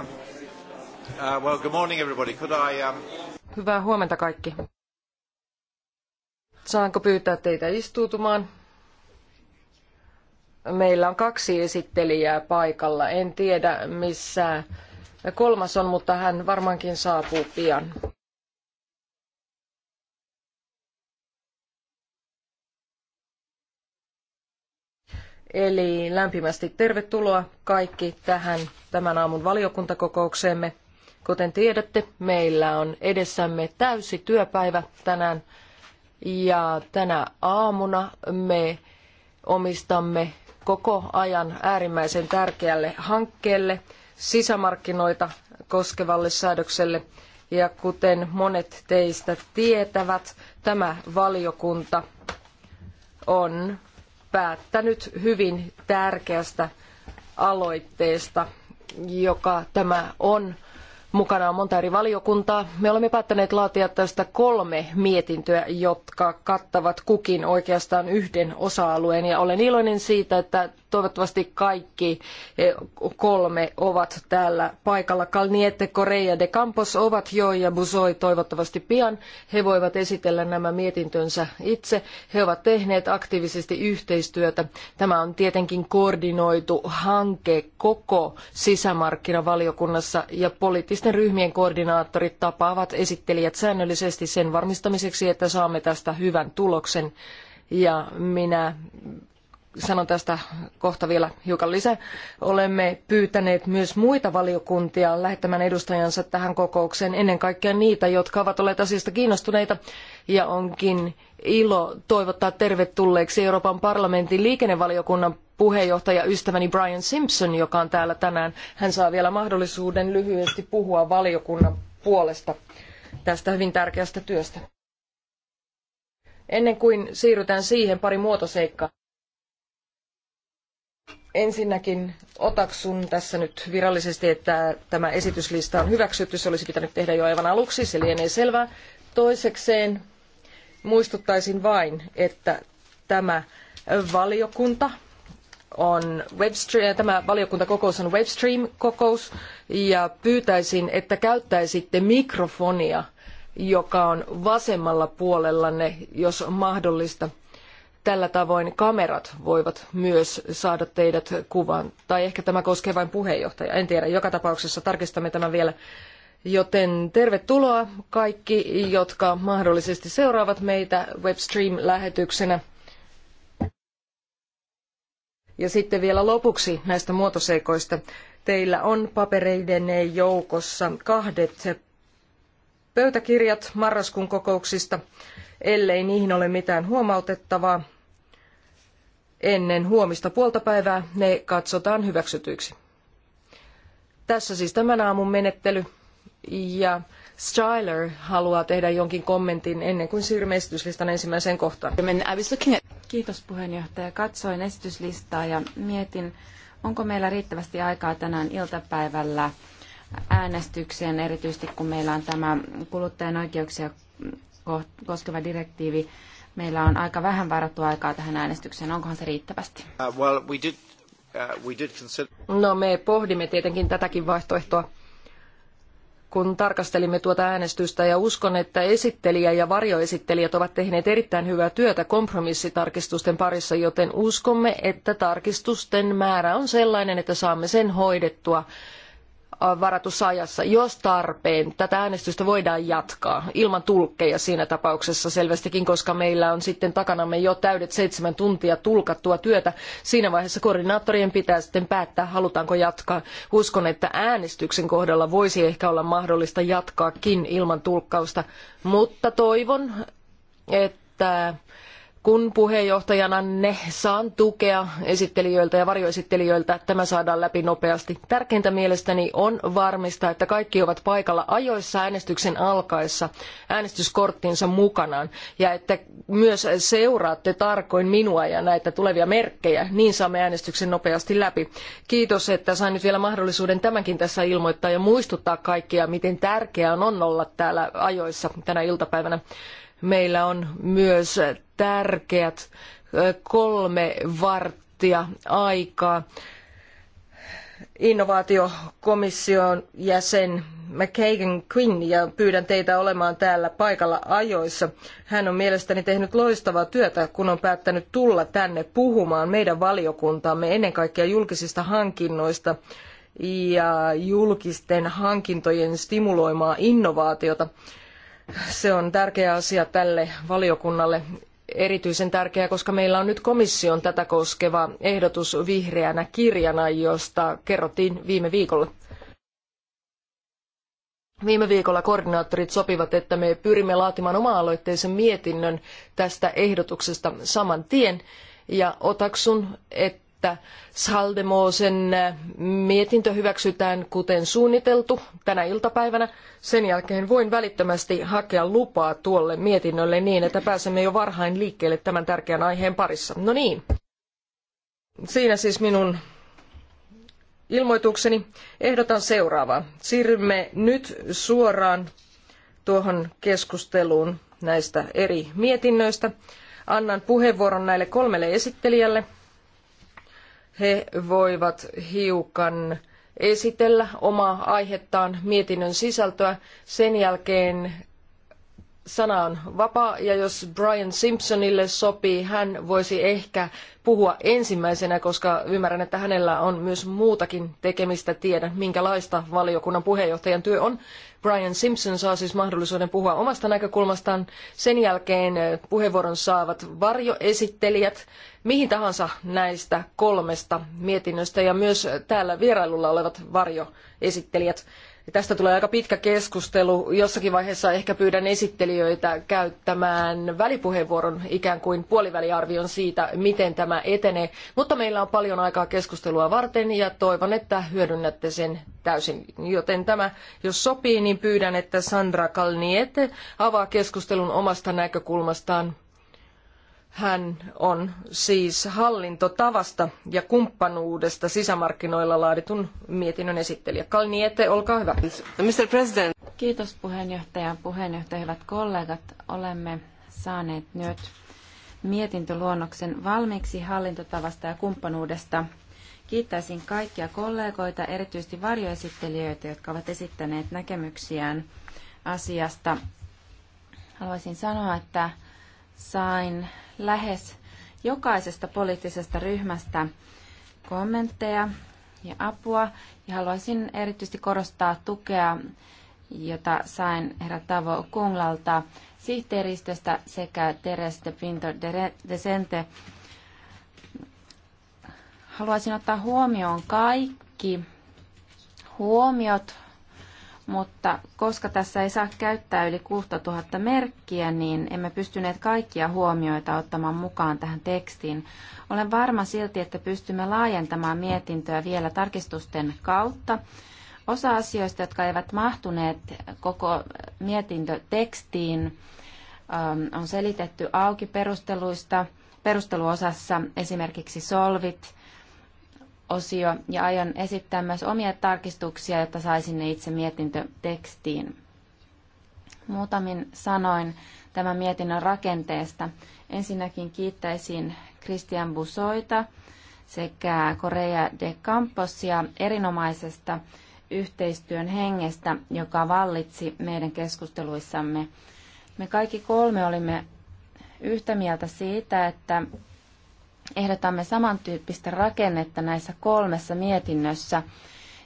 Uh, well, good morning everybody. Could I, um... Hyvää huomenta kaikki. Saanko pyytää teitä istuutumaan? Meillä on kaksi esittelijää paikalla. En tiedä missä kolmas on, mutta hän varmaankin saapuu pian. Eli lämpimästi tervetuloa kaikki tähän tämän aamun valiokuntakokoukseemme. Kuten tiedätte, meillä on edessämme täysi työpäivä tänään ja tänä aamuna me omistamme koko ajan äärimmäisen tärkeälle hankkeelle, sisämarkkinoita koskevalle säädökselle. Ja kuten monet teistä tietävät, tämä valiokunta on päättänyt hyvin tärkeästä aloitteesta, joka tämä on. Mukana on monta eri valiokuntaa. Me olemme päättäneet laatia tästä kolme mietintöä, jotka kattavat kukin oikeastaan yhden osa-alueen. Ja olen iloinen siitä, että Toivottavasti kaikki eh, kolme ovat täällä paikalla. Kalniette, Korea de Campos ovat jo ja Busoi toivottavasti pian. He voivat esitellä nämä mietintönsä itse. He ovat tehneet aktiivisesti yhteistyötä. Tämä on tietenkin koordinoitu hanke koko sisämarkkinavaliokunnassa ja poliittisten ryhmien koordinaattorit tapaavat esittelijät säännöllisesti sen varmistamiseksi, että saamme tästä hyvän tuloksen ja minä sanon tästä kohta vielä hiukan lisää. Olemme pyytäneet myös muita valiokuntia lähettämään edustajansa tähän kokoukseen, ennen kaikkea niitä, jotka ovat olleet asiasta kiinnostuneita. Ja onkin ilo toivottaa tervetulleeksi Euroopan parlamentin liikennevaliokunnan puheenjohtaja ystäväni Brian Simpson, joka on täällä tänään. Hän saa vielä mahdollisuuden lyhyesti puhua valiokunnan puolesta tästä hyvin tärkeästä työstä. Ennen kuin siirrytään siihen, pari muotoseikkaa. Ensinnäkin otaksun tässä nyt virallisesti, että tämä esityslista on hyväksytty. Se olisi pitänyt tehdä jo aivan aluksi, se lienee selvää. Toisekseen muistuttaisin vain, että tämä valiokunta on Webstream, tämä valiokuntakokous on Webstream-kokous ja pyytäisin, että käyttäisitte mikrofonia, joka on vasemmalla puolellanne, jos on mahdollista – tällä tavoin kamerat voivat myös saada teidät kuvan. Tai ehkä tämä koskee vain puheenjohtajaa, en tiedä. Joka tapauksessa tarkistamme tämän vielä. Joten tervetuloa kaikki, jotka mahdollisesti seuraavat meitä Webstream-lähetyksenä. Ja sitten vielä lopuksi näistä muotoseikoista. Teillä on papereidenne joukossa kahdet pöytäkirjat marraskuun kokouksista, ellei niihin ole mitään huomautettavaa ennen huomista puolta päivää ne katsotaan hyväksytyiksi. Tässä siis tämän aamun menettely ja Styler haluaa tehdä jonkin kommentin ennen kuin siirrymme esityslistan ensimmäiseen kohtaan. Kiitos puheenjohtaja. Katsoin esityslistaa ja mietin, onko meillä riittävästi aikaa tänään iltapäivällä äänestykseen, erityisesti kun meillä on tämä kuluttajan oikeuksia koskeva direktiivi Meillä on aika vähän varattua aikaa tähän äänestykseen. Onkohan se riittävästi? Uh, well, we did, uh, we did consider... No me pohdimme tietenkin tätäkin vaihtoehtoa kun tarkastelimme tuota äänestystä ja uskon, että esittelijä ja varjoesittelijät ovat tehneet erittäin hyvää työtä kompromissitarkistusten parissa, joten uskomme, että tarkistusten määrä on sellainen, että saamme sen hoidettua varatussa ajassa, jos tarpeen. Tätä äänestystä voidaan jatkaa ilman tulkkeja siinä tapauksessa selvästikin, koska meillä on sitten takanamme jo täydet seitsemän tuntia tulkattua työtä. Siinä vaiheessa koordinaattorien pitää sitten päättää, halutaanko jatkaa. Uskon, että äänestyksen kohdalla voisi ehkä olla mahdollista jatkaakin ilman tulkkausta, mutta toivon, että kun puheenjohtajana ne saan tukea esittelijöiltä ja varjoesittelijöiltä, että tämä saadaan läpi nopeasti. Tärkeintä mielestäni on varmistaa, että kaikki ovat paikalla ajoissa äänestyksen alkaessa äänestyskorttinsa mukanaan ja että myös seuraatte tarkoin minua ja näitä tulevia merkkejä, niin saamme äänestyksen nopeasti läpi. Kiitos, että sain nyt vielä mahdollisuuden tämänkin tässä ilmoittaa ja muistuttaa kaikkia, miten tärkeää on olla täällä ajoissa tänä iltapäivänä. Meillä on myös tärkeät kolme varttia aikaa. Innovaatiokomission jäsen McKagan Quinn ja pyydän teitä olemaan täällä paikalla ajoissa. Hän on mielestäni tehnyt loistavaa työtä, kun on päättänyt tulla tänne puhumaan meidän valiokuntaamme ennen kaikkea julkisista hankinnoista ja julkisten hankintojen stimuloimaa innovaatiota. Se on tärkeä asia tälle valiokunnalle, erityisen tärkeää, koska meillä on nyt komission tätä koskeva ehdotus vihreänä kirjana, josta kerrottiin viime viikolla. Viime viikolla koordinaattorit sopivat, että me pyrimme laatimaan oma-aloitteisen mietinnön tästä ehdotuksesta saman tien ja otaksun, että että Schaldemosen mietintö hyväksytään kuten suunniteltu tänä iltapäivänä. Sen jälkeen voin välittömästi hakea lupaa tuolle mietinnölle niin, että pääsemme jo varhain liikkeelle tämän tärkeän aiheen parissa. No niin. Siinä siis minun ilmoitukseni. Ehdotan seuraavaa. Siirrymme nyt suoraan tuohon keskusteluun näistä eri mietinnöistä. Annan puheenvuoron näille kolmelle esittelijälle he voivat hiukan esitellä omaa aihettaan mietinnön sisältöä. Sen jälkeen sana on vapaa ja jos Brian Simpsonille sopii, hän voisi ehkä puhua ensimmäisenä, koska ymmärrän, että hänellä on myös muutakin tekemistä tiedä, minkälaista valiokunnan puheenjohtajan työ on. Brian Simpson saa siis mahdollisuuden puhua omasta näkökulmastaan. Sen jälkeen eh, puheenvuoron saavat varjoesittelijät mihin tahansa näistä kolmesta mietinnöstä ja myös täällä vierailulla olevat varjoesittelijät. Tästä tulee aika pitkä keskustelu. Jossakin vaiheessa ehkä pyydän esittelijöitä käyttämään välipuheenvuoron ikään kuin puoliväliarvion siitä, miten tämä etenee. Mutta meillä on paljon aikaa keskustelua varten ja toivon, että hyödynnätte sen täysin. Joten tämä, jos sopii, niin pyydän, että Sandra Kalniete avaa keskustelun omasta näkökulmastaan hän on siis hallintotavasta ja kumppanuudesta sisämarkkinoilla laaditun mietinnön esittelijä. Kalniete, olkaa hyvä. Mr. President. Kiitos puheenjohtaja. Puheenjohtaja, hyvät kollegat. Olemme saaneet nyt mietintöluonnoksen valmiiksi hallintotavasta ja kumppanuudesta. Kiittäisin kaikkia kollegoita, erityisesti varjoesittelijöitä, jotka ovat esittäneet näkemyksiään asiasta. Haluaisin sanoa, että sain lähes jokaisesta poliittisesta ryhmästä kommentteja ja apua. Ja haluaisin erityisesti korostaa tukea, jota sain herra Tavo Kunglalta sihteeristöstä sekä Teres de Pinto de Sente. Haluaisin ottaa huomioon kaikki huomiot, mutta koska tässä ei saa käyttää yli 6000 merkkiä, niin emme pystyneet kaikkia huomioita ottamaan mukaan tähän tekstiin. Olen varma silti, että pystymme laajentamaan mietintöä vielä tarkistusten kautta. Osa asioista, jotka eivät mahtuneet koko mietintötekstiin, ähm, on selitetty auki perusteluista, perusteluosassa esimerkiksi solvit, osio ja aion esittää myös omia tarkistuksia, jotta saisin ne itse mietintötekstiin. Muutamin sanoin tämän mietinnön rakenteesta. Ensinnäkin kiittäisin Christian Busoita sekä Korea de Camposia erinomaisesta yhteistyön hengestä, joka vallitsi meidän keskusteluissamme. Me kaikki kolme olimme yhtä mieltä siitä, että ehdotamme samantyyppistä rakennetta näissä kolmessa mietinnössä,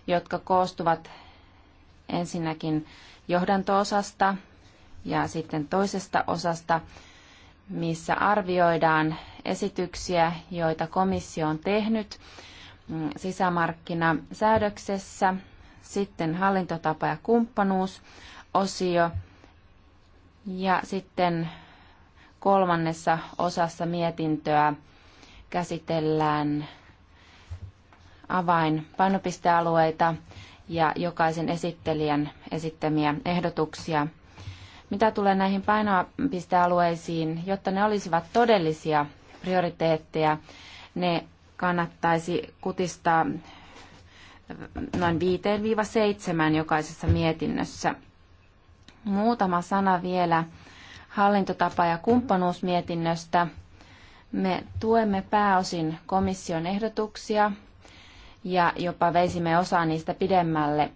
jotka koostuvat ensinnäkin johdantoosasta ja sitten toisesta osasta, missä arvioidaan esityksiä, joita komissio on tehnyt mm, sisämarkkinasäädöksessä, sitten hallintotapa ja kumppanuusosio ja sitten kolmannessa osassa mietintöä käsitellään avain painopistealueita ja jokaisen esittelijän esittämiä ehdotuksia. Mitä tulee näihin painopistealueisiin, jotta ne olisivat todellisia prioriteetteja, ne kannattaisi kutistaa noin 5-7 jokaisessa mietinnössä. Muutama sana vielä hallintotapa- ja kumppanuusmietinnöstä. Me tuemme pääosin komission ehdotuksia ja jopa veisimme osaa niistä pidemmälle.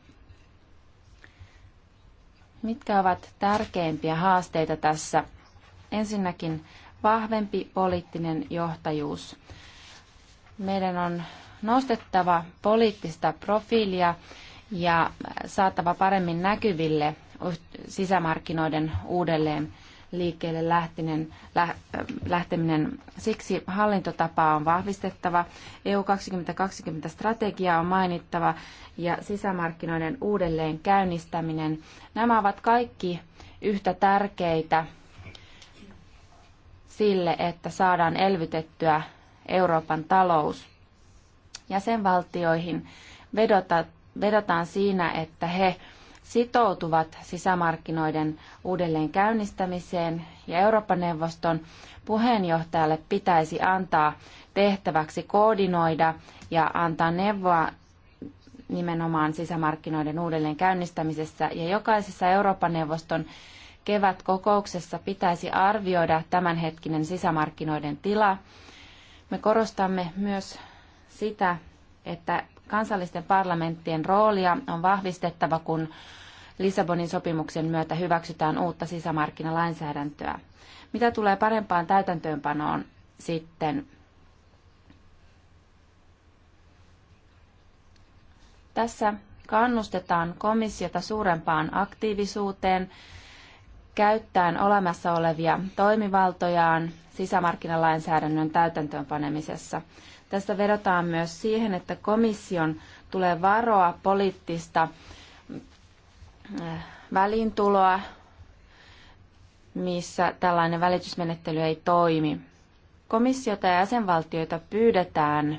Mitkä ovat tärkeimpiä haasteita tässä? Ensinnäkin vahvempi poliittinen johtajuus. Meidän on nostettava poliittista profiilia ja saatava paremmin näkyville sisämarkkinoiden uudelleen liikkeelle lähteminen, lä, lähteminen. Siksi hallintotapaa on vahvistettava, EU 2020 strategia on mainittava ja sisämarkkinoiden uudelleen käynnistäminen. Nämä ovat kaikki yhtä tärkeitä sille, että saadaan elvytettyä Euroopan talous. Jäsenvaltioihin vedota, vedotaan siinä, että he sitoutuvat sisämarkkinoiden uudelleen käynnistämiseen ja Eurooppa-neuvoston puheenjohtajalle pitäisi antaa tehtäväksi koordinoida ja antaa neuvoa nimenomaan sisämarkkinoiden uudelleen käynnistämisessä ja jokaisessa Euroopan neuvoston kevätkokouksessa pitäisi arvioida tämänhetkinen sisämarkkinoiden tila. Me korostamme myös sitä, että kansallisten parlamenttien roolia on vahvistettava, kun Lissabonin sopimuksen myötä hyväksytään uutta sisämarkkinalainsäädäntöä. Mitä tulee parempaan täytäntöönpanoon sitten? Tässä kannustetaan komissiota suurempaan aktiivisuuteen käyttäen olemassa olevia toimivaltojaan sisämarkkinalainsäädännön täytäntöönpanemisessa. Tässä vedotaan myös siihen, että komission tulee varoa poliittista Äh, väliintuloa, missä tällainen välitysmenettely ei toimi. Komissiota ja jäsenvaltioita pyydetään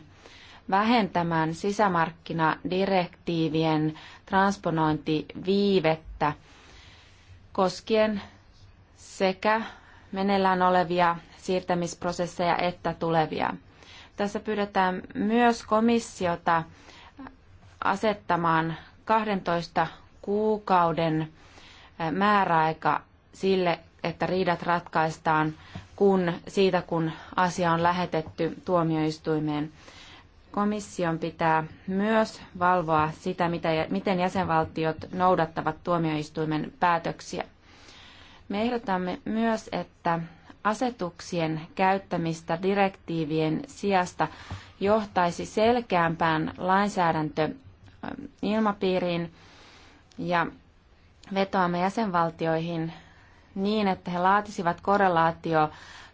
vähentämään sisämarkkinadirektiivien transponointiviivettä koskien sekä meneillään olevia siirtämisprosesseja että tulevia. Tässä pyydetään myös komissiota asettamaan 12 kuukauden määräaika sille, että riidat ratkaistaan kun, siitä, kun asia on lähetetty tuomioistuimeen. Komission pitää myös valvoa sitä, mitä, miten jäsenvaltiot noudattavat tuomioistuimen päätöksiä. Me ehdotamme myös, että asetuksien käyttämistä direktiivien sijasta johtaisi selkeämpään lainsäädäntöilmapiiriin, ja vetoamme jäsenvaltioihin niin, että he laatisivat korrelaatio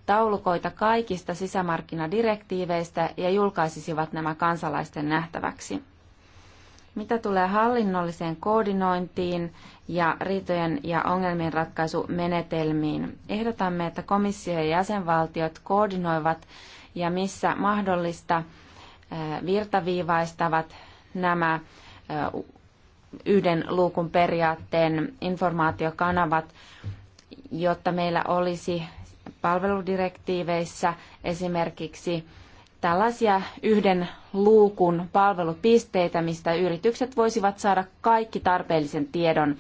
taulukoita kaikista sisämarkkinadirektiiveistä ja julkaisisivat nämä kansalaisten nähtäväksi. Mitä tulee hallinnolliseen koordinointiin ja riitojen ja ongelmien ratkaisumenetelmiin, ehdotamme, että komissio ja jäsenvaltiot koordinoivat ja missä mahdollista eh, virtaviivaistavat nämä eh, yhden luukun periaatteen informaatiokanavat, jotta meillä olisi palveludirektiiveissä esimerkiksi tällaisia yhden luukun palvelupisteitä, mistä yritykset voisivat saada kaikki tarpeellisen tiedon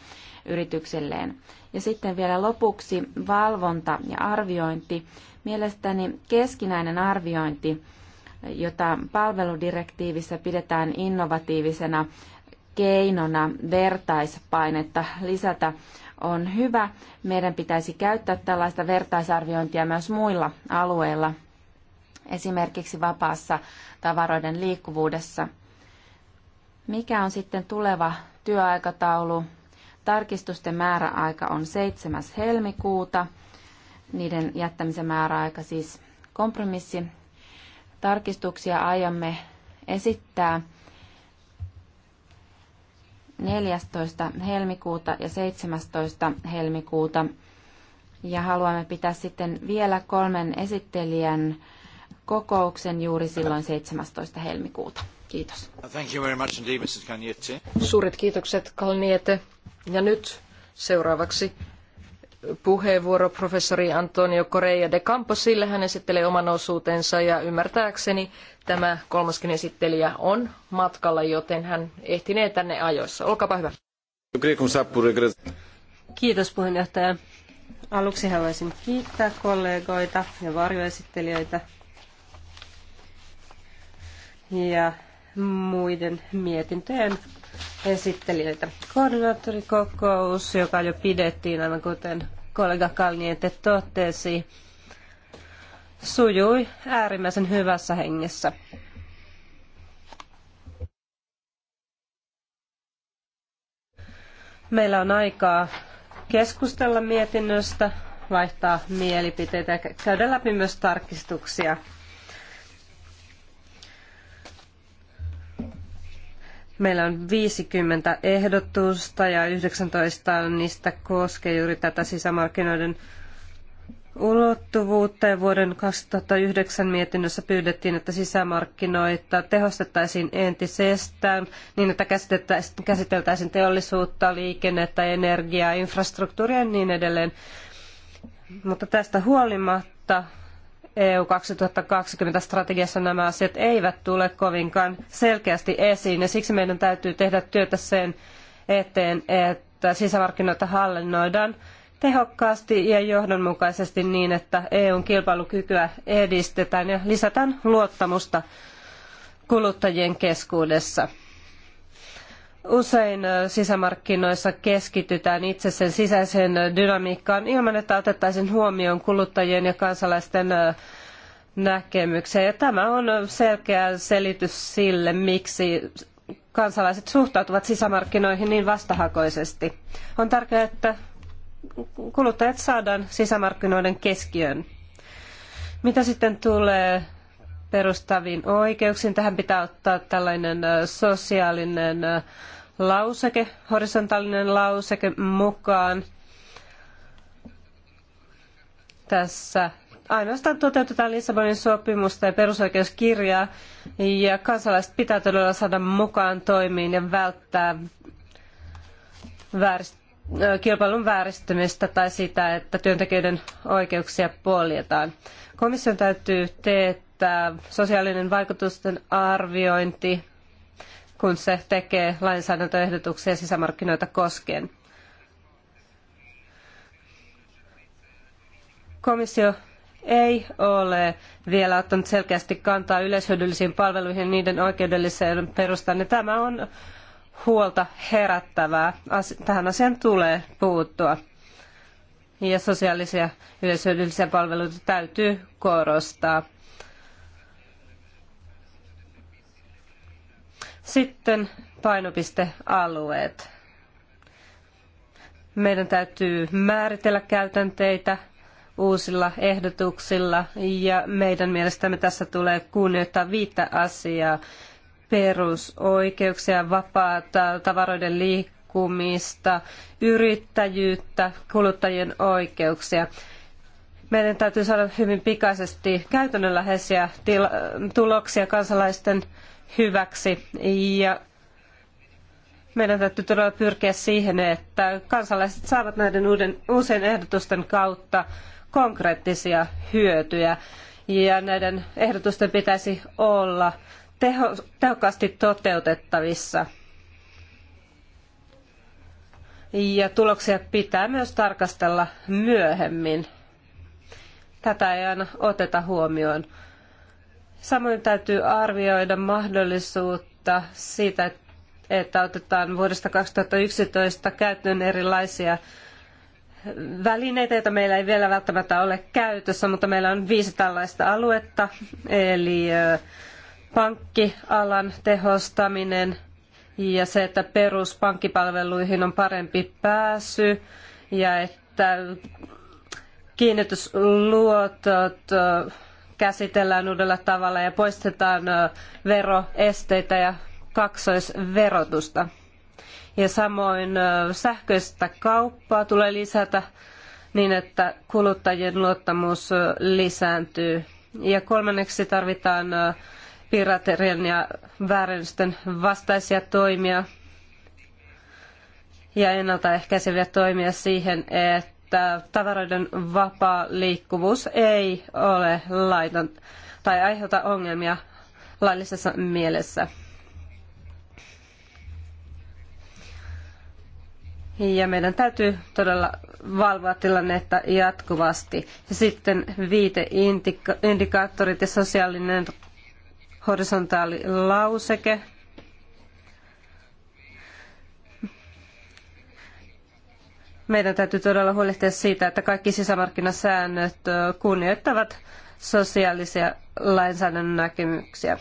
yritykselleen. Ja sitten vielä lopuksi valvonta ja arviointi. Mielestäni keskinäinen arviointi, jota palveludirektiivissä pidetään innovatiivisena keinona vertaispainetta lisätä on hyvä. Meidän pitäisi käyttää tällaista vertaisarviointia myös muilla alueilla, esimerkiksi vapaassa tavaroiden liikkuvuudessa. Mikä on sitten tuleva työaikataulu? Tarkistusten määräaika on 7. helmikuuta, niiden jättämisen määräaika siis kompromissi. Tarkistuksia aiomme esittää 14. helmikuuta ja 17. helmikuuta. Ja haluamme pitää sitten vielä kolmen esittelijän kokouksen juuri silloin 17. helmikuuta. Kiitos. Thank you very much indeed, Mrs. Suuret kiitokset, Kalniete. Ja nyt seuraavaksi puheenvuoro professori Antonio Correia de Camposille. Hän esittelee oman osuutensa ja ymmärtääkseni tämä kolmaskin esittelijä on matkalla, joten hän ehtinee tänne ajoissa. Olkaapa hyvä. Kiitos puheenjohtaja. Aluksi haluaisin kiittää kollegoita ja varjoesittelijöitä ja muiden mietintöjen esittelijöitä. Koordinaattorikokous, joka jo pidettiin, aivan kuten kollega Kalniete totesi, sujui äärimmäisen hyvässä hengessä. Meillä on aikaa keskustella mietinnöstä, vaihtaa mielipiteitä ja käydä läpi myös tarkistuksia. Meillä on 50 ehdotusta ja 19 niistä koskee juuri tätä sisämarkkinoiden ulottuvuutta. Ja vuoden 2009 mietinnössä pyydettiin, että sisämarkkinoita tehostettaisiin entisestään niin, että käsiteltäisiin teollisuutta, liikennettä, energiaa, infrastruktuuria ja niin edelleen. Mutta tästä huolimatta EU 2020 strategiassa nämä asiat eivät tule kovinkaan selkeästi esiin ja siksi meidän täytyy tehdä työtä sen eteen, että sisämarkkinoita hallinnoidaan tehokkaasti ja johdonmukaisesti niin, että EUn kilpailukykyä edistetään ja lisätään luottamusta kuluttajien keskuudessa. Usein sisämarkkinoissa keskitytään itse sen sisäiseen dynamiikkaan ilman, että otettaisiin huomioon kuluttajien ja kansalaisten näkemyksiä. Ja tämä on selkeä selitys sille, miksi kansalaiset suhtautuvat sisämarkkinoihin niin vastahakoisesti. On tärkeää, että kuluttajat saadaan sisämarkkinoiden keskiöön. Mitä sitten tulee perustaviin oikeuksiin. Tähän pitää ottaa tällainen sosiaalinen lauseke, horisontaalinen lauseke mukaan. Tässä ainoastaan toteutetaan Lissabonin sopimusta ja perusoikeuskirjaa, ja kansalaiset pitää todella saada mukaan toimiin ja välttää väärist- kilpailun vääristymistä tai sitä, että työntekijöiden oikeuksia poljetaan. Komission täytyy teettää että sosiaalinen vaikutusten arviointi, kun se tekee lainsäädäntöehdotuksia sisämarkkinoita koskien. Komissio ei ole vielä ottanut selkeästi kantaa yleishyödyllisiin palveluihin ja niiden oikeudelliseen perustaan. Ja tämä on huolta herättävää. Tähän asiaan tulee puuttua. Ja sosiaalisia yleishyödyllisiä palveluita täytyy korostaa. Sitten painopistealueet. Meidän täytyy määritellä käytänteitä uusilla ehdotuksilla ja meidän mielestämme tässä tulee kunnioittaa viittä asiaa. Perusoikeuksia, vapaata tavaroiden liikkumista, yrittäjyyttä, kuluttajien oikeuksia meidän täytyy saada hyvin pikaisesti käytännönläheisiä tila- tuloksia kansalaisten hyväksi. Ja meidän täytyy todella pyrkiä siihen, että kansalaiset saavat näiden uuden, uusien ehdotusten kautta konkreettisia hyötyjä. Ja näiden ehdotusten pitäisi olla teho, tehokkaasti toteutettavissa. Ja tuloksia pitää myös tarkastella myöhemmin. Tätä ei aina oteta huomioon. Samoin täytyy arvioida mahdollisuutta siitä, että otetaan vuodesta 2011 käyttöön erilaisia välineitä, joita meillä ei vielä välttämättä ole käytössä, mutta meillä on viisi tällaista aluetta, eli pankkialan tehostaminen ja se, että peruspankkipalveluihin on parempi pääsy ja että kiinnitysluotot käsitellään uudella tavalla ja poistetaan veroesteitä ja kaksoisverotusta. Ja samoin sähköistä kauppaa tulee lisätä niin, että kuluttajien luottamus lisääntyy. Ja kolmanneksi tarvitaan piraterien ja väärennysten vastaisia toimia ja ennaltaehkäiseviä toimia siihen, että että tavaroiden vapaa liikkuvuus ei ole laitan tai aiheuta ongelmia laillisessa mielessä. Ja meidän täytyy todella valvoa tilannetta jatkuvasti. Ja sitten viiteindikaattorit ja sosiaalinen horisontaalilauseke. lauseke Meidän täytyy todella huolehtia siitä, että kaikki sisämarkkinasäännöt kunnioittavat sosiaalisia lainsäädännön näkemyksiä.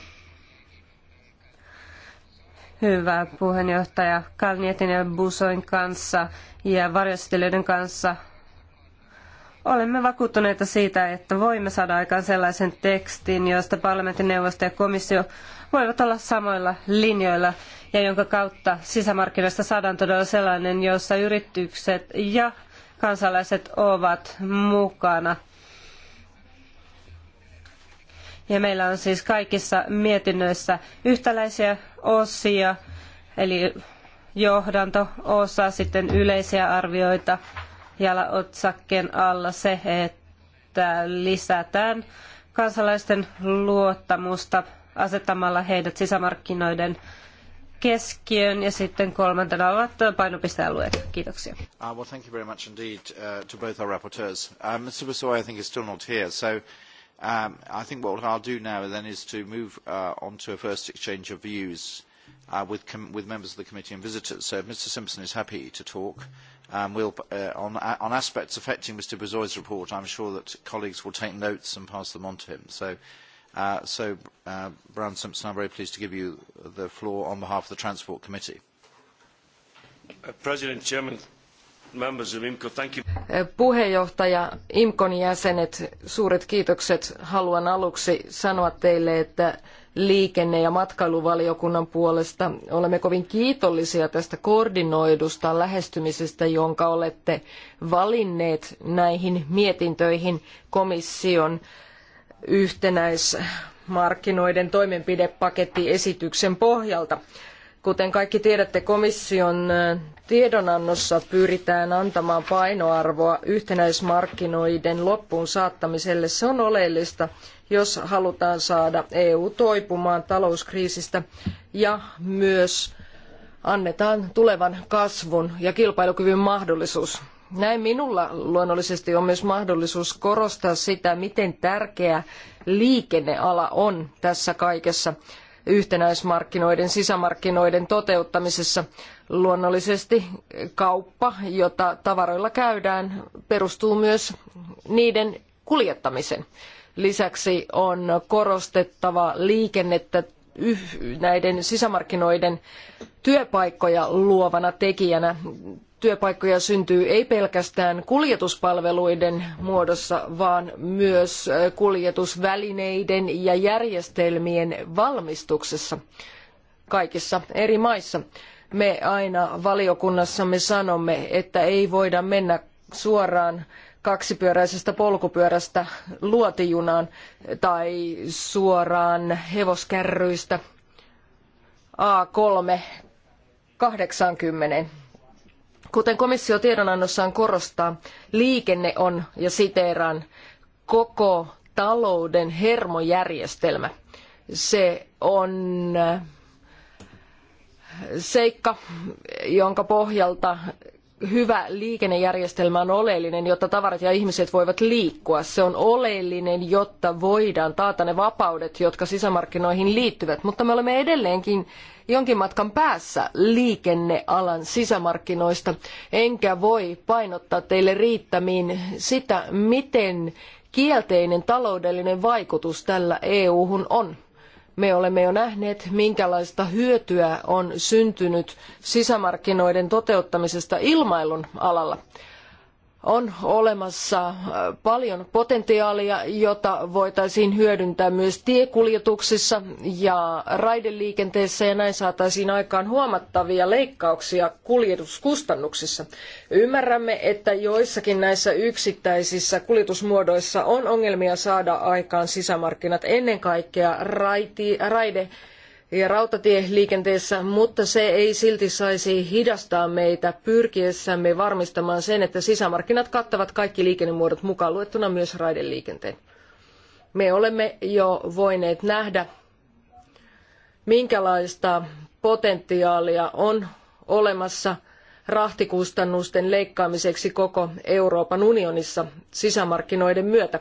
Hyvä puheenjohtaja Kalnietin ja Busoin kanssa ja varjostelijoiden kanssa olemme vakuuttuneita siitä, että voimme saada aikaan sellaisen tekstin, josta parlamentin neuvosto ja komissio voivat olla samoilla linjoilla ja jonka kautta sisämarkkinoista saadaan todella sellainen, jossa yritykset ja kansalaiset ovat mukana. Ja meillä on siis kaikissa mietinnöissä yhtäläisiä osia, eli johdanto-osa, sitten yleisiä arvioita, ja otsakkeen alla se, että lisätään kansalaisten luottamusta asettamalla heidät sisämarkkinoiden keskiöön ja sitten kolmantena ovat painopistealueet. Kiitoksia. Uh, well, thank you very much indeed uh, to both our rapporteurs. Uh, Mr. Bussoy, I think, is still not here, so um, I think what I'll do now then is to move uh, on to a first exchange of views uh, with, com with members of the committee and visitors. So if Mr. Simpson is happy to talk um, we'll, uh, on, uh, on aspects affecting Mr. Bussoy's report, I'm sure that colleagues will take notes and pass them on to him. So Uh, so, uh, Brown Simpson, I'm very pleased to give you the floor on behalf of the Transport Committee. Uh, President, Chairman, members of IMCO, thank you. Uh, puheenjohtaja, IMKON jäsenet, suuret kiitokset. Haluan aluksi sanoa teille, että liikenne- ja matkailuvaliokunnan puolesta olemme kovin kiitollisia tästä koordinoidusta lähestymisestä, jonka olette valinneet näihin mietintöihin komission äh, yhtenäismarkkinoiden toimenpidepakettiesityksen pohjalta. Kuten kaikki tiedätte, komission tiedonannossa pyritään antamaan painoarvoa yhtenäismarkkinoiden loppuun saattamiselle. Se on oleellista, jos halutaan saada EU toipumaan talouskriisistä ja myös annetaan tulevan kasvun ja kilpailukyvyn mahdollisuus näin minulla luonnollisesti on myös mahdollisuus korostaa sitä, miten tärkeä liikenneala on tässä kaikessa yhtenäismarkkinoiden, sisämarkkinoiden toteuttamisessa. Luonnollisesti kauppa, jota tavaroilla käydään, perustuu myös niiden kuljettamiseen. Lisäksi on korostettava liikennettä näiden sisämarkkinoiden työpaikkoja luovana tekijänä työpaikkoja syntyy ei pelkästään kuljetuspalveluiden muodossa, vaan myös kuljetusvälineiden ja järjestelmien valmistuksessa kaikissa eri maissa. Me aina valiokunnassamme sanomme, että ei voida mennä suoraan kaksipyöräisestä polkupyörästä luotijunaan tai suoraan hevoskärryistä a kolme 80 Kuten komissio tiedonannossaan korostaa, liikenne on, ja siteeraan, koko talouden hermojärjestelmä. Se on äh, seikka, jonka pohjalta hyvä liikennejärjestelmä on oleellinen, jotta tavarat ja ihmiset voivat liikkua. Se on oleellinen, jotta voidaan taata ne vapaudet, jotka sisämarkkinoihin liittyvät. Mutta me olemme edelleenkin jonkin matkan päässä liikennealan sisämarkkinoista, enkä voi painottaa teille riittämiin sitä, miten kielteinen taloudellinen vaikutus tällä EU-hun on. Me olemme jo nähneet, minkälaista hyötyä on syntynyt sisämarkkinoiden toteuttamisesta ilmailun alalla on olemassa äh, paljon potentiaalia, jota voitaisiin hyödyntää myös tiekuljetuksissa ja raideliikenteessä ja näin saataisiin aikaan huomattavia leikkauksia kuljetuskustannuksissa. Ymmärrämme, että joissakin näissä yksittäisissä kuljetusmuodoissa on ongelmia saada aikaan sisämarkkinat ennen kaikkea raide ja rautatieliikenteessä, mutta se ei silti saisi hidastaa meitä pyrkiessämme varmistamaan sen, että sisämarkkinat kattavat kaikki liikennemuodot mukaan luettuna myös raideliikenteen. Me olemme jo voineet nähdä, minkälaista potentiaalia on olemassa rahtikustannusten leikkaamiseksi koko Euroopan unionissa sisämarkkinoiden myötä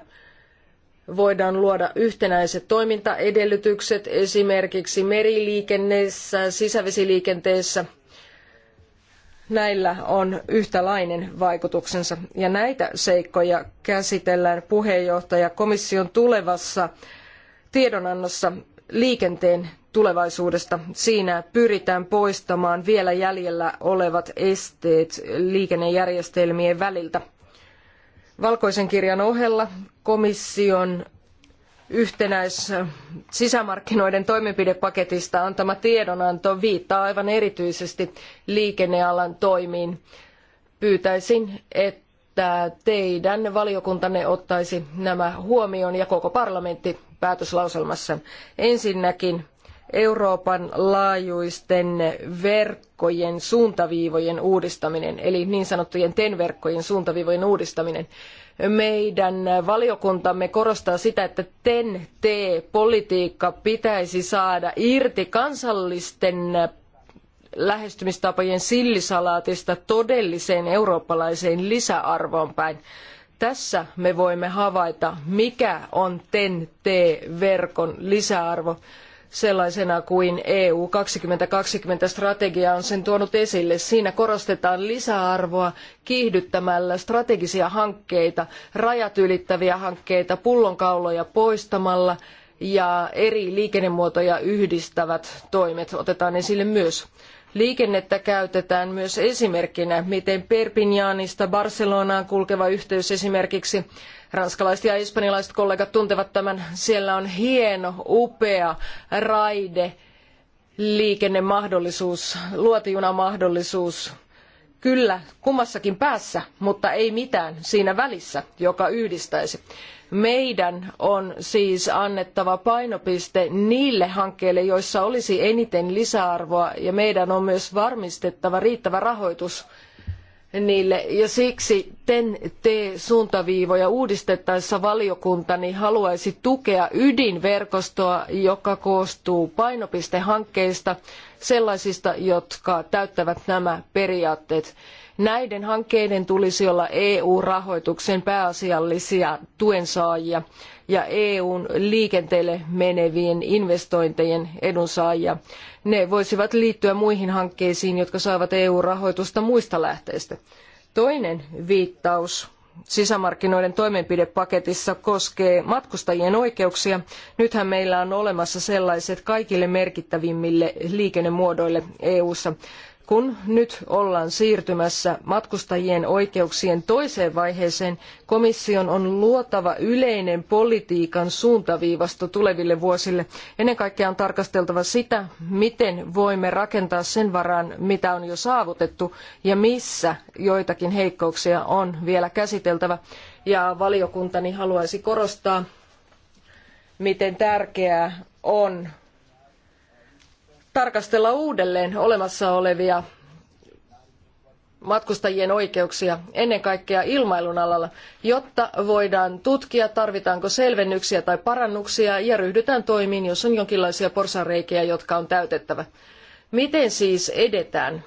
voidaan luoda yhtenäiset toimintaedellytykset esimerkiksi meriliikenteessä, sisävesiliikenteessä. Näillä on yhtälainen vaikutuksensa ja näitä seikkoja käsitellään puheenjohtaja komission tulevassa tiedonannossa liikenteen tulevaisuudesta. Siinä pyritään poistamaan vielä jäljellä olevat esteet liikennejärjestelmien väliltä. Valkoisen kirjan ohella komission yhtenäis sisämarkkinoiden toimenpidepaketista antama tiedonanto viittaa aivan erityisesti liikennealan toimiin. Pyytäisin, että teidän valiokuntanne ottaisi nämä huomioon ja koko parlamentti päätöslauselmassa. Ensinnäkin Euroopan laajuisten verkkojen suuntaviivojen uudistaminen, eli niin sanottujen TEN-verkkojen suuntaviivojen uudistaminen. Meidän valiokuntamme korostaa sitä, että TEN-T-politiikka pitäisi saada irti kansallisten lähestymistapojen sillisalaatista todelliseen eurooppalaiseen lisäarvoon päin. Tässä me voimme havaita, mikä on TEN-T-verkon lisäarvo sellaisena kuin EU 2020 strategia on sen tuonut esille. Siinä korostetaan lisäarvoa kiihdyttämällä strategisia hankkeita, rajat ylittäviä hankkeita, pullonkauloja poistamalla ja eri liikennemuotoja yhdistävät toimet otetaan esille myös. Liikennettä käytetään myös esimerkkinä, miten Perpignanista Barcelonaan kulkeva yhteys esimerkiksi ranskalaiset ja espanjalaiset kollegat tuntevat tämän. Siellä on hieno, upea raide, liikennemahdollisuus, luotijunamahdollisuus. Kyllä, kummassakin päässä, mutta ei mitään siinä välissä, joka yhdistäisi. Meidän on siis annettava painopiste niille hankkeille, joissa olisi eniten lisäarvoa, ja meidän on myös varmistettava riittävä rahoitus niille. Ja siksi TEN-T-suuntaviivoja uudistettaessa valiokuntani haluaisi tukea ydinverkostoa, joka koostuu painopistehankkeista, sellaisista, jotka täyttävät nämä periaatteet. Näiden hankkeiden tulisi olla EU-rahoituksen pääasiallisia tuensaajia. saajia ja EUn liikenteelle menevien investointien edunsaajia. Ne voisivat liittyä muihin hankkeisiin, jotka saavat EU-rahoitusta muista lähteistä. Toinen viittaus sisämarkkinoiden toimenpidepaketissa koskee matkustajien oikeuksia. Nythän meillä on olemassa sellaiset kaikille merkittävimmille liikennemuodoille EU:ssa kun nyt ollaan siirtymässä matkustajien oikeuksien toiseen vaiheeseen, komission on luotava yleinen politiikan suuntaviivasto tuleville vuosille. Ennen kaikkea on tarkasteltava sitä, miten voimme rakentaa sen varaan, mitä on jo saavutettu ja missä joitakin heikkouksia on vielä käsiteltävä. Ja valiokuntani haluaisi korostaa, miten tärkeää on tarkastella uudelleen olemassa olevia matkustajien oikeuksia ennen kaikkea ilmailun alalla, jotta voidaan tutkia, tarvitaanko selvennyksiä tai parannuksia ja ryhdytään toimiin, jos on jonkinlaisia porsareikiä, jotka on täytettävä. Miten siis edetään,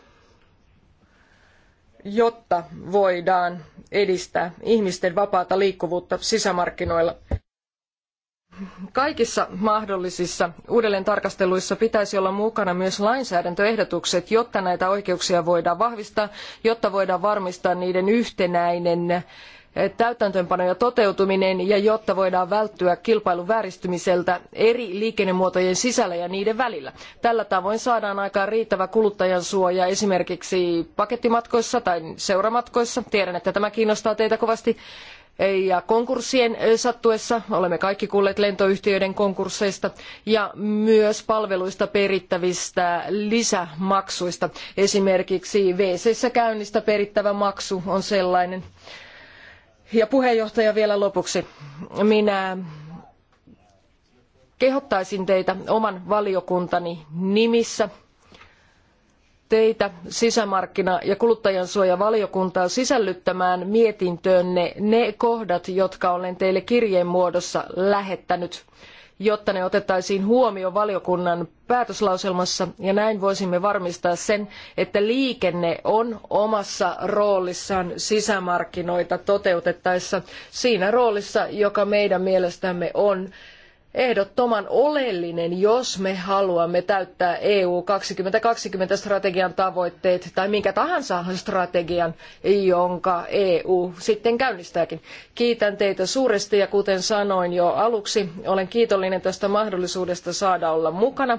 jotta voidaan edistää ihmisten vapaata liikkuvuutta sisämarkkinoilla? kaikissa mahdollisissa uudelleentarkasteluissa pitäisi olla mukana myös lainsäädäntöehdotukset, jotta näitä oikeuksia voidaan vahvistaa, jotta voidaan varmistaa niiden yhtenäinen eh, täytäntöönpano ja toteutuminen ja jotta voidaan välttyä kilpailun vääristymiseltä eri liikennemuotojen sisällä ja niiden välillä. Tällä tavoin saadaan aikaan riittävä kuluttajan suoja esimerkiksi pakettimatkoissa tai seuramatkoissa. Tiedän, että tämä kiinnostaa teitä kovasti ja konkurssien sattuessa olemme kaikki kuulleet lentoyhtiöiden konkursseista ja myös palveluista perittävistä lisämaksuista esimerkiksi wc käynnistä perittävä maksu on sellainen. Ja puheenjohtaja vielä lopuksi. Minä kehottaisin teitä oman valiokuntani nimissä teitä sisämarkkina- ja kuluttajansuojavaliokuntaa sisällyttämään mietintöönne ne kohdat, jotka olen teille kirjeen muodossa lähettänyt jotta ne otettaisiin huomioon valiokunnan päätöslauselmassa ja näin voisimme varmistaa sen, että liikenne on omassa roolissaan sisämarkkinoita toteutettaessa siinä roolissa, joka meidän mielestämme on ehdottoman oleellinen, jos me haluamme täyttää EU 2020 strategian tavoitteet tai minkä tahansa strategian, jonka EU sitten käynnistääkin. Kiitän teitä suuresti ja kuten sanoin jo aluksi, olen kiitollinen tästä mahdollisuudesta saada olla mukana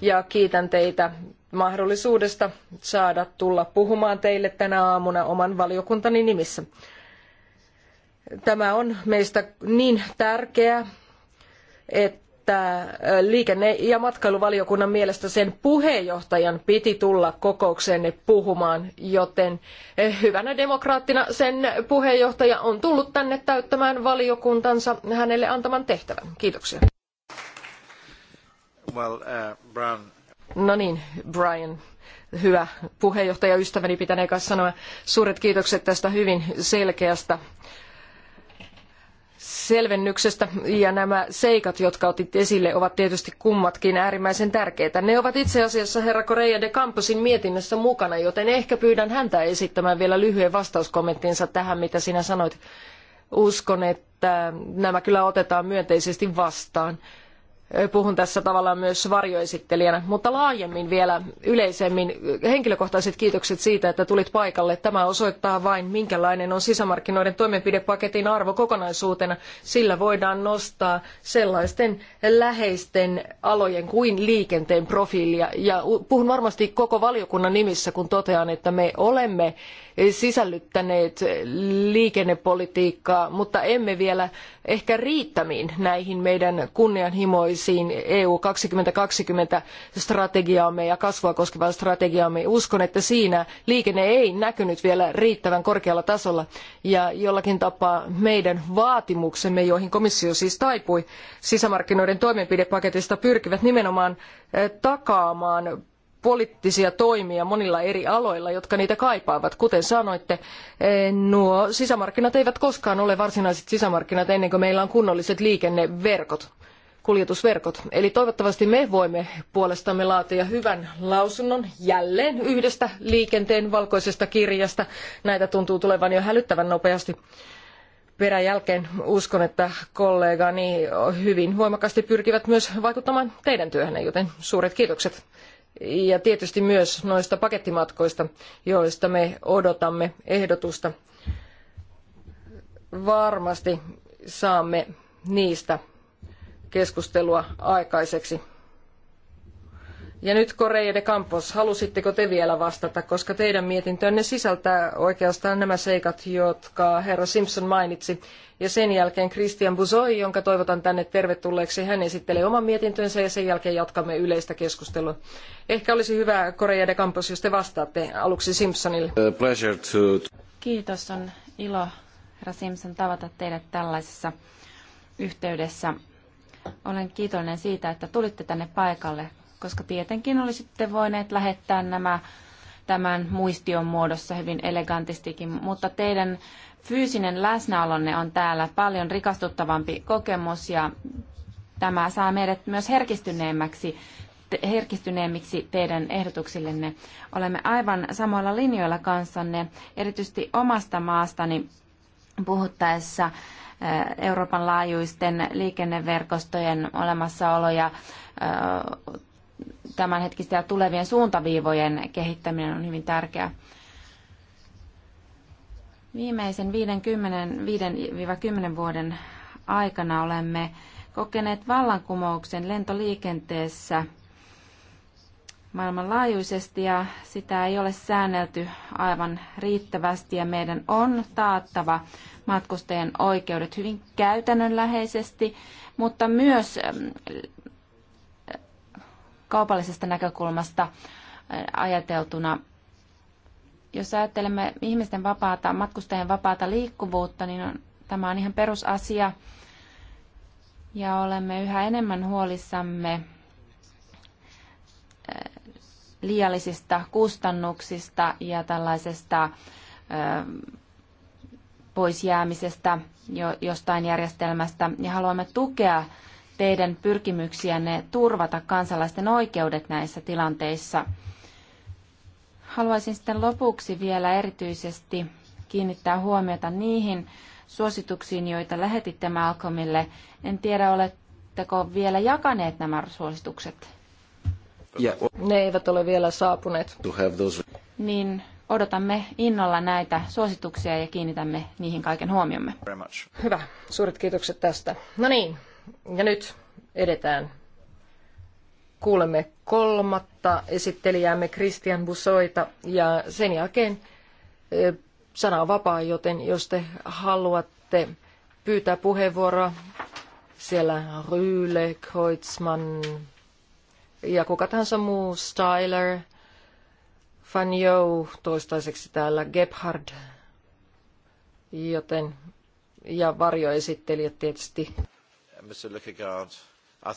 ja kiitän teitä mahdollisuudesta saada tulla puhumaan teille tänä aamuna oman valiokuntani nimissä. Tämä on meistä niin tärkeä että liikenne- ja matkailuvaliokunnan mielestä sen puheenjohtajan piti tulla kokoukseenne puhumaan, joten hyvänä demokraattina sen puheenjohtaja on tullut tänne täyttämään valiokuntansa hänelle antaman tehtävän. Kiitoksia. Well, uh, no niin, Brian hyvä puheenjohtaja ystäväni pitäneen kanssa sanoa. Suuret kiitokset tästä hyvin selkeästä selvennyksestä ja nämä seikat, jotka otit esille, ovat tietysti kummatkin äärimmäisen tärkeitä. Ne ovat itse asiassa herra Correia de Camposin mietinnössä mukana, joten ehkä pyydän häntä esittämään vielä lyhyen vastauskommenttinsa tähän, mitä sinä sanoit. Uskon, että nämä kyllä otetaan myönteisesti vastaan puhun tässä tavallaan myös varjoesittelijänä, mutta laajemmin vielä yleisemmin henkilökohtaiset kiitokset siitä, että tulit paikalle. Tämä osoittaa vain, minkälainen on sisämarkkinoiden toimenpidepaketin arvo kokonaisuutena. Sillä voidaan nostaa sellaisten läheisten alojen kuin liikenteen profiilia. Ja puhun varmasti koko valiokunnan nimissä, kun totean, että me olemme sisällyttäneet liikennepolitiikkaa, mutta emme vielä ehkä riittämiin näihin meidän kunnianhimoisiin tavoitteisiin EU 2020 strategiaamme ja kasvua koskevaan strategiaamme. Uskon, että siinä liikenne ei näkynyt vielä riittävän korkealla tasolla ja jollakin tapaa meidän vaatimuksemme, joihin komissio siis taipui sisämarkkinoiden toimenpidepaketista, pyrkivät nimenomaan eh, takaamaan poliittisia toimia monilla eri aloilla, jotka niitä kaipaavat. Kuten sanoitte, eh, nuo sisämarkkinat eivät koskaan ole varsinaiset sisämarkkinat ennen kuin meillä on kunnolliset liikenneverkot kuljetusverkot. Eli toivottavasti me voimme puolestamme laatia hyvän lausunnon jälleen yhdestä liikenteen valkoisesta kirjasta. Näitä tuntuu tulevan jo hälyttävän nopeasti peräjälkeen. Uskon, että kollegani hyvin voimakkaasti pyrkivät myös vaikuttamaan teidän työhönne, joten suuret kiitokset. Ja tietysti myös noista pakettimatkoista, joista me odotamme ehdotusta. Varmasti saamme niistä keskustelua aikaiseksi. Ja nyt Correia de Campos, halusitteko te vielä vastata, koska teidän mietintönne sisältää oikeastaan nämä seikat, jotka herra Simpson mainitsi. Ja sen jälkeen Christian Buzoi, jonka toivotan tänne tervetulleeksi, hän esittelee oman mietintönsä ja sen jälkeen jatkamme yleistä keskustelua. Ehkä olisi hyvä, Correia de Campos, jos te vastaatte aluksi Simpsonille. Kiitos, on ilo herra Simpson tavata teidät tällaisessa yhteydessä. Olen kiitollinen siitä, että tulitte tänne paikalle, koska tietenkin olisitte voineet lähettää nämä tämän muistion muodossa hyvin elegantistikin, mutta teidän fyysinen läsnäolonne on täällä paljon rikastuttavampi kokemus ja tämä saa meidät myös herkistyneemmäksi herkistyneemmiksi teidän ehdotuksillenne. Olemme aivan samoilla linjoilla kanssanne, erityisesti omasta maastani puhuttaessa Euroopan laajuisten liikenneverkostojen olemassaolo ja tämänhetkisten ja tulevien suuntaviivojen kehittäminen on hyvin tärkeää. Viimeisen 5-10 vuoden aikana olemme kokeneet vallankumouksen lentoliikenteessä maailmanlaajuisesti ja sitä ei ole säännelty aivan riittävästi ja meidän on taattava matkustajan oikeudet hyvin käytännönläheisesti, mutta myös ähm, kaupallisesta näkökulmasta äh, ajateltuna. Jos ajattelemme ihmisten vapaata, matkustajien vapaata liikkuvuutta, niin on, tämä on ihan perusasia. Ja olemme yhä enemmän huolissamme äh, liiallisista kustannuksista ja tällaisesta ähm, pois jäämisestä jostain järjestelmästä ja haluamme tukea teidän pyrkimyksiänne turvata kansalaisten oikeudet näissä tilanteissa. Haluaisin sitten lopuksi vielä erityisesti kiinnittää huomiota niihin suosituksiin, joita lähetitte Malcolmille. En tiedä, oletteko vielä jakaneet nämä suositukset? Ne eivät ole vielä saapuneet. Niin Odotamme innolla näitä suosituksia ja kiinnitämme niihin kaiken huomiomme. Hyvä, suuret kiitokset tästä. No niin, ja nyt edetään. Kuulemme kolmatta esittelijäämme Christian Busoita ja sen jälkeen sana on vapaa, joten jos te haluatte pyytää puheenvuoroa, siellä Ryle, Kreutzmann ja kuka tahansa muu, Styler – Fan Jou toistaiseksi täällä Gebhard, joten ja varjoesittelijät tietysti. Mr. I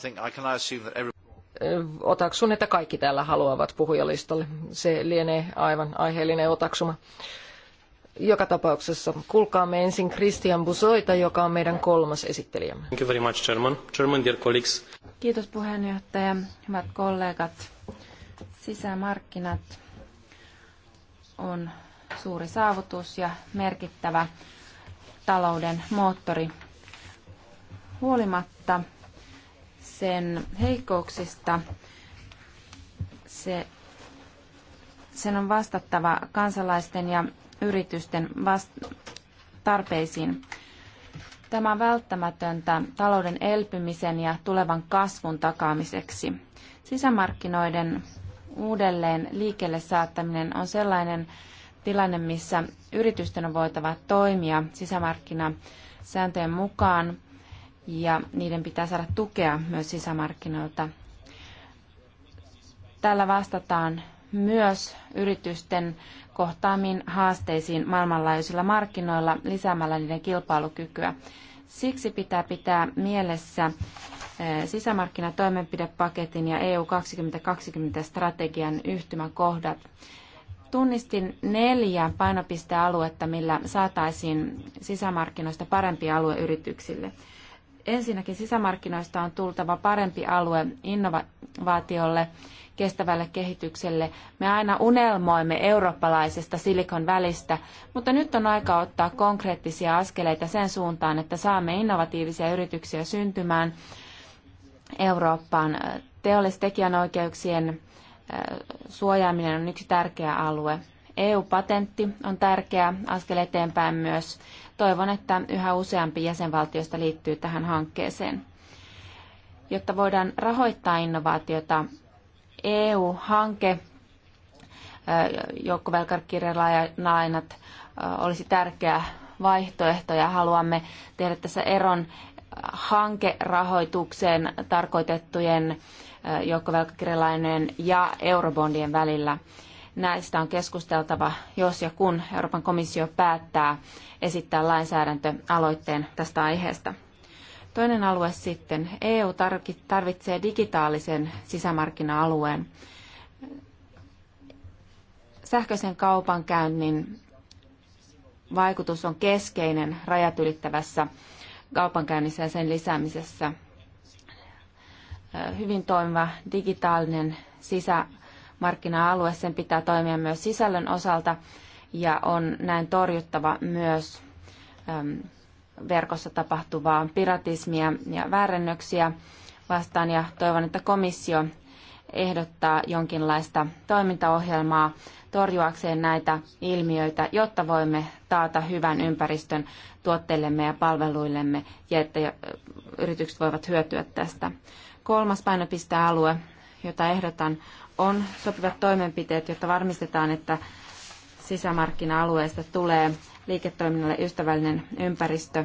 think I can assume that every... Otaksun, että kaikki täällä haluavat puhujalistalle. Se lienee aivan aiheellinen otaksuma. Joka tapauksessa kuulkaamme ensin Christian Busoita, joka on meidän kolmas esittelijämme. Thank you very much, Chairman. Chairman, dear colleagues. Kiitos puheenjohtaja, hyvät kollegat. Sisämarkkinat on suuri saavutus ja merkittävä talouden moottori. Huolimatta sen heikkouksista se, sen on vastattava kansalaisten ja yritysten vast- tarpeisiin. Tämä on välttämätöntä talouden elpymisen ja tulevan kasvun takaamiseksi. Sisämarkkinoiden uudelleen liikkeelle saattaminen on sellainen tilanne, missä yritysten on voitava toimia sisämarkkinasääntöjen mukaan ja niiden pitää saada tukea myös sisämarkkinoilta. Tällä vastataan myös yritysten kohtaamiin haasteisiin maailmanlaajuisilla markkinoilla lisäämällä niiden kilpailukykyä. Siksi pitää pitää mielessä Eh, sisämarkkinatoimenpidepaketin ja EU 2020-strategian yhtymäkohdat. Tunnistin neljä painopistealuetta, millä saataisiin sisämarkkinoista parempi alue yrityksille. Ensinnäkin sisämarkkinoista on tultava parempi alue innovaatiolle, kestävälle kehitykselle. Me aina unelmoimme eurooppalaisesta silikon välistä, mutta nyt on aika ottaa konkreettisia askeleita sen suuntaan, että saamme innovatiivisia yrityksiä syntymään – Eurooppaan. Teollistekijänoikeuksien suojaaminen on yksi tärkeä alue. EU-patentti on tärkeä askel eteenpäin myös. Toivon, että yhä useampi jäsenvaltioista liittyy tähän hankkeeseen. Jotta voidaan rahoittaa innovaatiota, EU-hanke, joukkovelkakirjalainat olisi tärkeä vaihtoehto ja haluamme tehdä tässä eron hankerahoitukseen tarkoitettujen joukkovelkakirjalainojen ja eurobondien välillä. Näistä on keskusteltava, jos ja kun Euroopan komissio päättää esittää lainsäädäntöaloitteen tästä aiheesta. Toinen alue sitten. EU tarvitsee digitaalisen sisämarkkina-alueen. Sähköisen kaupankäynnin vaikutus on keskeinen rajat ylittävässä kaupankäynnissä ja sen lisäämisessä. Hyvin toimiva digitaalinen sisämarkkina-alue, sen pitää toimia myös sisällön osalta ja on näin torjuttava myös verkossa tapahtuvaa piratismia ja väärennöksiä vastaan ja toivon, että komissio ehdottaa jonkinlaista toimintaohjelmaa torjuakseen näitä ilmiöitä, jotta voimme taata hyvän ympäristön tuotteillemme ja palveluillemme ja että yritykset voivat hyötyä tästä. Kolmas painopistealue, jota ehdotan, on sopivat toimenpiteet, jotta varmistetaan, että sisämarkkina-alueesta tulee liiketoiminnalle ystävällinen ympäristö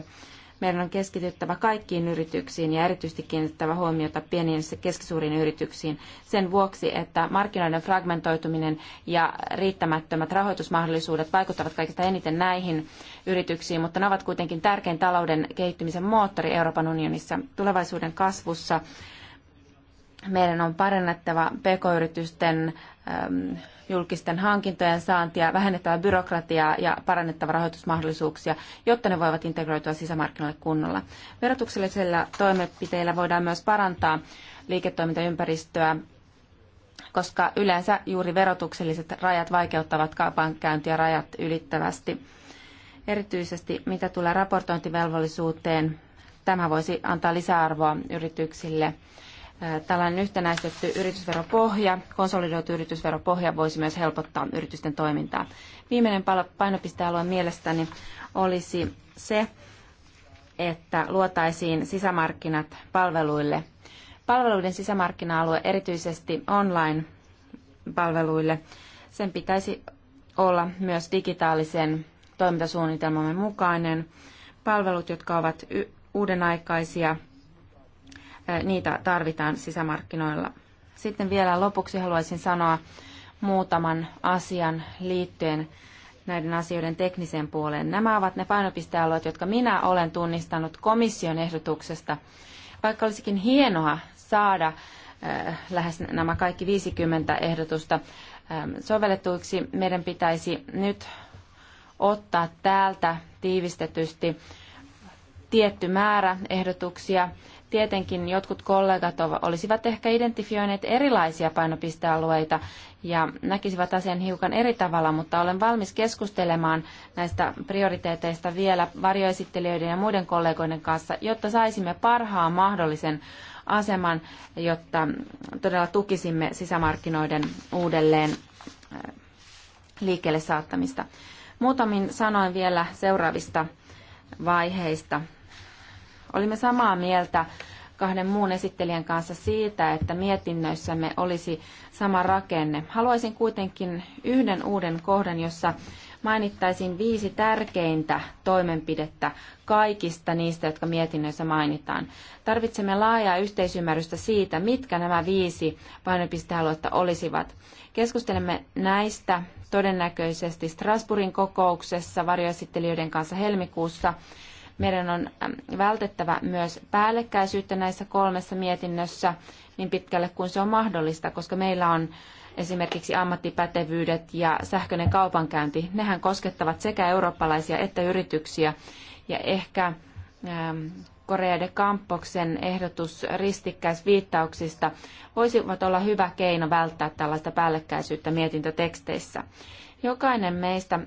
meidän on keskityttävä kaikkiin yrityksiin ja erityisesti kiinnitettävä huomiota pieniin ja keskisuuriin yrityksiin sen vuoksi, että markkinoiden fragmentoituminen ja riittämättömät rahoitusmahdollisuudet vaikuttavat kaikista eniten näihin yrityksiin, mutta ne ovat kuitenkin tärkein talouden kehittymisen moottori Euroopan unionissa tulevaisuuden kasvussa. Meidän on parannettava pk-yritysten ähm, julkisten hankintojen saantia, vähennettävä byrokratiaa ja parannettava rahoitusmahdollisuuksia, jotta ne voivat integroitua sisämarkkinoille kunnolla. Verotuksellisilla toimenpiteillä voidaan myös parantaa liiketoimintaympäristöä, koska yleensä juuri verotukselliset rajat vaikeuttavat kaupankäyntiä rajat ylittävästi. Erityisesti mitä tulee raportointivelvollisuuteen, tämä voisi antaa lisäarvoa yrityksille Tällainen yhtenäistetty yritysveropohja, konsolidoitu yritysveropohja voisi myös helpottaa yritysten toimintaa. Viimeinen painopistealue mielestäni olisi se, että luotaisiin sisämarkkinat palveluille. Palveluiden sisämarkkina-alue erityisesti online-palveluille, sen pitäisi olla myös digitaalisen toimintasuunnitelmamme mukainen. Palvelut, jotka ovat uuden aikaisia, niitä tarvitaan sisämarkkinoilla. Sitten vielä lopuksi haluaisin sanoa muutaman asian liittyen näiden asioiden tekniseen puoleen. Nämä ovat ne painopistealueet, jotka minä olen tunnistanut komission ehdotuksesta. Vaikka olisikin hienoa saada lähes nämä kaikki 50 ehdotusta sovelletuiksi, meidän pitäisi nyt ottaa täältä tiivistetysti tietty määrä ehdotuksia tietenkin jotkut kollegat olisivat ehkä identifioineet erilaisia painopistealueita ja näkisivät asian hiukan eri tavalla, mutta olen valmis keskustelemaan näistä prioriteeteista vielä varjoesittelijöiden ja muiden kollegoiden kanssa, jotta saisimme parhaan mahdollisen aseman, jotta todella tukisimme sisämarkkinoiden uudelleen äh, liikkeelle saattamista. Muutamin sanoin vielä seuraavista vaiheista Olimme samaa mieltä kahden muun esittelijän kanssa siitä, että mietinnöissämme olisi sama rakenne. Haluaisin kuitenkin yhden uuden kohdan, jossa mainittaisin viisi tärkeintä toimenpidettä kaikista niistä, jotka mietinnöissä mainitaan. Tarvitsemme laajaa yhteisymmärrystä siitä, mitkä nämä viisi painopistealuetta olisivat. Keskustelemme näistä todennäköisesti Strasbourgin kokouksessa varjoesittelijöiden kanssa helmikuussa meidän on vältettävä myös päällekkäisyyttä näissä kolmessa mietinnössä niin pitkälle kuin se on mahdollista, koska meillä on esimerkiksi ammattipätevyydet ja sähköinen kaupankäynti. Nehän koskettavat sekä eurooppalaisia että yrityksiä. Ja ehkä Korea de Kampoksen ehdotus ristikkäisviittauksista voisivat olla hyvä keino välttää tällaista päällekkäisyyttä mietintöteksteissä. Jokainen meistä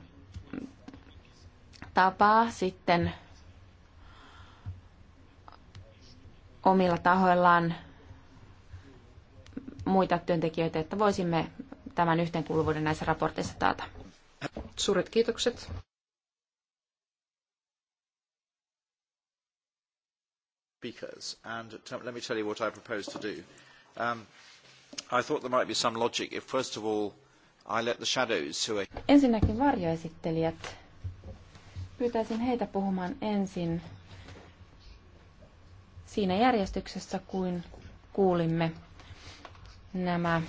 tapaa sitten omilla tahoillaan muita työntekijöitä, että voisimme tämän yhteenkuuluvuuden näissä raporteissa taata. Suuret kiitokset. and let me tell you what I propose to do. Um, I thought there might be some logic if, first of all, I let the shadows who are... Ensinnäkin varjoesittelijät. Pyytäisin heitä puhumaan ensin siinä järjestyksessä kuin kuulimme nämä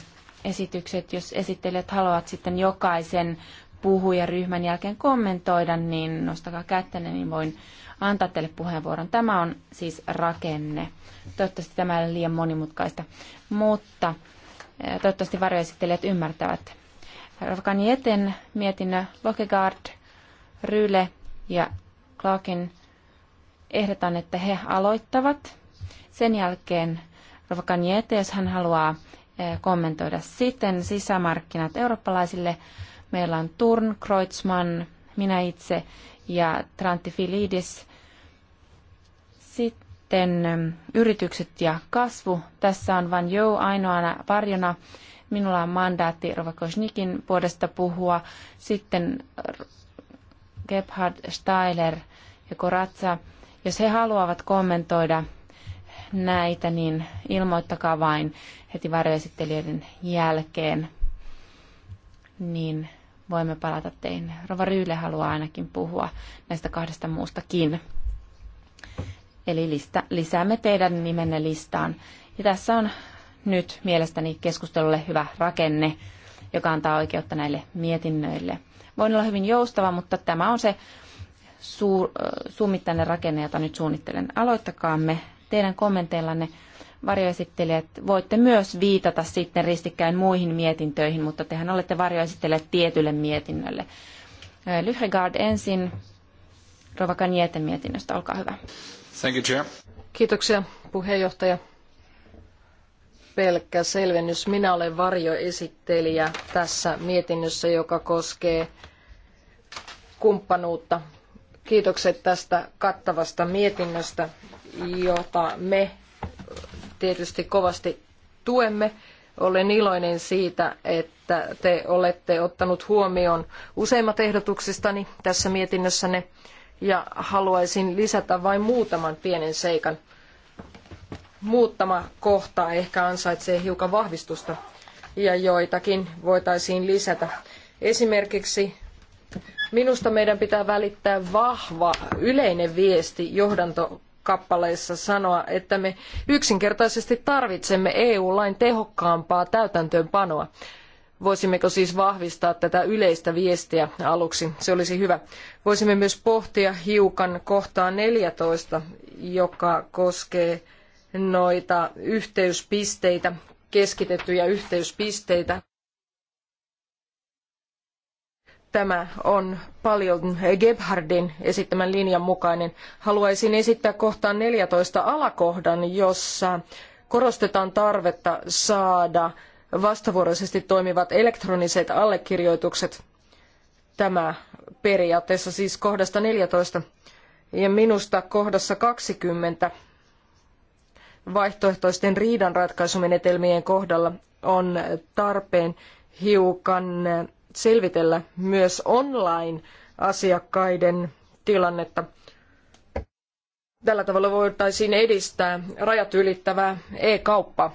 esitykset. Jos esittelijät haluavat sitten jokaisen puhujaryhmän jälkeen kommentoida, niin nostakaa kättänne, niin voin antaa teille puheenvuoron. Tämä on siis rakenne. Toivottavasti tämä ei ole liian monimutkaista, mutta eh, toivottavasti varjoesittelijät ymmärtävät. Ravkani Eten mietinnö Lokegaard, Ryle ja Clarkin ehdotan, että he aloittavat. Sen jälkeen Rova Kanjete, jos hän haluaa eh, kommentoida sitten sisämarkkinat eurooppalaisille. Meillä on Turn, Kreutzmann, minä itse ja Filidis. Sitten eh, yritykset ja kasvu. Tässä on Van Jou ainoana varjona. Minulla on mandaatti Rovakosnikin puolesta puhua. Sitten Gebhard Steiler ja Koratsa jos he haluavat kommentoida näitä, niin ilmoittakaa vain heti varjoesittelijöiden jälkeen, niin voimme palata teihin. Rova Ryyle haluaa ainakin puhua näistä kahdesta muustakin. Eli lista, lisäämme teidän nimenne listaan. Ja tässä on nyt mielestäni keskustelulle hyvä rakenne, joka antaa oikeutta näille mietinnöille. Voin olla hyvin joustava, mutta tämä on se suur, summittainen rakenne, jota nyt suunnittelen. Aloittakaamme teidän kommenteillanne varjoesittelijät, voitte myös viitata sitten ristikkäin muihin mietintöihin, mutta tehän olette varjoesittelijät tietylle mietinnölle. Lyhregard ensin Rova Kanieten mietinnöstä, olkaa hyvä. Thank you, Chair. Kiitoksia puheenjohtaja. Pelkkä selvennys. Minä olen varjoesittelijä tässä mietinnössä, joka koskee kumppanuutta Kiitokset tästä kattavasta mietinnöstä, jota me tietysti kovasti tuemme. Olen iloinen siitä, että te olette ottanut huomioon useimmat ehdotuksistani tässä mietinnössänne ja haluaisin lisätä vain muutaman pienen seikan. Muutama kohta ehkä ansaitsee hiukan vahvistusta ja joitakin voitaisiin lisätä. Esimerkiksi Minusta meidän pitää välittää vahva yleinen viesti johdanto kappaleissa sanoa, että me yksinkertaisesti tarvitsemme EU-lain tehokkaampaa täytäntöönpanoa. Voisimmeko siis vahvistaa tätä yleistä viestiä aluksi? Se olisi hyvä. Voisimme myös pohtia hiukan kohtaa 14, joka koskee noita yhteyspisteitä, keskitettyjä yhteyspisteitä. Tämä on paljon Gebhardin esittämän linjan mukainen. Haluaisin esittää kohtaan 14 alakohdan, jossa korostetaan tarvetta saada vastavuoroisesti toimivat elektroniset allekirjoitukset. Tämä periaatteessa siis kohdasta 14 ja minusta kohdassa 20 vaihtoehtoisten riidanratkaisumenetelmien kohdalla on tarpeen hiukan selvitellä myös online-asiakkaiden tilannetta. Tällä tavalla voitaisiin edistää rajat ylittävää e-kauppaa.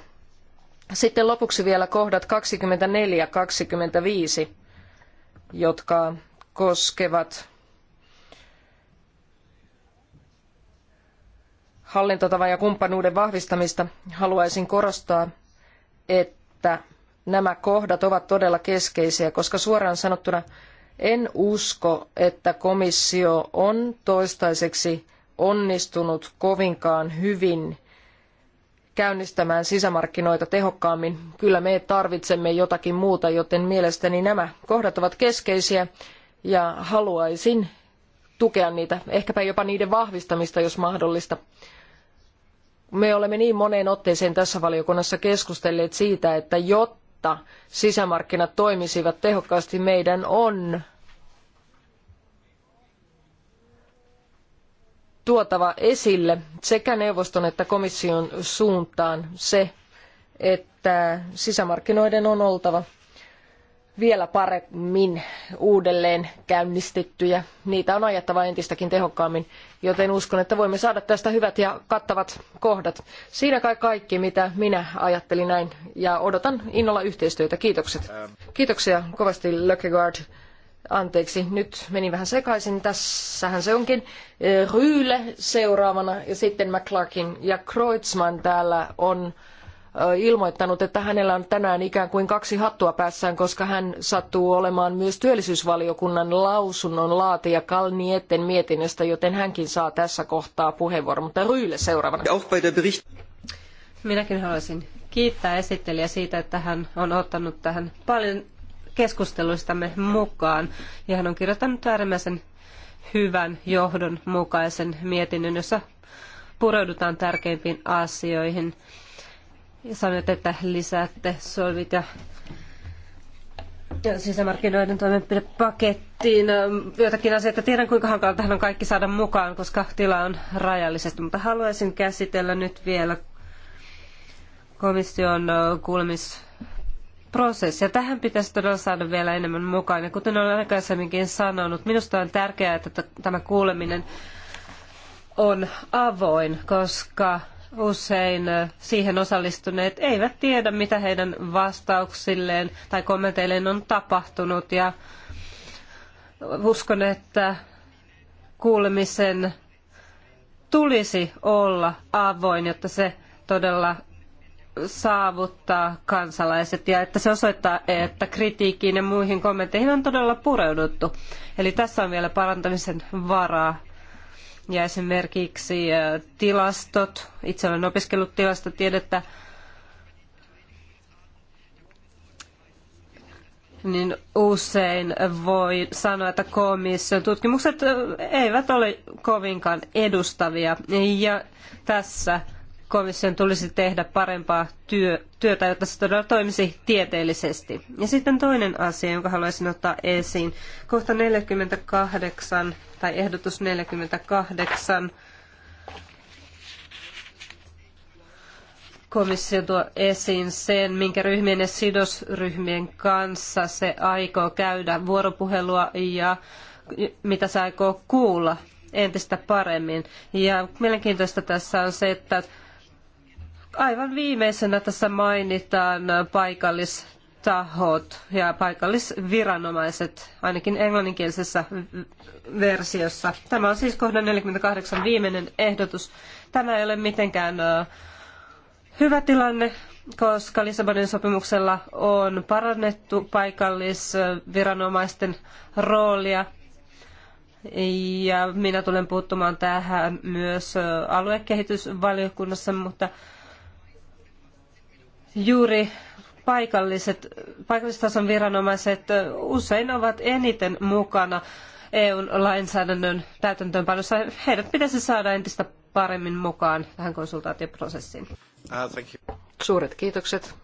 Sitten lopuksi vielä kohdat 24-25, jotka koskevat hallintotavan ja kumppanuuden vahvistamista. Haluaisin korostaa, että nämä kohdat ovat todella keskeisiä, koska suoraan sanottuna en usko, että komissio on toistaiseksi onnistunut kovinkaan hyvin käynnistämään sisämarkkinoita tehokkaammin. Kyllä me tarvitsemme jotakin muuta, joten mielestäni nämä kohdat ovat keskeisiä ja haluaisin tukea niitä, ehkäpä jopa niiden vahvistamista, jos mahdollista. Me olemme niin moneen otteeseen tässä valiokunnassa keskustelleet siitä, että jotta jotta sisämarkkinat toimisivat tehokkaasti, meidän on tuotava esille sekä neuvoston että komission suuntaan se, että sisämarkkinoiden on oltava vielä paremmin uudelleen käynnistettyjä. Niitä on ajettava entistäkin tehokkaammin, joten uskon, että voimme saada tästä hyvät ja kattavat kohdat. Siinä kai kaikki, mitä minä ajattelin näin, ja odotan innolla yhteistyötä. Kiitokset. Kiitoksia kovasti Lökkegaard. Anteeksi, nyt menin vähän sekaisin. Tässähän se onkin. Ryyle seuraavana ja sitten McClarkin ja Kreutzmann täällä on ilmoittanut, että hänellä on tänään ikään kuin kaksi hattua päässään, koska hän sattuu olemaan myös työllisyysvaliokunnan lausunnon laatija Kalnietten mietinnöstä, joten hänkin saa tässä kohtaa puheenvuoron. Mutta Ryyle seuraavana. Minäkin haluaisin kiittää esittelijä siitä, että hän on ottanut tähän paljon keskusteluistamme mukaan. Ja hän on kirjoittanut äärimmäisen hyvän johdonmukaisen mietinnön, jossa pureudutaan tärkeimpiin asioihin ja sanoit, että lisäätte solvit ja sisämarkkinoiden toimenpidepakettiin joitakin asioita. Tiedän, kuinka hankala tähän on kaikki saada mukaan, koska tila on rajallisesti, mutta haluaisin käsitellä nyt vielä komission kuulemisprosessia. Tähän pitäisi todella saada vielä enemmän mukaan. Ja kuten olen aikaisemminkin sanonut, minusta on tärkeää, että tämä kuuleminen on avoin, koska usein siihen osallistuneet eivät tiedä, mitä heidän vastauksilleen tai kommenteilleen on tapahtunut. Ja uskon, että kuulemisen tulisi olla avoin, jotta se todella saavuttaa kansalaiset ja että se osoittaa, että kritiikkiin ja muihin kommentteihin on todella pureuduttu. Eli tässä on vielä parantamisen varaa ja esimerkiksi tilastot, itse olen opiskellut tilastotiedettä, niin usein voi sanoa, että komission tutkimukset eivät ole kovinkaan edustavia. Ja tässä komission tulisi tehdä parempaa työtä, jotta se todella toimisi tieteellisesti. Ja sitten toinen asia, jonka haluaisin ottaa esiin. Kohta 48 tai ehdotus 48 komissio tuo esiin sen, minkä ryhmien ja sidosryhmien kanssa se aikoo käydä vuoropuhelua ja mitä se aikoo kuulla entistä paremmin. Ja mielenkiintoista tässä on se, että aivan viimeisenä tässä mainitaan paikallistahot ja paikallisviranomaiset, ainakin englanninkielisessä versiossa. Tämä on siis kohdan 48 viimeinen ehdotus. Tämä ei ole mitenkään hyvä tilanne, koska Lissabonin sopimuksella on parannettu paikallisviranomaisten roolia. Ja minä tulen puuttumaan tähän myös aluekehitysvaliokunnassa, mutta juuri paikalliset, paikallistason viranomaiset usein ovat eniten mukana EUn lainsäädännön täytäntöönpanossa. Heidät pitäisi saada entistä paremmin mukaan tähän konsultaatioprosessiin. Uh, Suuret kiitokset.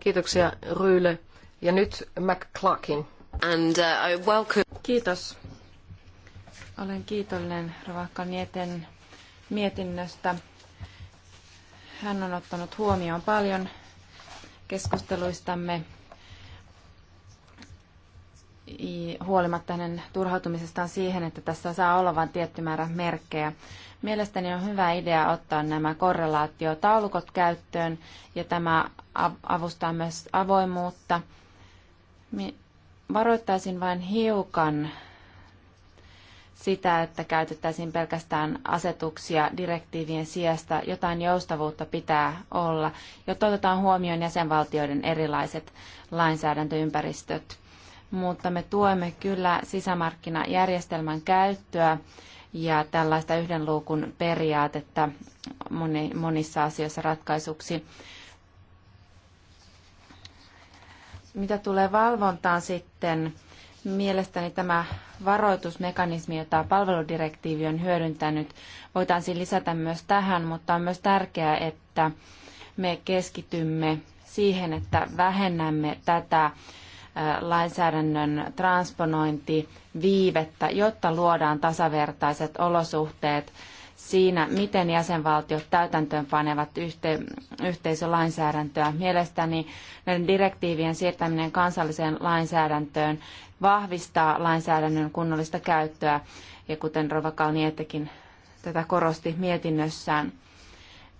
Kiitoksia Ryyle. Ja nyt McClarkin. And, uh, welcome... Kiitos. Olen kiitollinen Ravakka Nieten mietinnöstä. Hän on ottanut huomioon paljon keskusteluistamme huolimatta hänen turhautumisestaan siihen, että tässä saa olla vain tietty määrä merkkejä. Mielestäni on hyvä idea ottaa nämä korrelaatiotaulukot käyttöön ja tämä avustaa myös avoimuutta. Varoittaisin vain hiukan sitä, että käytettäisiin pelkästään asetuksia direktiivien sijasta. Jotain joustavuutta pitää olla, jotta otetaan huomioon jäsenvaltioiden erilaiset lainsäädäntöympäristöt. Mutta me tuemme kyllä sisämarkkinajärjestelmän käyttöä ja tällaista yhden luukun periaatetta monissa asioissa ratkaisuksi. Mitä tulee valvontaan sitten, Mielestäni tämä varoitusmekanismi, jota palveludirektiivi on hyödyntänyt, voitaisiin lisätä myös tähän, mutta on myös tärkeää, että me keskitymme siihen, että vähennämme tätä lainsäädännön transponointiviivettä, jotta luodaan tasavertaiset olosuhteet siinä, miten jäsenvaltiot täytäntöönpanevat yhte, yhteisölainsäädäntöä. Mielestäni näiden direktiivien siirtäminen kansalliseen lainsäädäntöön vahvistaa lainsäädännön kunnollista käyttöä, ja kuten Rova Kalnietekin tätä korosti mietinnössään,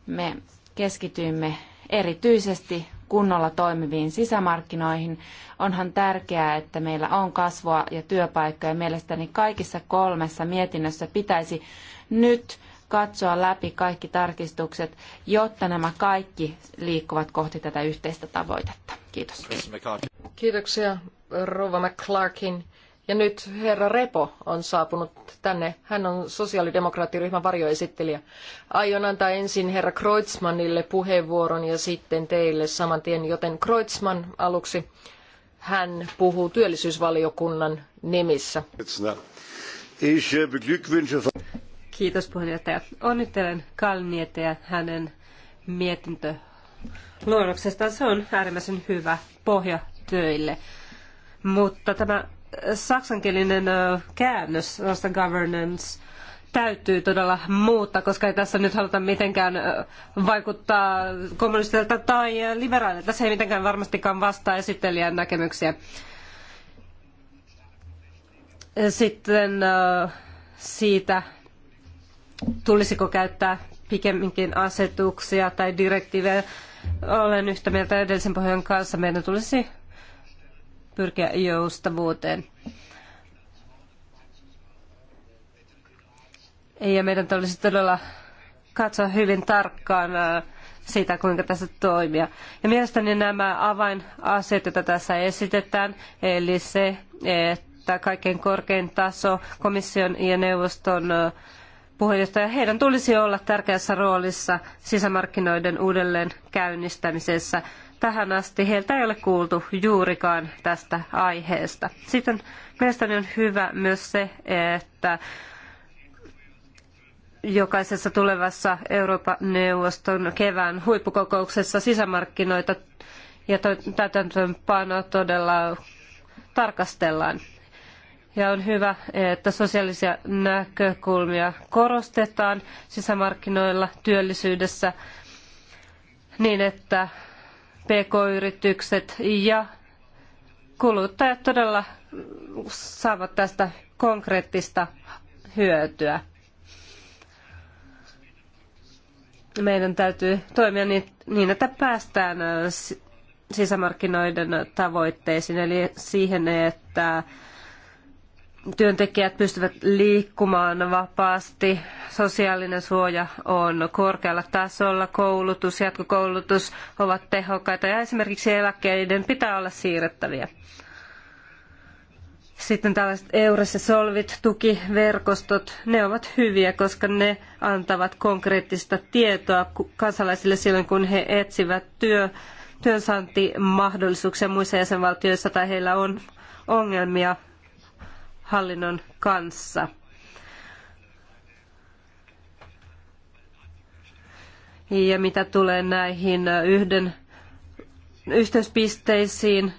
me keskityimme erityisesti kunnolla toimiviin sisämarkkinoihin. Onhan tärkeää, että meillä on kasvua ja työpaikkoja. Mielestäni kaikissa kolmessa mietinnössä pitäisi nyt katsoa läpi kaikki tarkistukset, jotta nämä kaikki liikkuvat kohti tätä yhteistä tavoitetta. Kiitos. Kiitoksia Rova McClarkin. Ja nyt herra Repo on saapunut tänne. Hän on sosiaalidemokraattiryhmän varjoesittelijä. Aion antaa ensin herra Kreutzmannille puheenvuoron ja sitten teille saman tien, joten Kreutzmann aluksi. Hän puhuu työllisyysvaliokunnan nimissä. Kiitos puheenjohtaja. Onnittelen Kalniete ja hänen mietintö luonnoksestaan. Se on äärimmäisen hyvä pohja töille. Mutta tämä saksankielinen käännös, Rasta Governance, täytyy todella muuttaa, koska ei tässä nyt haluta mitenkään vaikuttaa kommunistilta tai liberaalilta. Se ei mitenkään varmastikaan vastaa esittelijän näkemyksiä. Sitten siitä, tulisiko käyttää pikemminkin asetuksia tai direktiivejä. Olen yhtä mieltä edellisen pohjan kanssa. Meidän tulisi pyrkiä joustavuuteen. Ja meidän tulisi todella katsoa hyvin tarkkaan äh, sitä, kuinka tässä toimia. Ja mielestäni nämä avainasiat, joita tässä esitetään, eli se, että kaikkein korkein taso komission ja neuvoston äh, puheenjohtaja, heidän tulisi olla tärkeässä roolissa sisämarkkinoiden uudelleen käynnistämisessä. Tähän asti heiltä ei ole kuultu juurikaan tästä aiheesta. Sitten mielestäni on hyvä myös se, että jokaisessa tulevassa Euroopan neuvoston kevään huippukokouksessa sisämarkkinoita ja täytäntöönpanoa todella tarkastellaan. Ja on hyvä, että sosiaalisia näkökulmia korostetaan sisämarkkinoilla, työllisyydessä, niin että pk-yritykset ja kuluttajat todella saavat tästä konkreettista hyötyä. Meidän täytyy toimia niin, niin että päästään sisämarkkinoiden tavoitteisiin, eli siihen, että työntekijät pystyvät liikkumaan vapaasti, sosiaalinen suoja on korkealla tasolla, koulutus, jatkokoulutus ovat tehokkaita ja esimerkiksi eläkkeiden pitää olla siirrettäviä. Sitten tällaiset EURES ja Solvit tukiverkostot, ne ovat hyviä, koska ne antavat konkreettista tietoa kansalaisille silloin, kun he etsivät työ, työnsaantimahdollisuuksia muissa jäsenvaltioissa tai heillä on ongelmia hallinnon kanssa. Ja mitä tulee näihin yhden yhteyspisteisiin,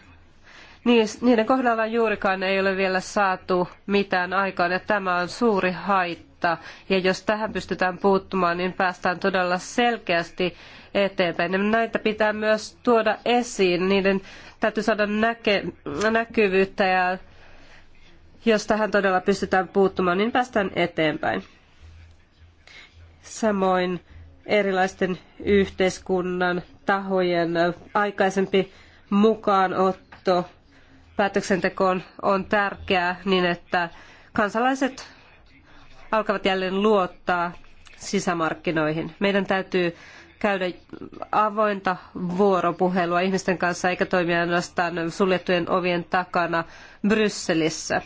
niin niiden kohdalla juurikaan ei ole vielä saatu mitään aikaan ja tämä on suuri haitta. Ja jos tähän pystytään puuttumaan, niin päästään todella selkeästi eteenpäin. Ja näitä pitää myös tuoda esiin, niiden täytyy saada näke- näkyvyyttä ja jos tähän todella pystytään puuttumaan, niin päästään eteenpäin. Samoin erilaisten yhteiskunnan tahojen aikaisempi mukaanotto päätöksentekoon on tärkeää niin, että kansalaiset alkavat jälleen luottaa sisämarkkinoihin. Meidän täytyy käydä avointa vuoropuhelua ihmisten kanssa eikä toimia ainoastaan suljettujen ovien takana Brysselissä.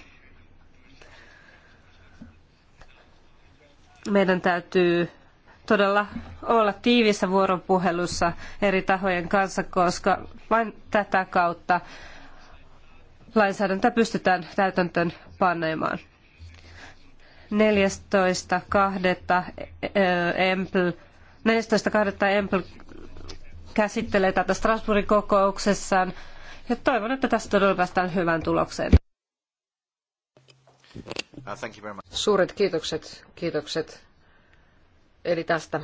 meidän täytyy todella olla tiivissä vuoropuhelussa eri tahojen kanssa, koska vain tätä kautta lainsäädäntöä pystytään täytäntöön panemaan. 14.2. Eh, Empl, 14.2. Empl käsittelee tätä Strasbourgin kokouksessaan ja toivon, että tästä todella päästään hyvään tulokseen. Uh, Suuret kiitokset, kiitokset. Eli tästä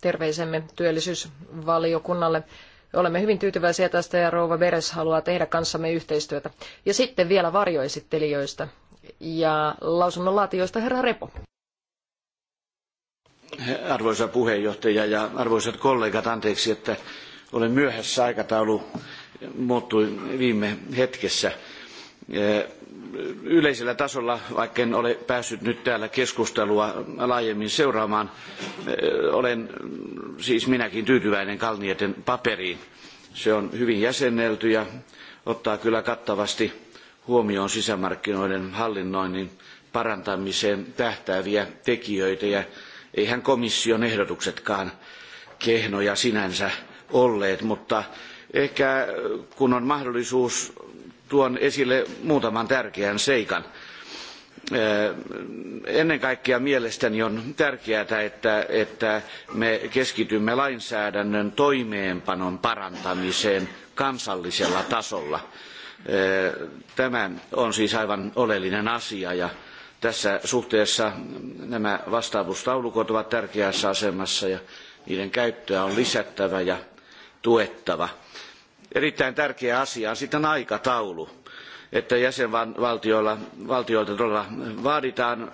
terveisemme työllisyysvaliokunnalle. Olemme hyvin tyytyväisiä tästä ja Rouva Beres haluaa tehdä kanssamme yhteistyötä. Ja sitten vielä varjoesittelijöistä ja lausunnonlaatijoista herra Repo. Arvoisa puheenjohtaja ja arvoisat kollegat, anteeksi, että olen myöhässä. Aikataulu muuttui viime hetkessä yleisellä tasolla, vaikka en ole päässyt nyt täällä keskustelua laajemmin seuraamaan, eh, olen siis minäkin tyytyväinen Kalnieten paperiin. Se on hyvin jäsennelty ja ottaa kyllä kattavasti huomioon sisämarkkinoiden hallinnoinnin parantamiseen tähtääviä tekijöitä ja eihän komission ehdotuksetkaan kehnoja sinänsä olleet, mutta ehkä kun on mahdollisuus tuon esille muutaman tärkeän seikan. Öö, ennen kaikkea mielestäni on tärkeää, että, että me keskitymme lainsäädännön toimeenpanon parantamiseen kansallisella tasolla. Öö, tämä on siis aivan oleellinen asia ja tässä suhteessa nämä vastaavuustaulukot ovat tärkeässä asemassa ja niiden käyttöä on lisättävä ja tuettava Erittäin tärkeä asia on sitten aikataulu että jäsenvaltioilta todella vaaditaan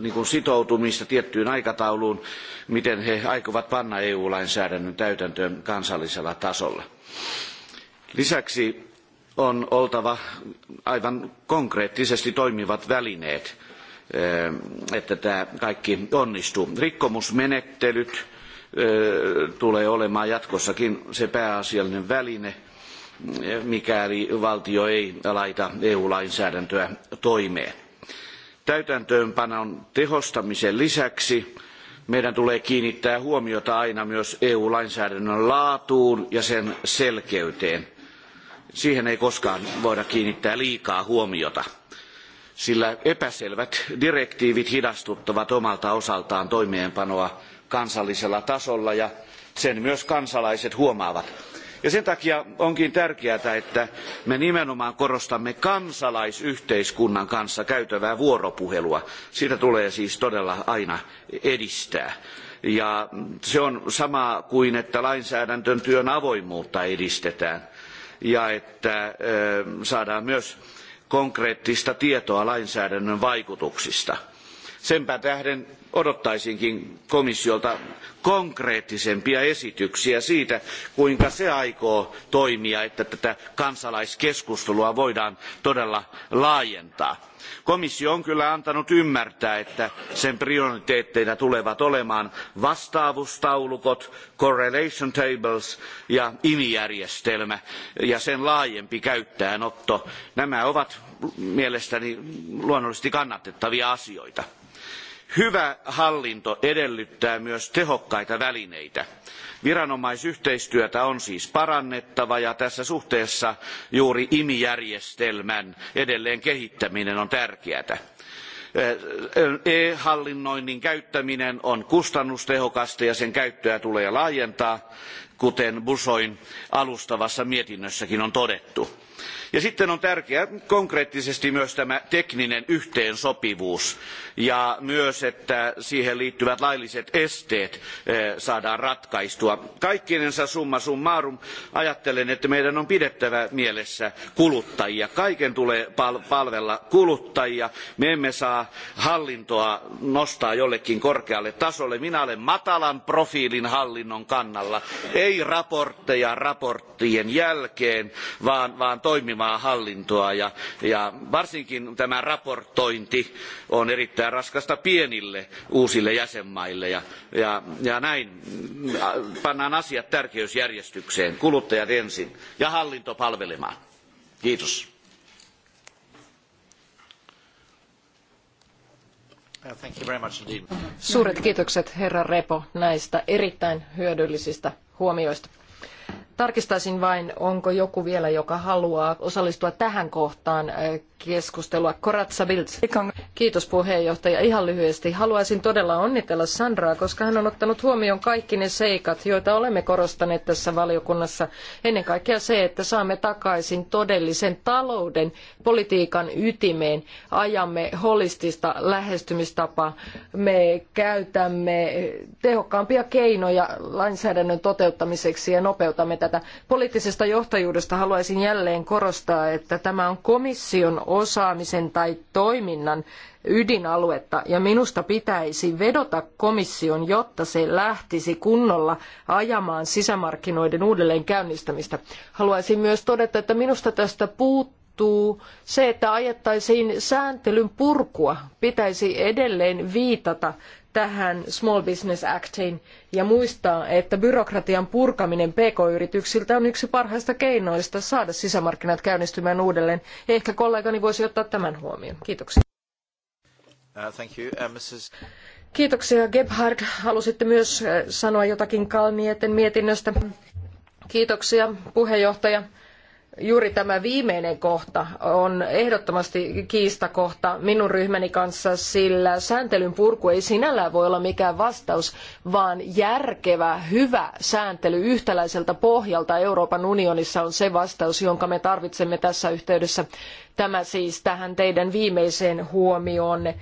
niin sitoutumista tiettyyn aikatauluun, miten he aikovat panna EU-lainsäädännön täytäntöön kansallisella tasolla. Lisäksi on oltava aivan konkreettisesti toimivat välineet, että tämä kaikki onnistuu. Rikkomusmenettelyt, tulee olemaan jatkossakin se pääasiallinen väline, mikäli valtio ei laita EU-lainsäädäntöä toimeen. Täytäntöönpanon tehostamisen lisäksi meidän tulee kiinnittää huomiota aina myös EU-lainsäädännön laatuun ja sen selkeyteen. Siihen ei koskaan voida kiinnittää liikaa huomiota, sillä epäselvät direktiivit hidastuttavat omalta osaltaan toimeenpanoa kansallisella tasolla ja sen myös kansalaiset huomaavat. Ja sen takia onkin tärkeää, että me nimenomaan korostamme kansalaisyhteiskunnan kanssa käytävää vuoropuhelua. Sitä tulee siis todella aina edistää ja se on sama kuin että lainsäädäntötyön avoimuutta edistetään ja että saadaan myös konkreettista tietoa lainsäädännön vaikutuksista. Senpä tähden odottaisinkin komissiolta konkreettisempia esityksiä siitä kuinka se aikoo toimia että tätä kansalaiskeskustelua voidaan todella laajentaa. komissio on kyllä antanut ymmärtää että sen prioriteetteina tulevat olemaan vastaavuustaulukot correlation tables ja imi järjestelmä ja sen laajempi käyttöönotto. nämä ovat mielestäni luonnollisesti kannatettavia asioita Hyvä hallinto edellyttää myös tehokkaita välineitä. Viranomaisyhteistyötä on siis parannettava ja tässä suhteessa juuri IMI-järjestelmän edelleen kehittäminen on tärkeää e hallinnoinnin käyttäminen on kustannustehokasta ja sen käyttöä tulee laajentaa kuten buoin alustavassa mietinnössäkin on todettu ja sitten on tärkeää konkreettisesti myös tämä tekninen yhteensopivuus ja myös, että siihen liittyvät lailliset esteet eh, saadaan ratkaistua. Kaikkinensa summa summarum ajattelen, että meidän on pidettävä mielessä kuluttajia. Kaiken tulee palvella kuluttajia. Me emme saa hallintoa nostaa jollekin korkealle tasolle. Minä olen matalan profiilin hallinnon kannalla. Ei raportteja raporttien jälkeen, vaan, vaan toimimaan maan hallintoa ja, varsinkin tämä raportointi on erittäin raskasta pienille uusille jäsenmaille ja, ja, ja näin pannaan asiat tärkeysjärjestykseen, kuluttajat ensin ja hallinto palvelemaan. Kiitos. Suuret kiitokset herra Repo näistä erittäin hyödyllisistä huomioista. Tarkistaisin vain, onko joku vielä, joka haluaa osallistua tähän kohtaan äh, keskustelua. Koratsa Biltz. Kiitos puheenjohtaja. Ihan lyhyesti. Haluaisin todella onnitella Sandraa, koska hän on ottanut huomioon kaikki ne seikat, joita olemme korostaneet tässä valiokunnassa. Ennen kaikkea se, että saamme takaisin todellisen talouden politiikan ytimeen. Ajamme holistista lähestymistapaa. Me käytämme tehokkaampia keinoja lainsäädännön toteuttamiseksi ja nopeuttamiseksi painotamme tätä. Poliittisesta johtajuudesta haluaisin jälleen korostaa, että tämä on komission osaamisen tai toiminnan ydinaluetta ja minusta pitäisi vedota komission, jotta se lähtisi kunnolla ajamaan sisämarkkinoiden uudelleen käynnistämistä. Haluaisin myös todeta, että minusta tästä puuttuu puuttuu se, että ajettaisiin sääntelyn purkua. Pitäisi edelleen viitata tähän Small Business Actiin ja muistaa, että byrokratian purkaminen pk-yrityksiltä on yksi parhaista keinoista saada sisämarkkinat käynnistymään uudelleen. Ehkä kollegani voisi ottaa tämän huomioon. Kiitoksia. Uh, uh, Kiitoksia Gebhard. Halusitte myös uh, sanoa jotakin Kalnieten mietinnöstä. Kiitoksia puheenjohtaja juuri tämä viimeinen kohta on ehdottomasti kiistakohta minun ryhmäni kanssa, sillä sääntelyn purku ei sinällään voi olla mikään vastaus, vaan järkevä, hyvä sääntely yhtäläiseltä pohjalta Euroopan unionissa on se vastaus, jonka me tarvitsemme tässä yhteydessä. Tämä siis tähän teidän viimeiseen huomioonne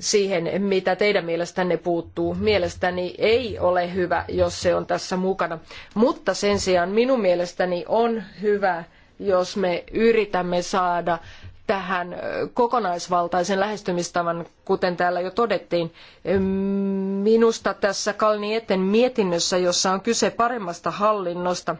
siihen, mitä teidän mielestänne puuttuu. Mielestäni ei ole hyvä, jos se on tässä mukana. Mutta sen sijaan minun mielestäni on hyvä, jos me yritämme saada tähän kokonaisvaltaisen lähestymistavan, kuten täällä jo todettiin. Minusta tässä Kalnieten mietinnössä, jossa on kyse paremmasta hallinnosta,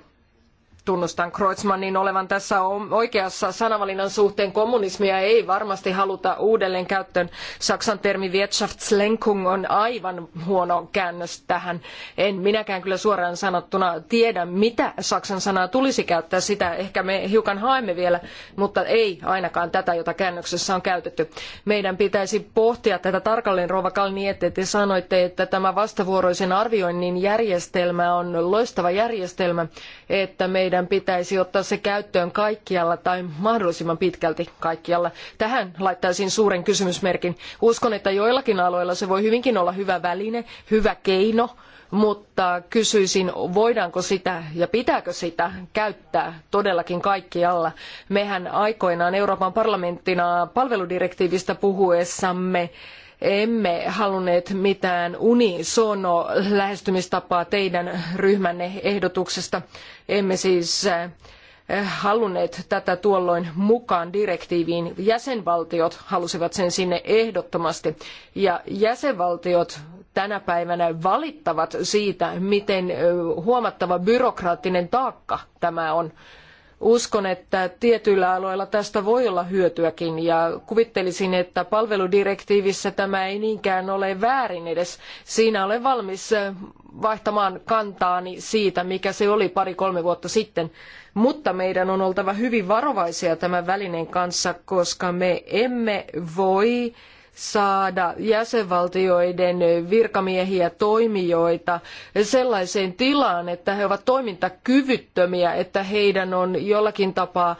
tunnustan Kreutzmannin olevan tässä oikeassa sanavalinnan suhteen. Kommunismia ei varmasti haluta uudelleen käyttöön. Saksan termi Wirtschaftslenkung on aivan huono käännös tähän. En minäkään kyllä suoraan sanottuna tiedä, mitä Saksan sanaa tulisi käyttää. Sitä ehkä me hiukan haemme vielä, mutta ei ainakaan tätä, jota käännöksessä on käytetty. Meidän pitäisi pohtia tätä tarkalleen, Rova Kalniette. Te sanoitte, että tämä vastavuoroisen arvioinnin järjestelmä on loistava järjestelmä, että meidän meidän pitäisi ottaa se käyttöön kaikkialla tai mahdollisimman pitkälti kaikkialla. Tähän laittaisin suuren kysymysmerkin. Uskon, että joillakin aloilla se voi hyvinkin olla hyvä väline, hyvä keino, mutta kysyisin, voidaanko sitä ja pitääkö sitä käyttää todellakin kaikkialla. Mehän aikoinaan Euroopan parlamenttina palveludirektiivistä puhuessamme emme halunneet mitään unisono lähestymistapaa teidän ryhmänne ehdotuksesta. Emme siis eh, halunneet tätä tuolloin mukaan direktiiviin. Jäsenvaltiot halusivat sen sinne ehdottomasti ja jäsenvaltiot tänä päivänä valittavat siitä, miten eh, huomattava byrokraattinen taakka tämä on Uskon, että tietyillä aloilla tästä voi olla hyötyäkin ja kuvittelisin, että palveludirektiivissä tämä ei niinkään ole väärin edes. Siinä olen valmis eh, vaihtamaan kantaani siitä, mikä se oli pari-kolme vuotta sitten. Mutta meidän on oltava hyvin varovaisia tämän välineen kanssa, koska me emme voi saada jäsenvaltioiden virkamiehiä toimijoita sellaiseen tilaan, että he ovat toimintakyvyttömiä, että heidän on jollakin tapaa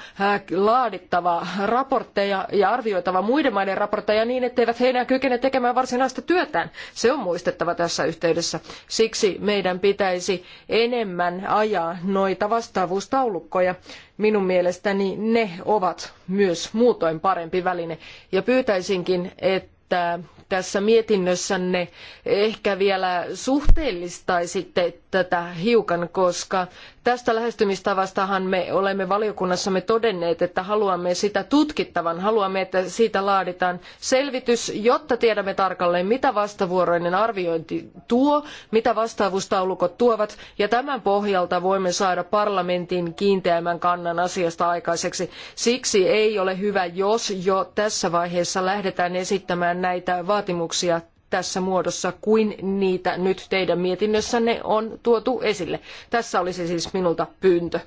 laadittava raportteja ja arvioitava muiden maiden raportteja niin, etteivät heidän kykene tekemään varsinaista työtään. Se on muistettava tässä yhteydessä. Siksi meidän pitäisi enemmän ajaa noita vastaavuustaulukkoja minun mielestäni ne ovat myös muutoin parempi väline. Ja pyytäisinkin, että tässä mietinnössänne ehkä vielä suhteellistaisitte tätä hiukan, koska Tästä lähestymistavastahan me olemme valiokunnassamme todenneet, että haluamme sitä tutkittavan, haluamme, että siitä laaditaan selvitys, jotta tiedämme tarkalleen, mitä vastavuoroinen arviointi tuo, mitä vastaavuustaulukot tuovat, ja tämän pohjalta voimme saada parlamentin kiinteämmän kannan asiasta aikaiseksi. Siksi ei ole hyvä, jos jo tässä vaiheessa lähdetään esittämään näitä vaatimuksia tässä muodossa kuin niitä nyt teidän mietinnössänne on tuotu esille. Tässä olisi siis minulta pyyntö.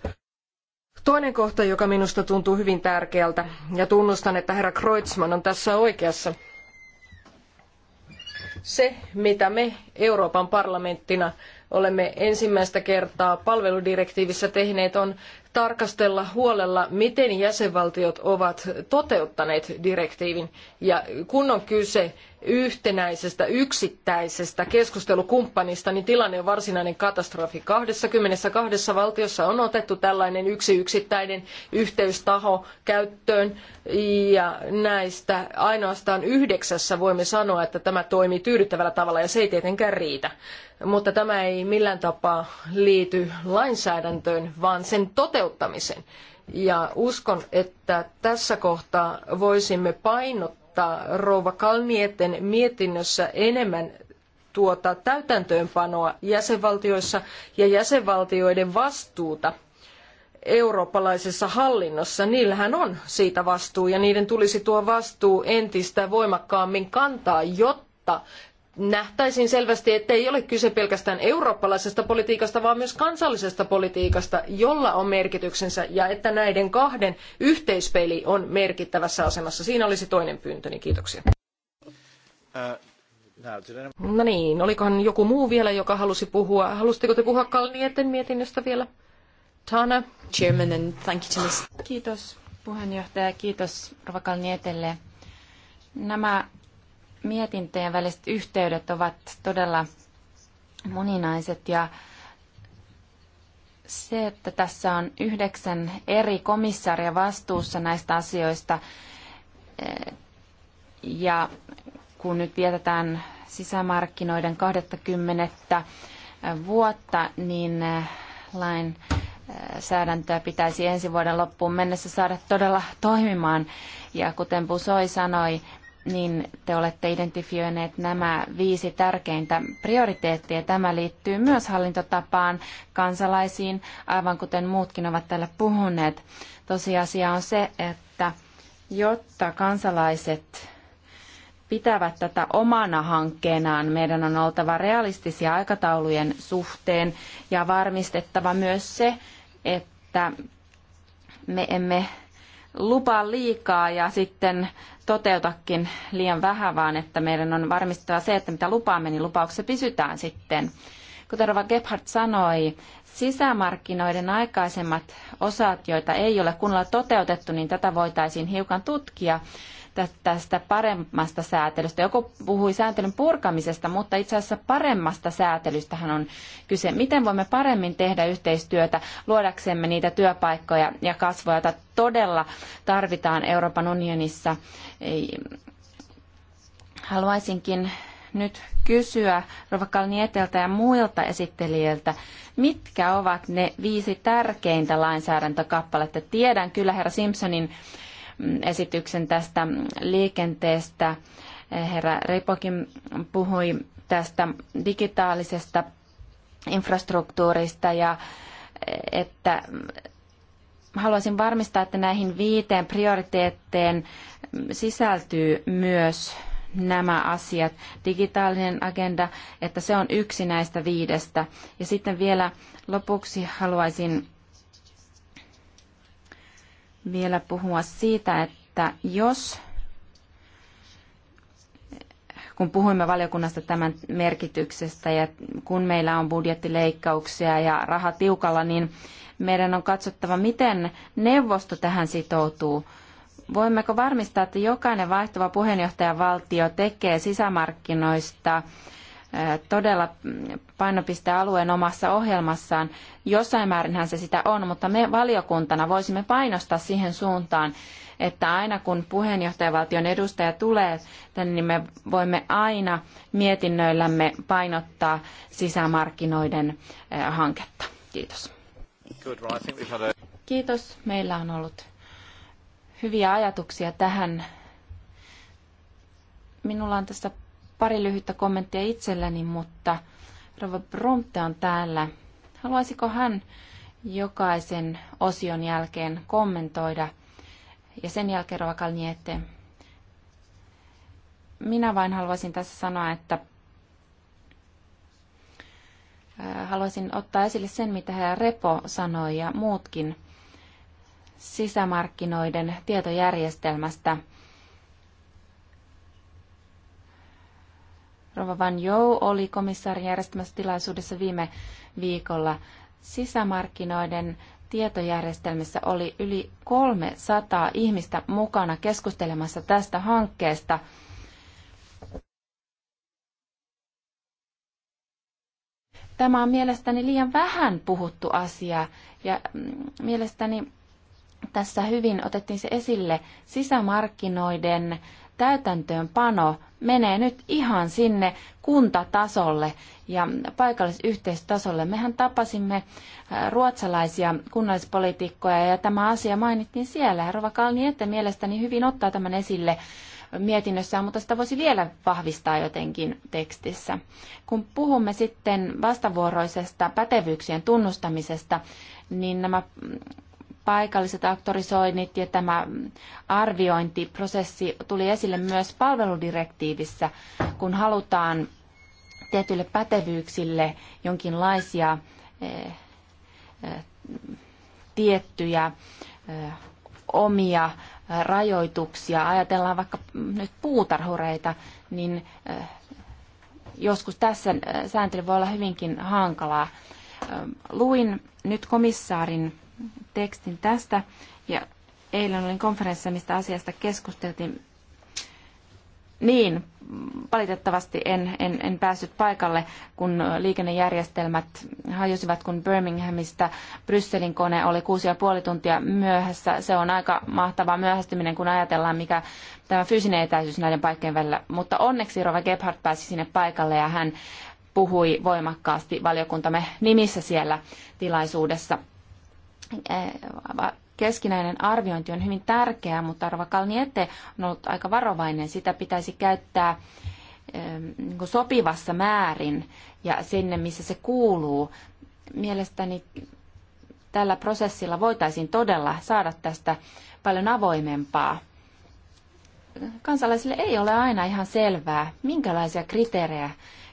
Toinen kohta, joka minusta tuntuu hyvin tärkeältä, ja tunnustan, että herra Kreutzmann on tässä oikeassa. Se, mitä me Euroopan parlamenttina olemme ensimmäistä kertaa palveludirektiivissä tehneet, on tarkastella huolella, miten jäsenvaltiot ovat toteuttaneet direktiivin. Ja kun on kyse yhtenäisestä yksittäisestä keskustelukumppanista, niin tilanne on varsinainen katastrofi. 22 valtiossa on otettu tällainen yksi yksittäinen yhteystaho käyttöön ja näistä ainoastaan yhdeksässä voimme sanoa, että tämä toimii tyydyttävällä tavalla ja se ei tietenkään riitä mutta tämä ei millään tapaa liity lainsäädäntöön, vaan sen toteuttamiseen. Ja uskon, että tässä kohtaa voisimme painottaa rouva Kalnieten mietinnössä enemmän tuota täytäntöönpanoa jäsenvaltioissa ja jäsenvaltioiden vastuuta eurooppalaisessa hallinnossa. Niillähän on siitä vastuu ja niiden tulisi tuo vastuu entistä voimakkaammin kantaa, jotta nähtäisiin selvästi, ettei ole kyse pelkästään eurooppalaisesta politiikasta, vaan myös kansallisesta politiikasta, jolla on merkityksensä, ja että näiden kahden yhteispeli on merkittävässä asemassa. Siinä olisi toinen pyyntöni. Kiitoksia. No niin, olikohan joku muu vielä, joka halusi puhua? Halusitteko te puhua Kalnieten mietinnöstä vielä? Tana. Chairman and thank you to Kiitos puheenjohtaja, kiitos Rova Kalnietelle. Nämä mietintöjen väliset yhteydet ovat todella moninaiset ja se, että tässä on yhdeksän eri komissaria vastuussa näistä asioista eh, ja kun nyt vietetään sisämarkkinoiden 20 vuotta, niin eh, lain eh, säädäntöä pitäisi ensi vuoden loppuun mennessä saada todella toimimaan. Ja kuten Busoi sanoi, niin te olette identifioineet nämä viisi tärkeintä prioriteettia. Tämä liittyy myös hallintotapaan kansalaisiin, aivan kuten muutkin ovat täällä puhuneet. Tosiasia on se, että jotta kansalaiset pitävät tätä omana hankkeenaan, meidän on oltava realistisia aikataulujen suhteen ja varmistettava myös se, että me emme lupaa liikaa ja sitten toteutakin liian vähän, vaan että meidän on varmistettava se, että mitä lupaamme, niin lupauksessa pysytään sitten. Kuten Rova Gebhardt sanoi, sisämarkkinoiden aikaisemmat osat, joita ei ole kunnolla toteutettu, niin tätä voitaisiin hiukan tutkia tästä paremmasta säätelystä. Joku puhui sääntelyn purkamisesta, mutta itse asiassa paremmasta säätelystähän on kyse. Miten voimme paremmin tehdä yhteistyötä luodaksemme niitä työpaikkoja ja kasvoja, joita todella tarvitaan Euroopan unionissa? Haluaisinkin nyt kysyä Rova Kalnieteltä ja muilta esittelijöiltä, mitkä ovat ne viisi tärkeintä lainsäädäntökappaletta. Tiedän kyllä herra Simpsonin esityksen tästä liikenteestä. Herra Ripokin puhui tästä digitaalisesta infrastruktuurista ja että haluaisin varmistaa, että näihin viiteen prioriteetteen sisältyy myös nämä asiat. Digitaalinen agenda, että se on yksi näistä viidestä. Ja sitten vielä lopuksi haluaisin vielä puhua siitä, että jos kun puhuimme valiokunnasta tämän merkityksestä ja kun meillä on budjettileikkauksia ja raha tiukalla, niin meidän on katsottava, miten neuvosto tähän sitoutuu. Voimmeko varmistaa, että jokainen vaihtuva puheenjohtajavaltio tekee sisämarkkinoista todella painopistealueen omassa ohjelmassaan. Jossain määrinhän se sitä on, mutta me valiokuntana voisimme painostaa siihen suuntaan, että aina kun puheenjohtajavaltion edustaja tulee tänne, niin me voimme aina mietinnöillämme painottaa sisämarkkinoiden eh, hanketta. Kiitos. Kiitos. Meillä on ollut hyviä ajatuksia tähän. Minulla on tässä pari lyhyttä kommenttia itselläni, mutta Rova Bromte on täällä. Haluaisiko hän jokaisen osion jälkeen kommentoida ja sen jälkeen Rova Kalniette? Minä vain haluaisin tässä sanoa, että haluaisin ottaa esille sen, mitä herra Repo sanoi ja muutkin sisämarkkinoiden tietojärjestelmästä – Rova Van Jou oli komissaarin järjestämässä tilaisuudessa viime viikolla. Sisämarkkinoiden tietojärjestelmissä oli yli 300 ihmistä mukana keskustelemassa tästä hankkeesta. Tämä on mielestäni liian vähän puhuttu asia ja mm, mielestäni tässä hyvin otettiin se esille sisämarkkinoiden täytäntöönpano menee nyt ihan sinne kuntatasolle ja paikallisyhteistasolle. Mehän tapasimme ruotsalaisia kunnallispolitiikkoja ja tämä asia mainittiin siellä. Rova että mielestäni hyvin ottaa tämän esille mietinnössään, mutta sitä voisi vielä vahvistaa jotenkin tekstissä. Kun puhumme sitten vastavuoroisesta pätevyyksien tunnustamisesta, niin nämä mm, paikalliset aktorisoinnit ja tämä arviointiprosessi tuli esille myös palveludirektiivissä, kun halutaan tietyille pätevyyksille jonkinlaisia eh, eh, tiettyjä eh, omia rajoituksia. Ajatellaan vaikka nyt puutarhureita, niin joskus tässä sääntely voi olla hyvinkin hankalaa. Luin nyt komissaarin tekstin tästä. Ja eilen olin konferenssissa, mistä asiasta keskusteltiin. Niin, valitettavasti en, en, en päässyt paikalle, kun liikennejärjestelmät hajosivat, kun Birminghamista Brysselin kone oli kuusi ja puoli tuntia myöhässä. Se on aika mahtava myöhästyminen, kun ajatellaan, mikä tämä fyysinen etäisyys näiden paikkojen välillä. Mutta onneksi Rova Gebhardt pääsi sinne paikalle ja hän puhui voimakkaasti valiokuntamme nimissä siellä tilaisuudessa. Äh, keskinäinen arviointi on hyvin tärkeää, mutta Arva Kalniette on ollut aika varovainen. Sitä pitäisi käyttää ähm, niin sopivassa määrin ja sinne, missä se kuuluu. Mielestäni tällä prosessilla voitaisiin todella saada tästä paljon avoimempaa. Kansalaisille ei ole aina ihan selvää, minkälaisia kriteerejä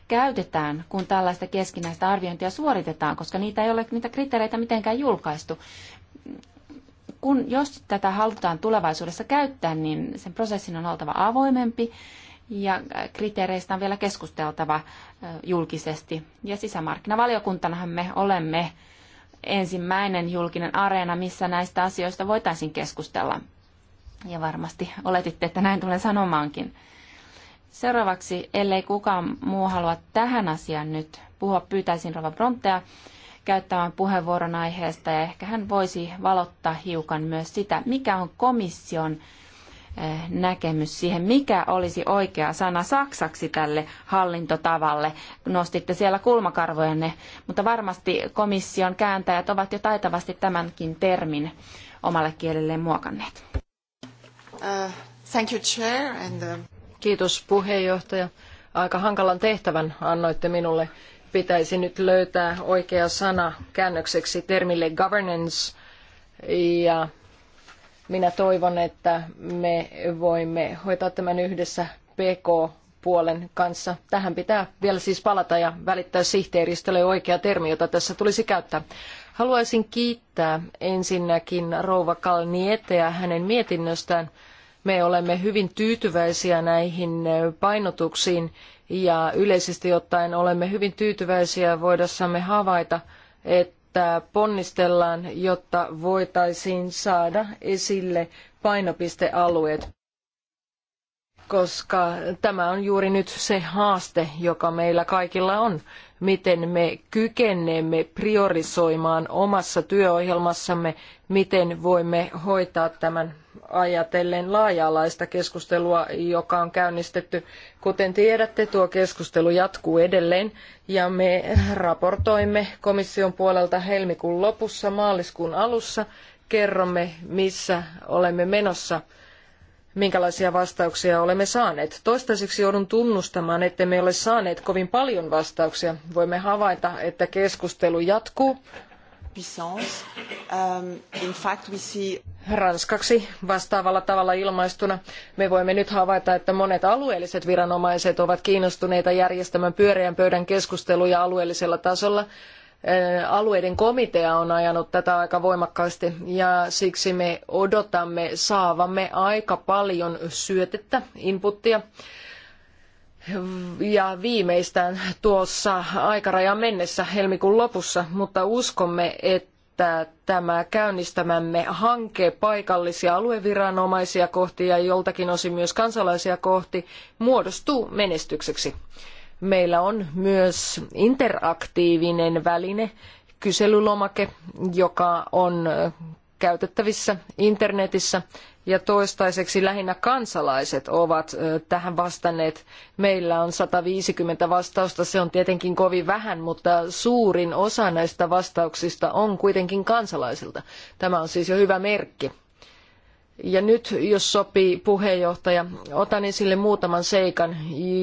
käytetään, kun tällaista keskinäistä arviointia suoritetaan, koska niitä ei ole niitä kriteereitä mitenkään julkaistu. Kun, jos tätä halutaan tulevaisuudessa käyttää, niin sen prosessin on oltava avoimempi ja äh, kriteereistä on vielä keskusteltava äh, julkisesti. Ja sisämarkkinavaliokuntanahan me olemme ensimmäinen julkinen areena, missä näistä asioista voitaisiin keskustella. Ja varmasti oletitte, että näin tulen sanomaankin. Seuraavaksi, ellei kukaan muu halua tähän asiaan nyt puhua, pyytäisin Rova Brontea käyttämään puheenvuoron aiheesta ja ehkä hän voisi valottaa hiukan myös sitä, mikä on komission eh, näkemys siihen, mikä olisi oikea sana saksaksi tälle hallintotavalle. Nostitte siellä kulmakarvojenne, mutta varmasti komission kääntäjät ovat jo taitavasti tämänkin termin omalle kielelleen muokanneet. Uh, thank you, chair, and, uh... Kiitos puheenjohtaja. Aika hankalan tehtävän annoitte minulle. Pitäisi nyt löytää oikea sana käännökseksi termille governance. Ja minä toivon, että me voimme hoitaa tämän yhdessä PK-puolen kanssa. Tähän pitää vielä siis palata ja välittää sihteeristölle oikea termi, jota tässä tulisi käyttää. Haluaisin kiittää ensinnäkin rouva Kalnieteä hänen mietinnöstään. Me olemme hyvin tyytyväisiä näihin painotuksiin ja yleisesti ottaen olemme hyvin tyytyväisiä voidessamme havaita, että ponnistellaan, jotta voitaisiin saada esille painopistealueet koska tämä on juuri nyt se haaste, joka meillä kaikilla on. Miten me kykenemme priorisoimaan omassa työohjelmassamme, miten voimme hoitaa tämän ajatellen laaja-alaista keskustelua, joka on käynnistetty. Kuten tiedätte, tuo keskustelu jatkuu edelleen ja me raportoimme komission puolelta helmikuun lopussa, maaliskuun alussa, kerromme missä olemme menossa – minkälaisia vastauksia olemme saaneet. Toistaiseksi joudun tunnustamaan, että me ole saaneet kovin paljon vastauksia. Voimme havaita, että keskustelu jatkuu. Um, Ranskaksi vastaavalla tavalla ilmaistuna me voimme nyt havaita, että monet alueelliset viranomaiset ovat kiinnostuneita järjestämään pyöreän pöydän keskusteluja alueellisella tasolla – alueiden komitea on ajanut tätä aika voimakkaasti ja siksi me odotamme saavamme aika paljon syötettä, inputtia. Ja viimeistään tuossa aikarajan mennessä helmikuun lopussa, mutta uskomme, että tämä käynnistämämme hanke paikallisia alueviranomaisia kohti ja joltakin osin myös kansalaisia kohti muodostuu menestykseksi. Meillä on myös interaktiivinen väline, kyselylomake, joka on käytettävissä internetissä ja toistaiseksi lähinnä kansalaiset ovat tähän vastanneet. Meillä on 150 vastausta, se on tietenkin kovin vähän, mutta suurin osa näistä vastauksista on kuitenkin kansalaisilta. Tämä on siis jo hyvä merkki. Ja nyt, jos sopii puheenjohtaja, otan esille muutaman seikan,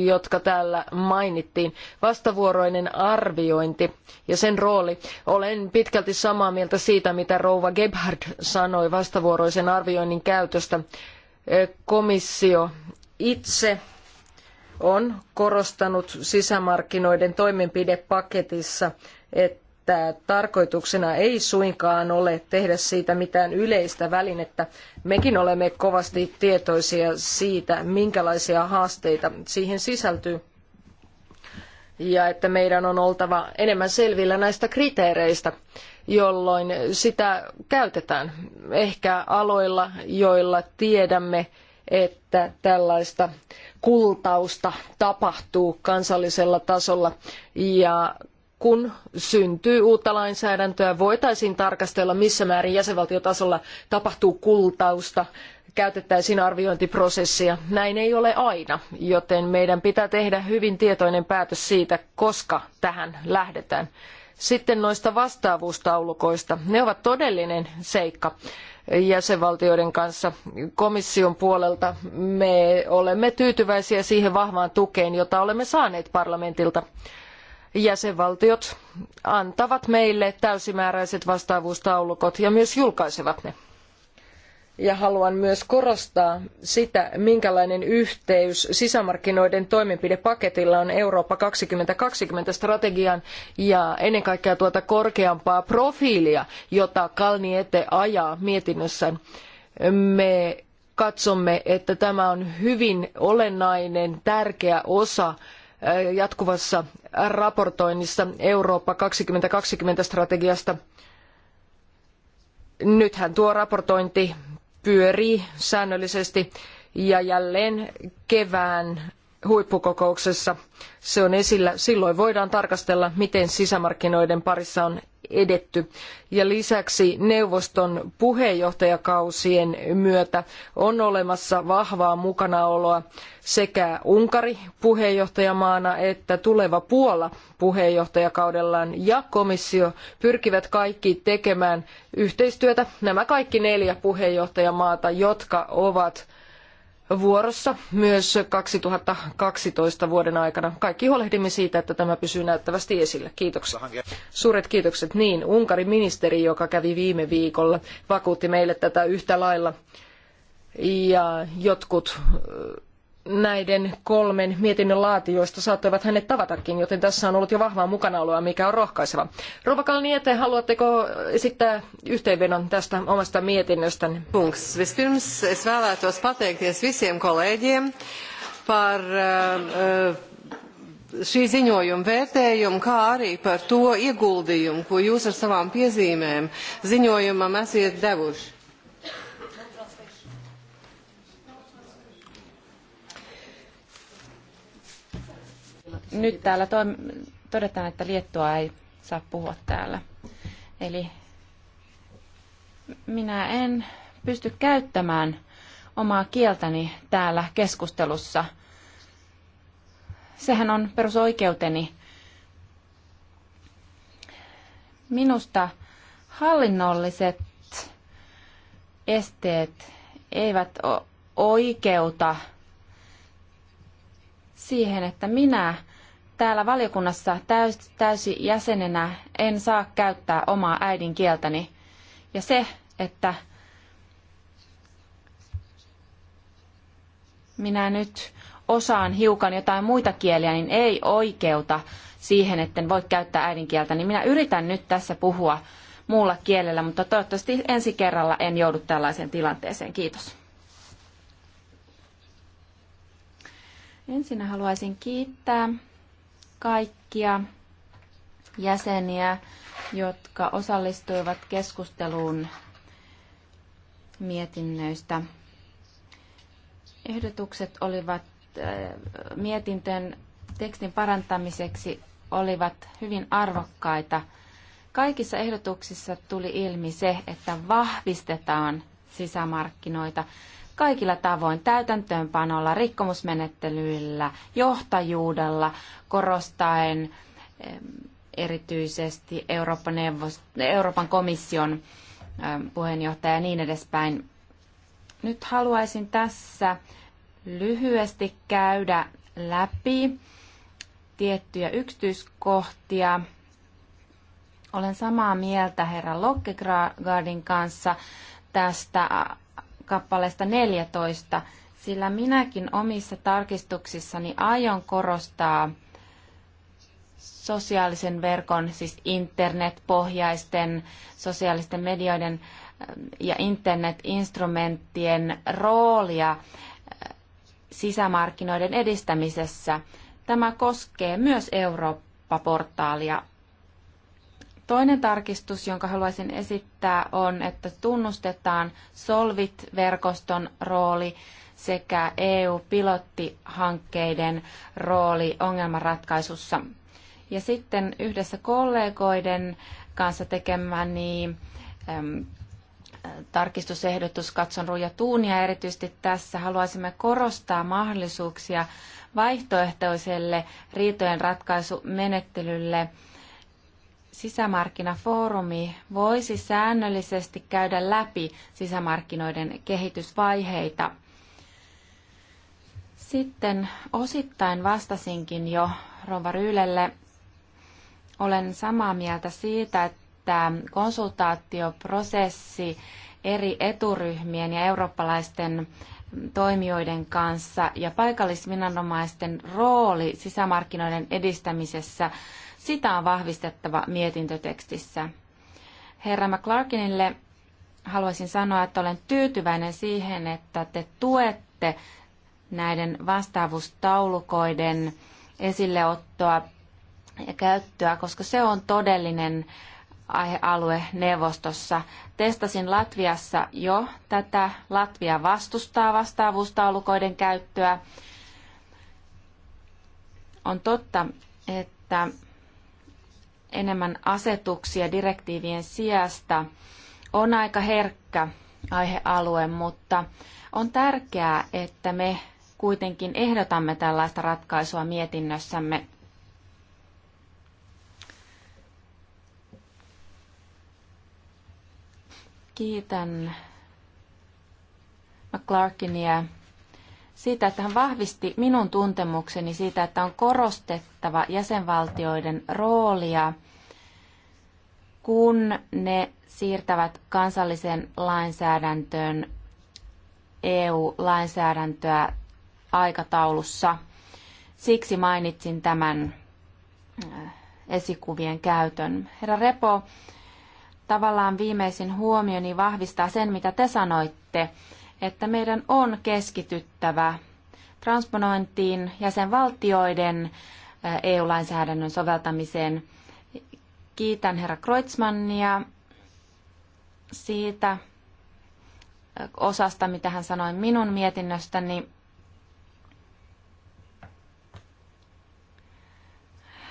jotka täällä mainittiin. Vastavuoroinen arviointi ja sen rooli. Olen pitkälti samaa mieltä siitä, mitä Rouva Gebhard sanoi vastavuoroisen arvioinnin käytöstä. Komissio itse on korostanut sisämarkkinoiden toimenpidepaketissa, että että tarkoituksena ei suinkaan ole tehdä siitä mitään yleistä välinettä. Mekin olemme kovasti tietoisia siitä, minkälaisia haasteita siihen sisältyy ja että meidän on oltava enemmän selvillä näistä kriteereistä, jolloin sitä käytetään. Ehkä aloilla, joilla tiedämme, että tällaista kultausta tapahtuu kansallisella tasolla ja kun syntyy uutta lainsäädäntöä, voitaisiin tarkastella, missä määrin jäsenvaltiotasolla tapahtuu kultausta, käytettäisiin arviointiprosessia. Näin ei ole aina, joten meidän pitää tehdä hyvin tietoinen päätös siitä, koska tähän lähdetään. Sitten noista vastaavuustaulukoista. Ne ovat todellinen seikka jäsenvaltioiden kanssa komission puolelta. Me olemme tyytyväisiä siihen vahvaan tukeen, jota olemme saaneet parlamentilta jäsenvaltiot antavat meille täysimääräiset vastaavuustaulukot ja myös julkaisevat ne. Ja haluan myös korostaa sitä, minkälainen yhteys sisämarkkinoiden toimenpidepaketilla on Eurooppa 2020 strategian ja ennen kaikkea tuota korkeampaa profiilia, jota Kalniete ajaa mietinnössään. Me katsomme, että tämä on hyvin olennainen, tärkeä osa jatkuvassa raportoinnissa Eurooppa 2020 strategiasta. Nythän tuo raportointi pyörii säännöllisesti ja jälleen kevään huippukokouksessa se on esillä. Silloin voidaan tarkastella, miten sisämarkkinoiden parissa on edetty. Ja lisäksi neuvoston puheenjohtajakausien myötä on olemassa vahvaa mukanaoloa sekä Unkari puheenjohtajamaana että tuleva Puola puheenjohtajakaudellaan ja komissio pyrkivät kaikki tekemään yhteistyötä. Nämä kaikki neljä puheenjohtajamaata, jotka ovat vuorossa myös 2012 vuoden aikana. Kaikki huolehdimme siitä, että tämä pysyy näyttävästi esillä. Kiitokset. Suuret kiitokset. Niin, Unkarin ministeri, joka kävi viime viikolla, vakuutti meille tätä yhtä lailla. Ja jotkut näiden kolmen mietinnön laatijoista saattoivat hänet tavatakin, joten tässä on ollut jo vahvaa mukanaoloa, mikä on rohkaiseva. Rova Kalniete, haluatteko esittää yhteenvedon tästä omasta mietinnöstänne? Punks. Vispirms es vēlētos pateikties visiem kolēģiem par eh, eh, šī ziņojuma vērtējumu, kā arī par to ieguldījumu, ko jūs ar savām piezīmēm ziņojumam esiet devuši Nyt täällä to, todetaan, että Liettua ei saa puhua täällä. Eli minä en pysty käyttämään omaa kieltäni täällä keskustelussa. Sehän on perusoikeuteni. Minusta hallinnolliset esteet eivät oikeuta siihen, että minä täällä valiokunnassa täys, täysi jäsenenä en saa käyttää omaa äidinkieltäni. Ja se, että minä nyt osaan hiukan jotain muita kieliä, niin ei oikeuta siihen, etten voi käyttää äidinkieltäni. minä yritän nyt tässä puhua muulla kielellä, mutta toivottavasti ensi kerralla en joudu tällaiseen tilanteeseen. Kiitos. Ensin haluaisin kiittää kaikkia jäseniä, jotka osallistuivat keskusteluun mietinnöistä. Ehdotukset olivat äh, mietintön tekstin parantamiseksi olivat hyvin arvokkaita. Kaikissa ehdotuksissa tuli ilmi se, että vahvistetaan sisämarkkinoita kaikilla tavoin täytäntöönpanolla, rikkomusmenettelyillä, johtajuudella, korostaen erityisesti Euroopan, Euroopan komission puheenjohtaja ja niin edespäin. Nyt haluaisin tässä lyhyesti käydä läpi tiettyjä yksityiskohtia. Olen samaa mieltä herra Lokkegaardin kanssa tästä kappaleesta 14, sillä minäkin omissa tarkistuksissani aion korostaa sosiaalisen verkon, siis internetpohjaisten sosiaalisten medioiden äh, ja internetinstrumenttien roolia äh, sisämarkkinoiden edistämisessä. Tämä koskee myös Eurooppa-portaalia Toinen tarkistus, jonka haluaisin esittää, on, että tunnustetaan Solvit-verkoston rooli sekä EU-pilottihankkeiden rooli ongelmanratkaisussa. Ja sitten yhdessä kollegoiden kanssa tekemäni äm, tarkistusehdotus Katson Ruja Tuunia erityisesti tässä haluaisimme korostaa mahdollisuuksia vaihtoehtoiselle riitojen ratkaisumenettelylle sisämarkkinafoorumi voisi säännöllisesti käydä läpi sisämarkkinoiden kehitysvaiheita. Sitten osittain vastasinkin jo Rova Ryylelle. Olen samaa mieltä siitä, että konsultaatioprosessi eri eturyhmien ja eurooppalaisten toimijoiden kanssa ja paikallisviranomaisten rooli sisämarkkinoiden edistämisessä – sitä on vahvistettava mietintötekstissä. Herra McClarkinille haluaisin sanoa, että olen tyytyväinen siihen, että te tuette näiden vastaavuustaulukoiden esilleottoa ja käyttöä, koska se on todellinen aihealue neuvostossa. Testasin Latviassa jo tätä. Latvia vastustaa vastaavuustaulukoiden käyttöä. On totta, että enemmän asetuksia direktiivien sijasta on aika herkkä aihealue, mutta on tärkeää, että me kuitenkin ehdotamme tällaista ratkaisua mietinnössämme. Kiitän McClarkinia siitä, että hän vahvisti minun tuntemukseni siitä, että on korostettava jäsenvaltioiden roolia, kun ne siirtävät kansallisen lainsäädäntöön EU-lainsäädäntöä aikataulussa. Siksi mainitsin tämän äh, esikuvien käytön. Herra Repo, tavallaan viimeisin huomioni vahvistaa sen, mitä te sanoitte että meidän on keskityttävä transponointiin jäsenvaltioiden EU-lainsäädännön eh, e soveltamiseen. Kiitän herra Kreutzmannia siitä eh, osasta, mitä hän sanoi minun mietinnöstäni.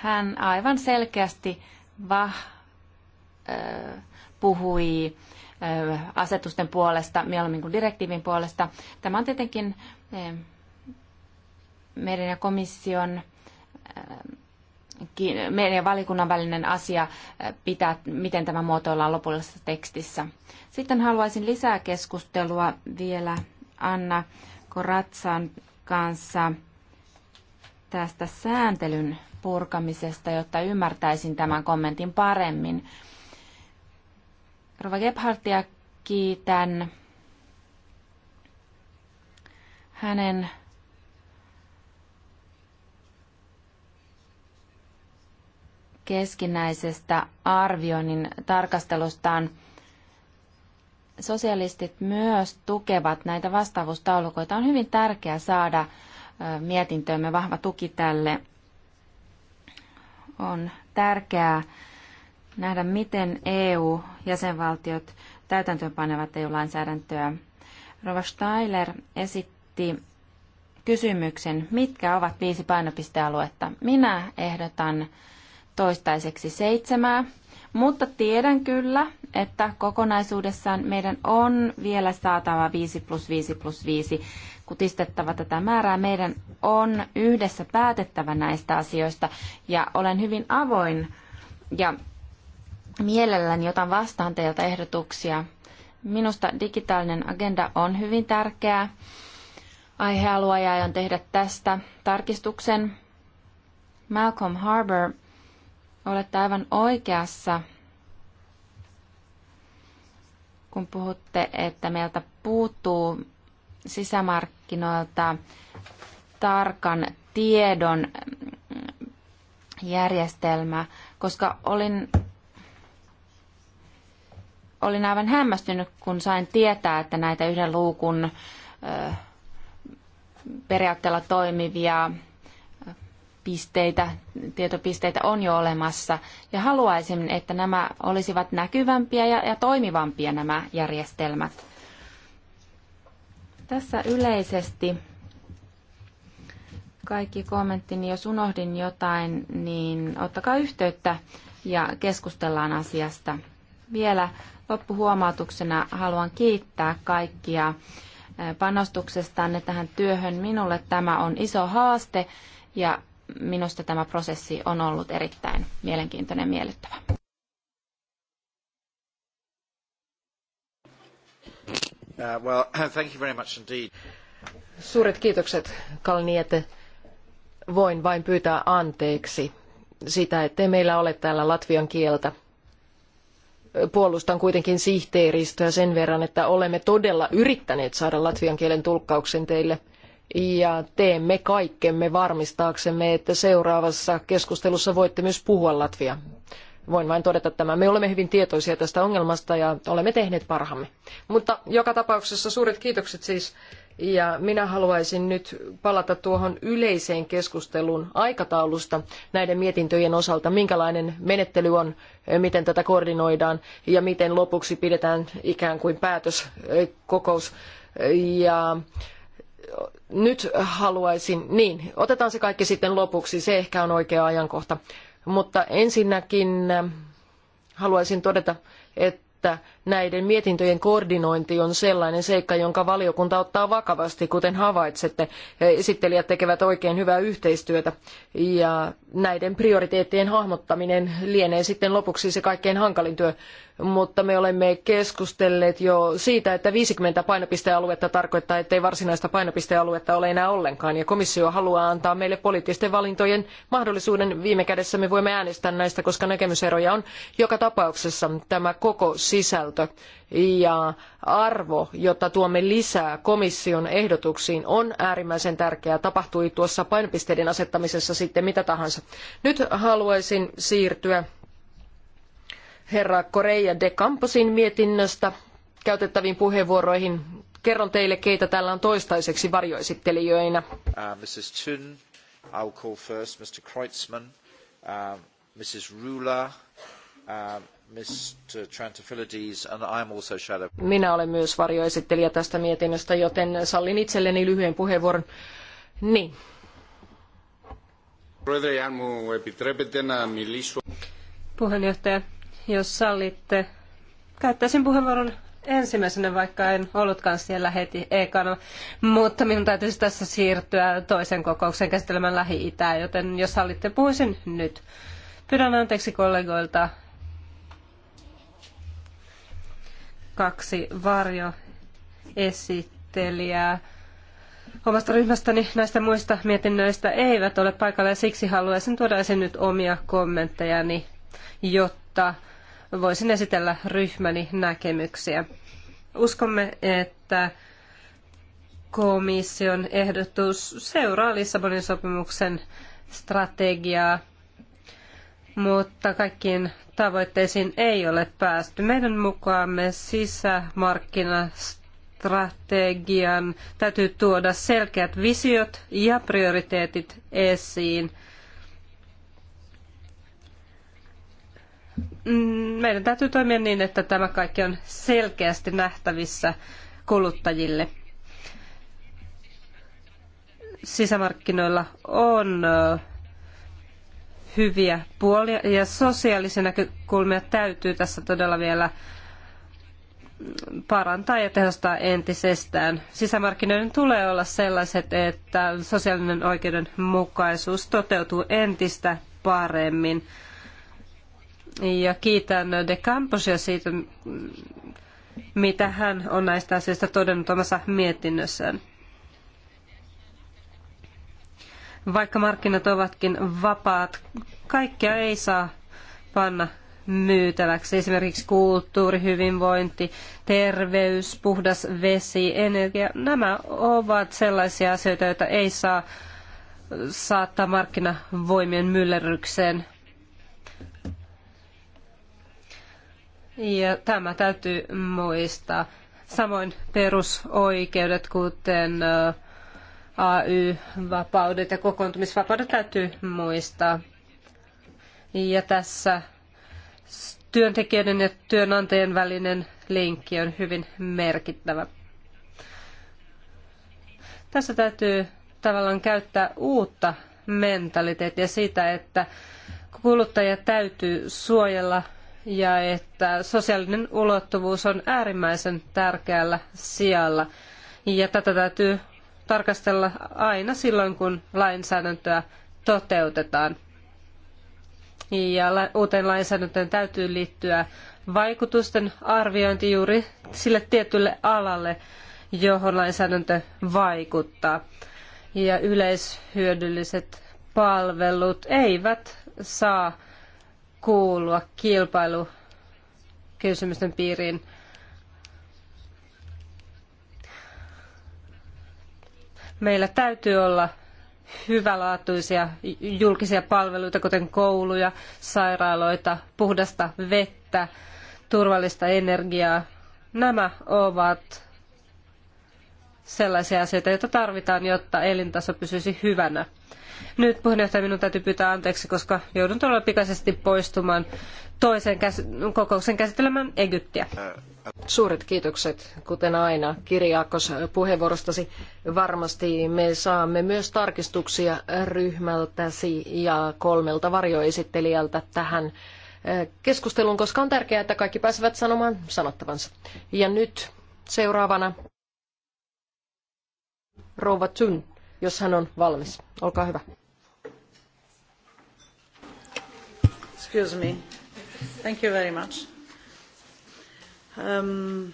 Hän aivan selkeästi vah, eh, puhui asetusten puolesta, mieluummin kuin direktiivin puolesta. Tämä on tietenkin meidän ja komission meidän ja valikunnan välinen asia pitää, miten tämä muotoillaan lopullisessa tekstissä. Sitten haluaisin lisää keskustelua vielä Anna Koratsan kanssa tästä sääntelyn purkamisesta, jotta ymmärtäisin tämän kommentin paremmin. Rova Gebhardtia kiitän hänen keskinäisestä arvioinnin tarkastelustaan. Sosialistit myös tukevat näitä vastaavuustaulukoita. On hyvin tärkeää saada mietintöömme vahva tuki tälle. On tärkeää nähdä, miten EU-jäsenvaltiot täytäntöönpanevat EU-lainsäädäntöä. Rova Steiler esitti kysymyksen, mitkä ovat viisi painopistealuetta. Minä ehdotan toistaiseksi seitsemää, mutta tiedän kyllä, että kokonaisuudessaan meidän on vielä saatava 5 plus 5 plus 5 kutistettava tätä määrää. Meidän on yhdessä päätettävä näistä asioista ja olen hyvin avoin ja Mielelläni otan vastaan teiltä ehdotuksia. Minusta digitaalinen agenda on hyvin tärkeä aihealue ja aion tehdä tästä tarkistuksen. Malcolm Harbour, olette aivan oikeassa, kun puhutte, että meiltä puuttuu sisämarkkinoilta tarkan tiedon järjestelmä, koska olin olin aivan hämmästynyt, kun sain tietää, että näitä yhden luukun periaatteella toimivia pisteitä, tietopisteitä on jo olemassa ja haluaisin, että nämä olisivat näkyvämpiä ja, ja toimivampia nämä järjestelmät. Tässä yleisesti kaikki kommenttini. Jos unohdin jotain, niin ottakaa yhteyttä ja keskustellaan asiasta. Vielä loppuhuomautuksena haluan kiittää kaikkia panostuksestanne tähän työhön. Minulle tämä on iso haaste ja minusta tämä prosessi on ollut erittäin mielenkiintoinen ja miellyttävä. Uh, well, thank you very much indeed. Suuret kiitokset, Kalniete. Voin vain pyytää anteeksi sitä, ettei meillä ole täällä latvian kieltä puolustan kuitenkin sihteeristöä sen verran, että olemme todella yrittäneet saada latvian kielen tulkkauksen teille ja teemme kaikkemme varmistaaksemme, että seuraavassa keskustelussa voitte myös puhua latvia. Voin vain todeta tämän. Me olemme hyvin tietoisia tästä ongelmasta ja olemme tehneet parhaamme. Mutta joka tapauksessa suuret kiitokset siis ja minä haluaisin nyt palata tuohon yleiseen keskusteluun aikataulusta näiden mietintöjen osalta, minkälainen menettely on, eh, miten tätä koordinoidaan ja miten lopuksi pidetään ikään kuin päätöskokous. Eh, eh, ja nyt haluaisin, niin, otetaan se kaikki sitten lopuksi, se ehkä on oikea ajankohta. Mutta ensinnäkin haluaisin todeta, että että näiden mietintöjen koordinointi on sellainen seikka, jonka valiokunta ottaa vakavasti, kuten havaitsette. Esittelijät tekevät oikein hyvää yhteistyötä ja näiden prioriteettien hahmottaminen lienee sitten lopuksi se kaikkein hankalin työ mutta me olemme keskustelleet jo siitä, että 50 painopistealuetta tarkoittaa, ettei varsinaista painopistealuetta ole enää ollenkaan. Ja komissio haluaa antaa meille poliittisten valintojen mahdollisuuden. Viime kädessä me voimme äänestää näistä, koska näkemyseroja on joka tapauksessa tämä koko sisältö ja arvo, jota tuomme lisää komission ehdotuksiin, on äärimmäisen tärkeää. Tapahtui tuossa painopisteiden asettamisessa sitten mitä tahansa. Nyt haluaisin siirtyä herra Correia de Camposin mietinnöstä käytettäviin puheenvuoroihin. Kerron teille, keitä täällä on toistaiseksi varjoesittelijöinä. Uh, Mrs. Thun, I'll call first, Mr. Kreutzmann, uh, Mrs. Rula, uh, Mr. and I'm also shadow. Minä olen myös varjoesittelijä tästä mietinnöstä, joten sallin itselleni lyhyen puheenvuoron. Niin. Puheenjohtaja, jos sallitte, käyttäisin puheenvuoron ensimmäisenä, vaikka en ollutkaan siellä heti ekana, mutta minun täytyisi tässä siirtyä toisen kokouksen käsittelemään Lähi-Itää, joten jos sallitte, puhuisin nyt. Pyydän anteeksi kollegoilta kaksi varjoesittelijää. Omasta ryhmästäni näistä muista mietinnöistä eivät ole paikalla ja siksi haluaisin tuoda esiin nyt omia kommenttejani, jotta voisin esitellä ryhmäni näkemyksiä. Uskomme, että komission ehdotus seuraa Lissabonin sopimuksen strategiaa, mutta kaikkiin tavoitteisiin ei ole päästy. Meidän mukaamme sisämarkkinastrategian täytyy tuoda selkeät visiot ja prioriteetit esiin – Mm, meidän täytyy toimia niin, että tämä kaikki on selkeästi nähtävissä kuluttajille. Sisämarkkinoilla on hyviä puolia ja sosiaalisia näkökulmia täytyy tässä todella vielä parantaa ja tehostaa entisestään. Sisämarkkinoiden tulee olla sellaiset, että sosiaalinen oikeudenmukaisuus toteutuu entistä paremmin ja kiitän De Camposia siitä, mitä hän on näistä asioista todennut omassa mietinnössään. Vaikka markkinat ovatkin vapaat, kaikkea ei saa panna myytäväksi. Esimerkiksi kulttuuri, hyvinvointi, terveys, puhdas vesi, energia. Nämä ovat sellaisia asioita, joita ei saa saattaa markkinavoimien myllerrykseen. Ja tämä täytyy muistaa. Samoin perusoikeudet, kuten AY-vapaudet ja kokoontumisvapaudet täytyy muistaa. Ja tässä työntekijöiden ja työnantajien välinen linkki on hyvin merkittävä. Tässä täytyy tavallaan käyttää uutta mentaliteettia siitä, että kuluttajia täytyy suojella ja että sosiaalinen ulottuvuus on äärimmäisen tärkeällä sijalla. Ja tätä täytyy tarkastella aina silloin, kun lainsäädäntöä toteutetaan. Ja uuteen lainsäädäntöön täytyy liittyä vaikutusten arviointi juuri sille tietylle alalle, johon lainsäädäntö vaikuttaa. Ja yleishyödylliset palvelut eivät saa kuulua kilpailukysymysten piiriin. Meillä täytyy olla hyvälaatuisia julkisia palveluita, kuten kouluja, sairaaloita, puhdasta vettä, turvallista energiaa. Nämä ovat sellaisia asioita, joita tarvitaan, jotta elintaso pysyisi hyvänä. Nyt puheenjohtaja minun täytyy pyytää anteeksi, koska joudun todella pikaisesti poistumaan toisen käs- kokouksen käsittelemään Egyptiä. Suuret kiitokset, kuten aina, Kirjaakos puheenvuorostasi. Varmasti me saamme myös tarkistuksia ryhmältäsi ja kolmelta varjoesittelijältä tähän eh, keskusteluun, koska on tärkeää, että kaikki pääsevät sanomaan sanottavansa. Ja nyt seuraavana rouva Tun, jos hän on valmis. Olkaa hyvä. Excuse me. Thank you very much. Um,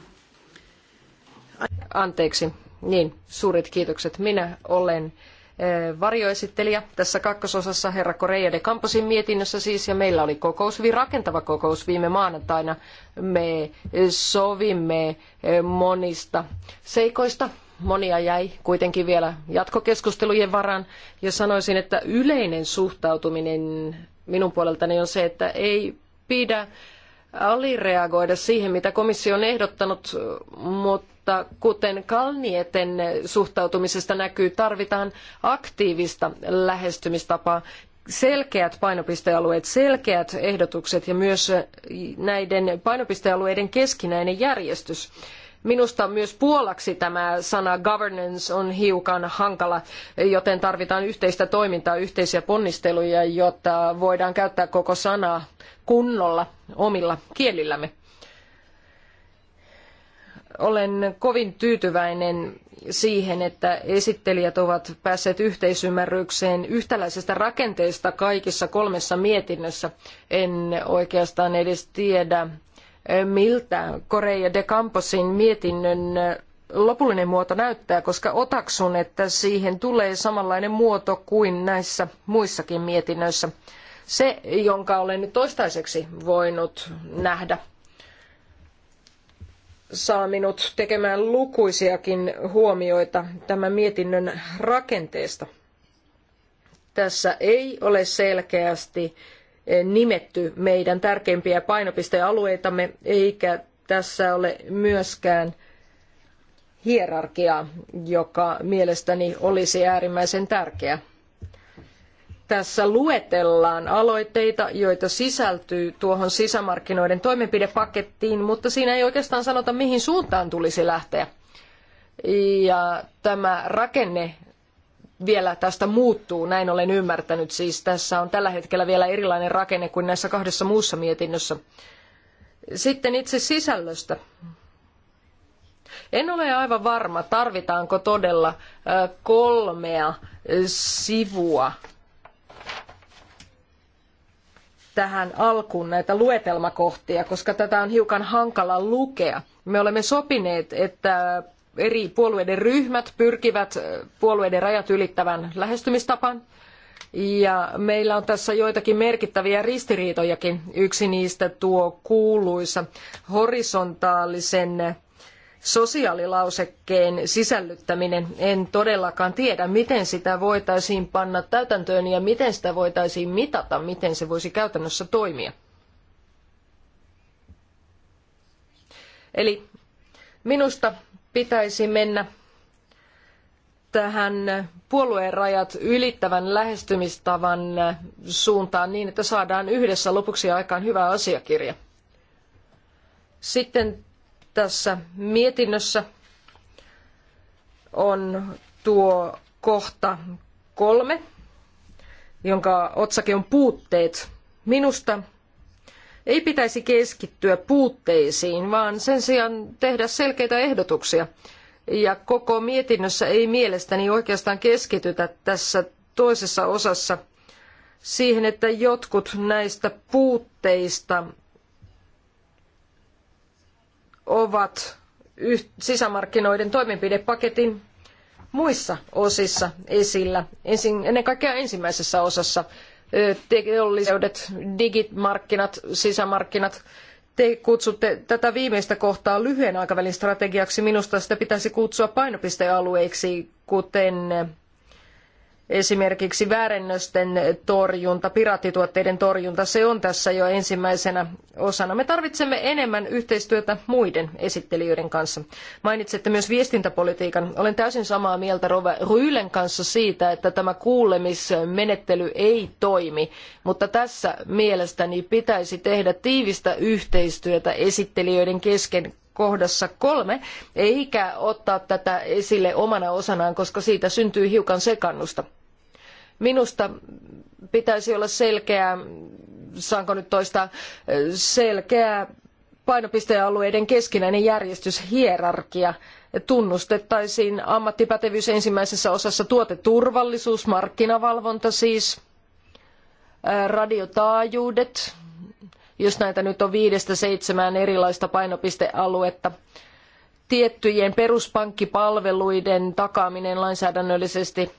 I... Anteeksi. Niin, suuret kiitokset. Minä olen eh, varjoesittelijä tässä kakkososassa herra Koreja de Camposin mietinnössä siis ja meillä oli kokous, hyvin rakentava kokous viime maanantaina. Me eh, sovimme eh, monista seikoista Monia jäi kuitenkin vielä jatkokeskustelujen varaan ja sanoisin, että yleinen suhtautuminen minun puoleltani on se, että ei pidä alireagoida siihen, mitä komissio on ehdottanut, mutta kuten Kalnieten suhtautumisesta näkyy, tarvitaan aktiivista lähestymistapaa, selkeät painopistealueet, selkeät ehdotukset ja myös näiden painopistealueiden keskinäinen järjestys. Minusta myös puolaksi tämä sana governance on hiukan hankala, joten tarvitaan yhteistä toimintaa, yhteisiä ponnisteluja, jotta voidaan käyttää koko sanaa kunnolla omilla kielillämme. Olen kovin tyytyväinen siihen, että esittelijät ovat päässeet yhteisymmärrykseen yhtäläisestä rakenteesta kaikissa kolmessa mietinnössä. En oikeastaan edes tiedä, miltä Korea de Camposin mietinnön lopullinen muoto näyttää, koska otaksun, että siihen tulee samanlainen muoto kuin näissä muissakin mietinnöissä. Se, jonka olen nyt toistaiseksi voinut nähdä, saa minut tekemään lukuisiakin huomioita tämän mietinnön rakenteesta. Tässä ei ole selkeästi nimetty meidän tärkeimpiä painopistealueitamme, eikä tässä ole myöskään hierarkiaa, joka mielestäni olisi äärimmäisen tärkeä. Tässä luetellaan aloitteita, joita sisältyy tuohon sisämarkkinoiden toimenpidepakettiin, mutta siinä ei oikeastaan sanota, mihin suuntaan tulisi lähteä. Ja tämä rakenne vielä tästä muuttuu, näin olen ymmärtänyt. Siis tässä on tällä hetkellä vielä erilainen rakenne kuin näissä kahdessa muussa mietinnössä. Sitten itse sisällöstä. En ole aivan varma, tarvitaanko todella kolmea sivua tähän alkuun näitä luetelmakohtia, koska tätä on hiukan hankala lukea. Me olemme sopineet, että eri puolueiden ryhmät pyrkivät puolueiden rajat ylittävän lähestymistapaan. Ja meillä on tässä joitakin merkittäviä ristiriitojakin. Yksi niistä tuo kuuluisa horisontaalisen sosiaalilausekkeen sisällyttäminen. En todellakaan tiedä, miten sitä voitaisiin panna täytäntöön ja miten sitä voitaisiin mitata, miten se voisi käytännössä toimia. Eli minusta pitäisi mennä tähän puolueen rajat ylittävän lähestymistavan suuntaan niin, että saadaan yhdessä lopuksi aikaan hyvä asiakirja. Sitten tässä mietinnössä on tuo kohta kolme, jonka otsake on puutteet. Minusta ei pitäisi keskittyä puutteisiin, vaan sen sijaan tehdä selkeitä ehdotuksia. Ja koko mietinnössä ei mielestäni oikeastaan keskitytä tässä toisessa osassa siihen, että jotkut näistä puutteista ovat sisämarkkinoiden toimenpidepaketin muissa osissa esillä, ennen kaikkea ensimmäisessä osassa, teollisuudet, digimarkkinat, sisämarkkinat. Te kutsutte tätä viimeistä kohtaa lyhyen aikavälin strategiaksi. Minusta sitä pitäisi kutsua painopistealueiksi, kuten esimerkiksi väärennösten torjunta, piraattituotteiden torjunta, se on tässä jo ensimmäisenä osana. Me tarvitsemme enemmän yhteistyötä muiden esittelijöiden kanssa. Mainitsette myös viestintäpolitiikan. Olen täysin samaa mieltä Rova Ryylen kanssa siitä, että tämä kuulemismenettely ei toimi, mutta tässä mielestäni pitäisi tehdä tiivistä yhteistyötä esittelijöiden kesken kohdassa kolme, eikä ottaa tätä esille omana osanaan, koska siitä syntyy hiukan sekannusta. Minusta pitäisi olla selkeää, saanko nyt toista, selkeää painopistealueiden keskinäinen järjestyshierarkia tunnustettaisiin ammattipätevyys ensimmäisessä osassa tuoteturvallisuus, markkinavalvonta siis, radiotaajuudet, jos näitä nyt on viidestä seitsemään erilaista painopistealuetta, tiettyjen peruspankkipalveluiden takaaminen lainsäädännöllisesti,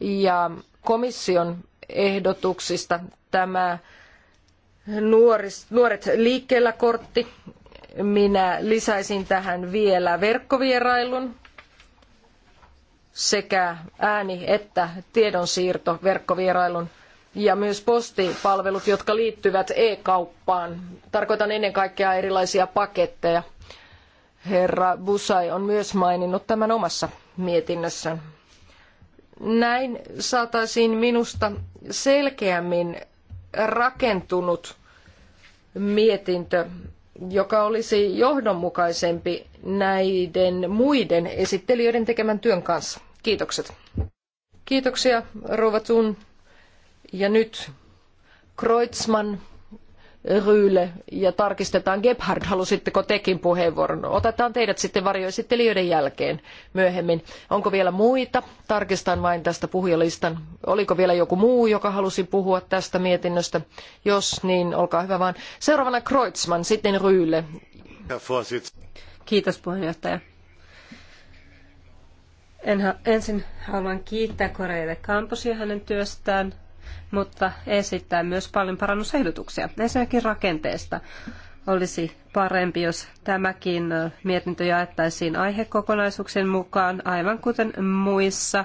ja komission ehdotuksista tämä nuoris, Nuoret liikkeellä kortti. Minä lisäisin tähän vielä verkkovierailun sekä ääni- että tiedonsiirto verkkovierailun ja myös postipalvelut, jotka liittyvät e-kauppaan. Tarkoitan ennen kaikkea erilaisia paketteja. Herra Busai on myös maininnut tämän omassa mietinnössään. Näin saataisiin minusta selkeämmin rakentunut mietintö, joka olisi johdonmukaisempi näiden muiden esittelijöiden tekemän työn kanssa. Kiitokset. Kiitoksia, Rouva Thun. Ja nyt Kreutzmann Ryyle ja tarkistetaan. Gebhard, halusitteko tekin puheenvuoron? Otetaan teidät sitten varjoesittelijöiden jälkeen myöhemmin. Onko vielä muita? Tarkistan vain tästä puhujalistan. Oliko vielä joku muu, joka halusi puhua tästä mietinnöstä? Jos niin, olkaa hyvä vaan. Seuraavana Kreutzmann, sitten Ryyle. Kiitos puheenjohtaja. ensin haluan kiittää Koreille Kamposia hänen työstään mutta esittää myös paljon parannusehdotuksia. Ensinnäkin rakenteesta olisi parempi, jos tämäkin mietintö jaettaisiin aihekokonaisuuksien mukaan, aivan kuten muissa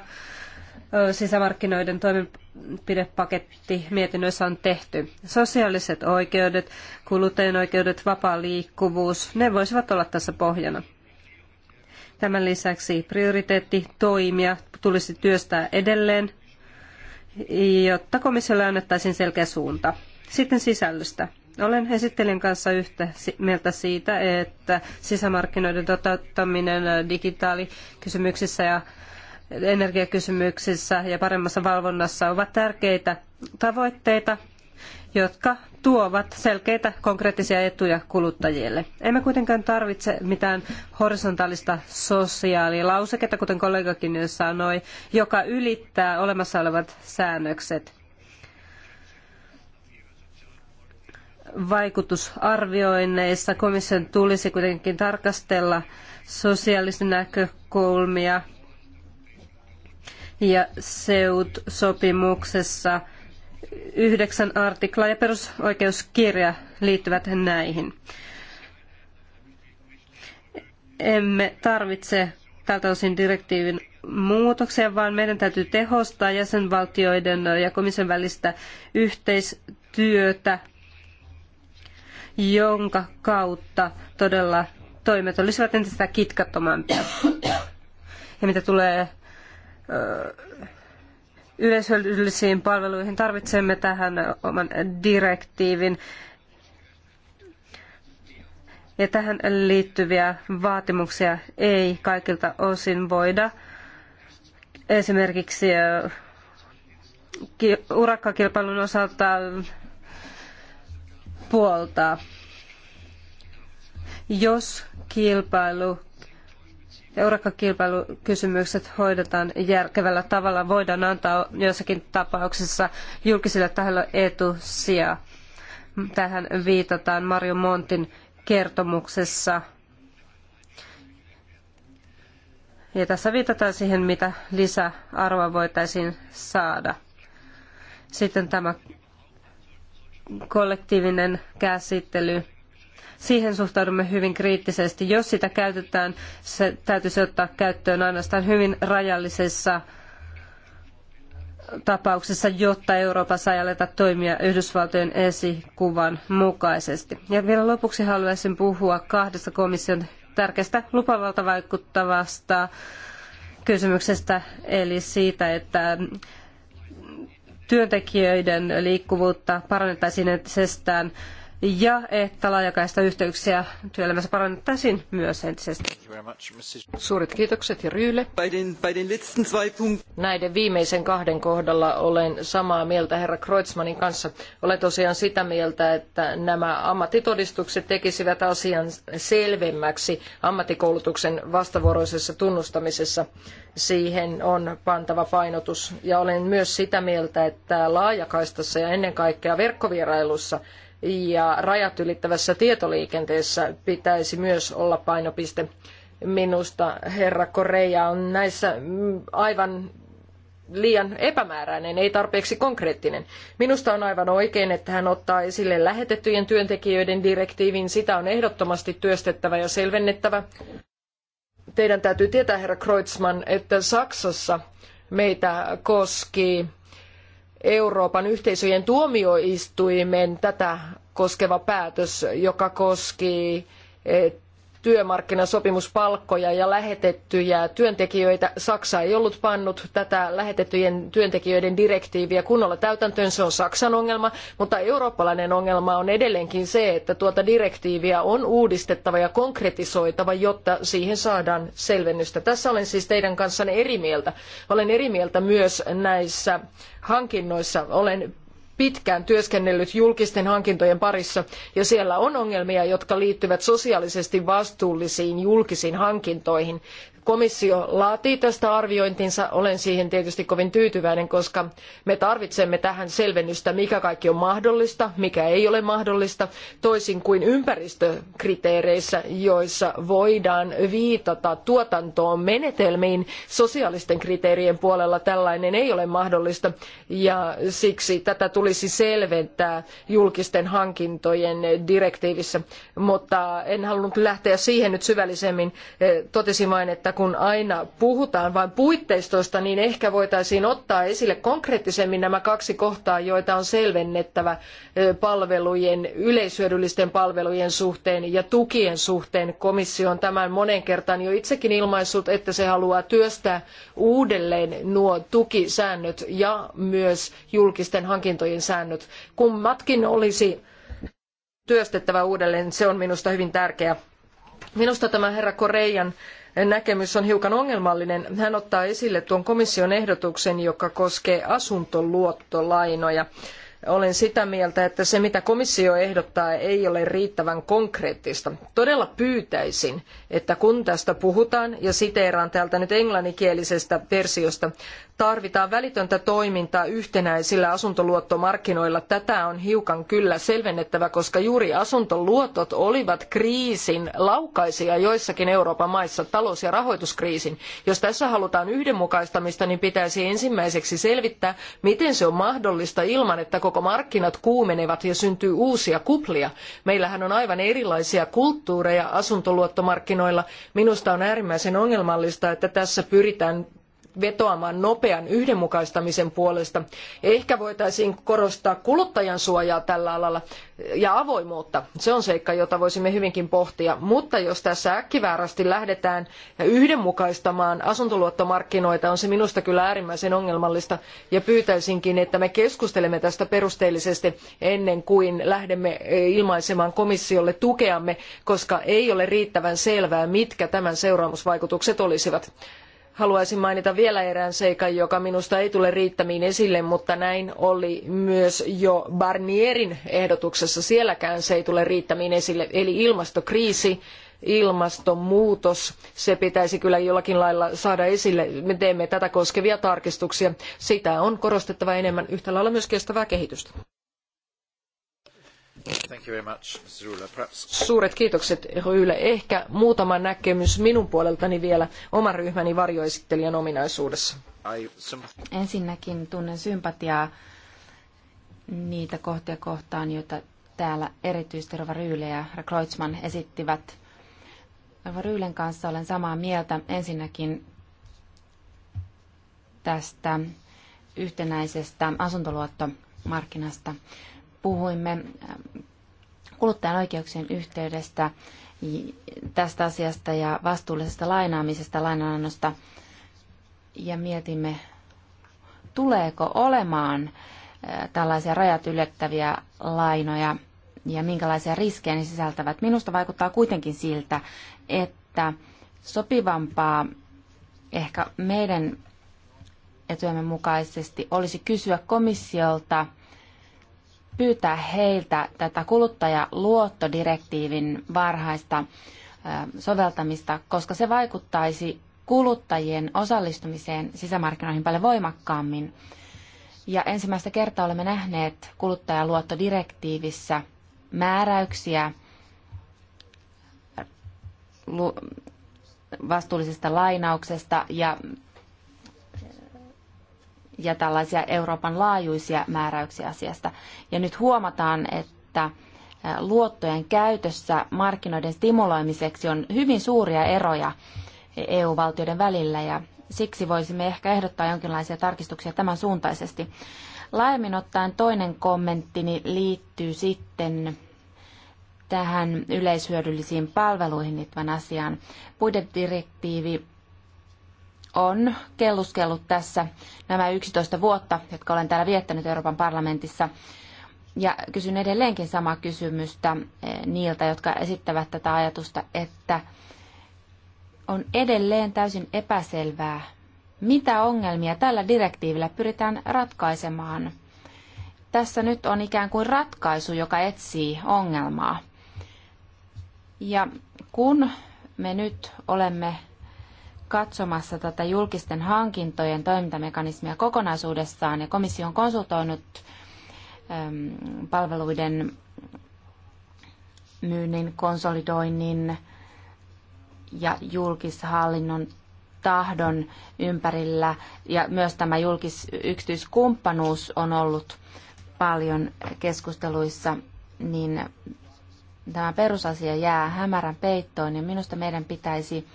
sisämarkkinoiden toimenpidepaketti mietinnöissä on tehty. Sosiaaliset oikeudet, kuluttajien oikeudet, vapaa liikkuvuus, ne voisivat olla tässä pohjana. Tämän lisäksi prioriteettitoimia tulisi työstää edelleen jotta komissiolle annettaisiin selkeä suunta. Sitten sisällöstä. Olen esittelijän kanssa yhtä mieltä siitä, että sisämarkkinoiden toteuttaminen digitaalikysymyksissä ja energiakysymyksissä ja paremmassa valvonnassa ovat tärkeitä tavoitteita, jotka tuovat selkeitä konkreettisia etuja kuluttajille. Emme kuitenkaan tarvitse mitään horisontaalista sosiaalilauseketta, kuten kollegakin jo sanoi, joka ylittää olemassa olevat säännökset. Vaikutusarvioinneissa komission tulisi kuitenkin tarkastella sosiaalisia näkökulmia ja SEUT-sopimuksessa – yhdeksän artikla ja perusoikeuskirja liittyvät näihin. Emme tarvitse tältä osin direktiivin muutoksia, vaan meidän täytyy tehostaa jäsenvaltioiden ja komission välistä yhteistyötä, jonka kautta todella toimet olisivat entistä kitkattomampia. Ja mitä tulee yleisöllisiin palveluihin tarvitsemme tähän oman direktiivin ja tähän liittyviä vaatimuksia ei kaikilta osin voida esimerkiksi urakkakilpailun osalta puoltaa. Jos kilpailu Eurakka-kilpailukysymykset hoidetaan järkevällä tavalla, voidaan antaa joissakin tapauksissa julkisille tahoille etusijaa. Tähän viitataan Mario Montin kertomuksessa. Ja tässä viitataan siihen, mitä lisäarvoa voitaisiin saada. Sitten tämä kollektiivinen käsittely Siihen suhtaudumme hyvin kriittisesti. Jos sitä käytetään, se täytyisi ottaa käyttöön ainoastaan hyvin rajallisessa tapauksessa, jotta Euroopassa ei aleta toimia Yhdysvaltojen esikuvan mukaisesti. Ja vielä lopuksi haluaisin puhua kahdesta komission tärkeästä lupavalta vaikuttavasta kysymyksestä, eli siitä, että työntekijöiden liikkuvuutta parannettaisiin entisestään ja että laajakaista yhteyksiä työelämässä parannettaisiin myös entisestään. Suuret kiitokset ja Ryyle. Näiden viimeisen kahden kohdalla olen samaa mieltä herra Kreutzmannin kanssa. Olen tosiaan sitä mieltä, että nämä ammattitodistukset tekisivät asian selvemmäksi ammattikoulutuksen vastavuoroisessa tunnustamisessa. Siihen on pantava painotus ja olen myös sitä mieltä, että laajakaistassa ja ennen kaikkea verkkovierailussa ja rajat ylittävässä tietoliikenteessä pitäisi myös olla painopiste. Minusta herra Korea on näissä mm, aivan liian epämääräinen, ei tarpeeksi konkreettinen. Minusta on aivan oikein, että hän ottaa esille lähetettyjen työntekijöiden direktiivin. Sitä on ehdottomasti työstettävä ja selvennettävä. Teidän täytyy tietää, herra Kreutzmann, että Saksassa meitä koski Euroopan yhteisöjen tuomioistuimen tätä koskeva päätös, joka koski eh, työmarkkinasopimuspalkkoja ja lähetettyjä työntekijöitä. Saksa ei ollut pannut tätä lähetettyjen työntekijöiden direktiiviä kunnolla täytäntöön. Se on Saksan ongelma, mutta eurooppalainen ongelma on edelleenkin se, että tuota direktiiviä on uudistettava ja konkretisoitava, jotta siihen saadaan selvennystä. Tässä olen siis teidän kanssanne eri mieltä. Olen eri mieltä myös näissä hankinnoissa. Olen pitkään työskennellyt julkisten hankintojen parissa ja siellä on ongelmia, jotka liittyvät sosiaalisesti vastuullisiin julkisiin hankintoihin. Komissio laatii tästä arviointinsa. Olen siihen tietysti kovin tyytyväinen, koska me tarvitsemme tähän selvennystä, mikä kaikki on mahdollista, mikä ei ole mahdollista, toisin kuin ympäristökriteereissä, joissa voidaan viitata tuotantoon menetelmiin. Sosiaalisten kriteerien puolella tällainen ei ole mahdollista ja siksi tätä tulisi selventää julkisten hankintojen direktiivissä, mutta en halunnut lähteä siihen nyt syvällisemmin. Totesin vain, että kun aina puhutaan vain puitteistosta, niin ehkä voitaisiin ottaa esille konkreettisemmin nämä kaksi kohtaa, joita on selvennettävä palvelujen, yleishyödyllisten palvelujen suhteen ja tukien suhteen. Komissio on tämän monen kertaan jo itsekin ilmaissut, että se haluaa työstää uudelleen nuo tukisäännöt ja myös julkisten hankintojen säännöt. Kummatkin olisi työstettävä uudelleen, se on minusta hyvin tärkeää. Minusta tämä herra Korejan näkemys on hiukan ongelmallinen. Hän ottaa esille tuon komission ehdotuksen, joka koskee asuntoluottolainoja. Olen sitä mieltä, että se mitä komissio ehdottaa ei ole riittävän konkreettista. Todella pyytäisin, että kun tästä puhutaan, ja siteeraan täältä nyt englanninkielisestä versiosta, tarvitaan välitöntä toimintaa yhtenäisillä asuntoluottomarkkinoilla. Tätä on hiukan kyllä selvennettävä, koska juuri asuntoluotot olivat kriisin laukaisia joissakin Euroopan maissa, talous- ja rahoituskriisin. Jos tässä halutaan yhdenmukaistamista, niin pitäisi ensimmäiseksi selvittää, miten se on mahdollista ilman, että koko markkinat kuumenevat ja syntyy uusia kuplia. Meillähän on aivan erilaisia kulttuureja asuntoluottomarkkinoilla. Minusta on äärimmäisen ongelmallista, että tässä pyritään vetoamaan nopean yhdenmukaistamisen puolesta. Ehkä voitaisiin korostaa kuluttajan suojaa tällä alalla ja avoimuutta. Se on seikka, jota voisimme hyvinkin pohtia. Mutta jos tässä äkkiväärästi lähdetään yhdenmukaistamaan asuntoluottomarkkinoita, on se minusta kyllä äärimmäisen ongelmallista. Ja pyytäisinkin, että me keskustelemme tästä perusteellisesti ennen kuin lähdemme ilmaisemaan komissiolle tukeamme, koska ei ole riittävän selvää, mitkä tämän seuraamusvaikutukset olisivat haluaisin mainita vielä erään seikan, joka minusta ei tule riittämiin esille, mutta näin oli myös jo Barnierin ehdotuksessa. Sielläkään se ei tule riittämiin esille, eli ilmastokriisi ilmastonmuutos. Se pitäisi kyllä jollakin lailla saada esille. Me teemme tätä koskevia tarkistuksia. Sitä on korostettava enemmän yhtä lailla myös kestävää kehitystä. Suuret kiitokset, Ryyle. Ehkä muutama näkemys minun puoleltani vielä oman ryhmäni varjoesittelijän ominaisuudessa. I... Ensinnäkin tunnen sympatiaa niitä kohtia kohtaan, joita täällä erityisesti Rova Ryyle ja Kreutzmann esittivät. Rova Ryylen kanssa olen samaa mieltä ensinnäkin tästä yhtenäisestä asuntoluottomarkkinasta puhuimme ähm, kuluttajan oikeuksien yhteydestä tästä asiasta ja vastuullisesta lainaamisesta, lainanannosta ja mietimme, tuleeko olemaan äh, tällaisia rajat ylettäviä lainoja ja minkälaisia riskejä ne sisältävät. Minusta vaikuttaa kuitenkin siltä, että sopivampaa ehkä meidän etujemme mukaisesti olisi kysyä komissiolta – pyytää heiltä tätä kuluttajaluottodirektiivin varhaista soveltamista, koska se vaikuttaisi kuluttajien osallistumiseen sisämarkkinoihin paljon voimakkaammin. Ja ensimmäistä kertaa olemme nähneet kuluttajaluottodirektiivissä määräyksiä vastuullisesta lainauksesta ja ja tällaisia Euroopan laajuisia määräyksiä asiasta. Ja nyt huomataan, että luottojen käytössä markkinoiden stimuloimiseksi on hyvin suuria eroja EU-valtioiden välillä ja siksi voisimme ehkä ehdottaa jonkinlaisia tarkistuksia tämän suuntaisesti. Laajemmin ottaen toinen kommenttini liittyy sitten tähän yleishyödyllisiin palveluihin liittyvän asiaan. Budjettidirektiivi on kelluskellut tässä nämä 11 vuotta, jotka olen täällä viettänyt Euroopan parlamentissa. Ja kysyn edelleenkin samaa kysymystä eh, niiltä, jotka esittävät tätä ajatusta, että on edelleen täysin epäselvää, mitä ongelmia tällä direktiivillä pyritään ratkaisemaan. Tässä nyt on ikään kuin ratkaisu, joka etsii ongelmaa. Ja kun me nyt olemme katsomassa tätä julkisten hankintojen toimintamekanismia kokonaisuudessaan ja komissio on konsultoinut ähm, palveluiden myynnin, konsolidoinnin ja julkishallinnon tahdon ympärillä ja myös tämä julkis-yksityiskumppanuus on ollut paljon keskusteluissa, niin tämä perusasia jää hämärän peittoon ja minusta meidän pitäisi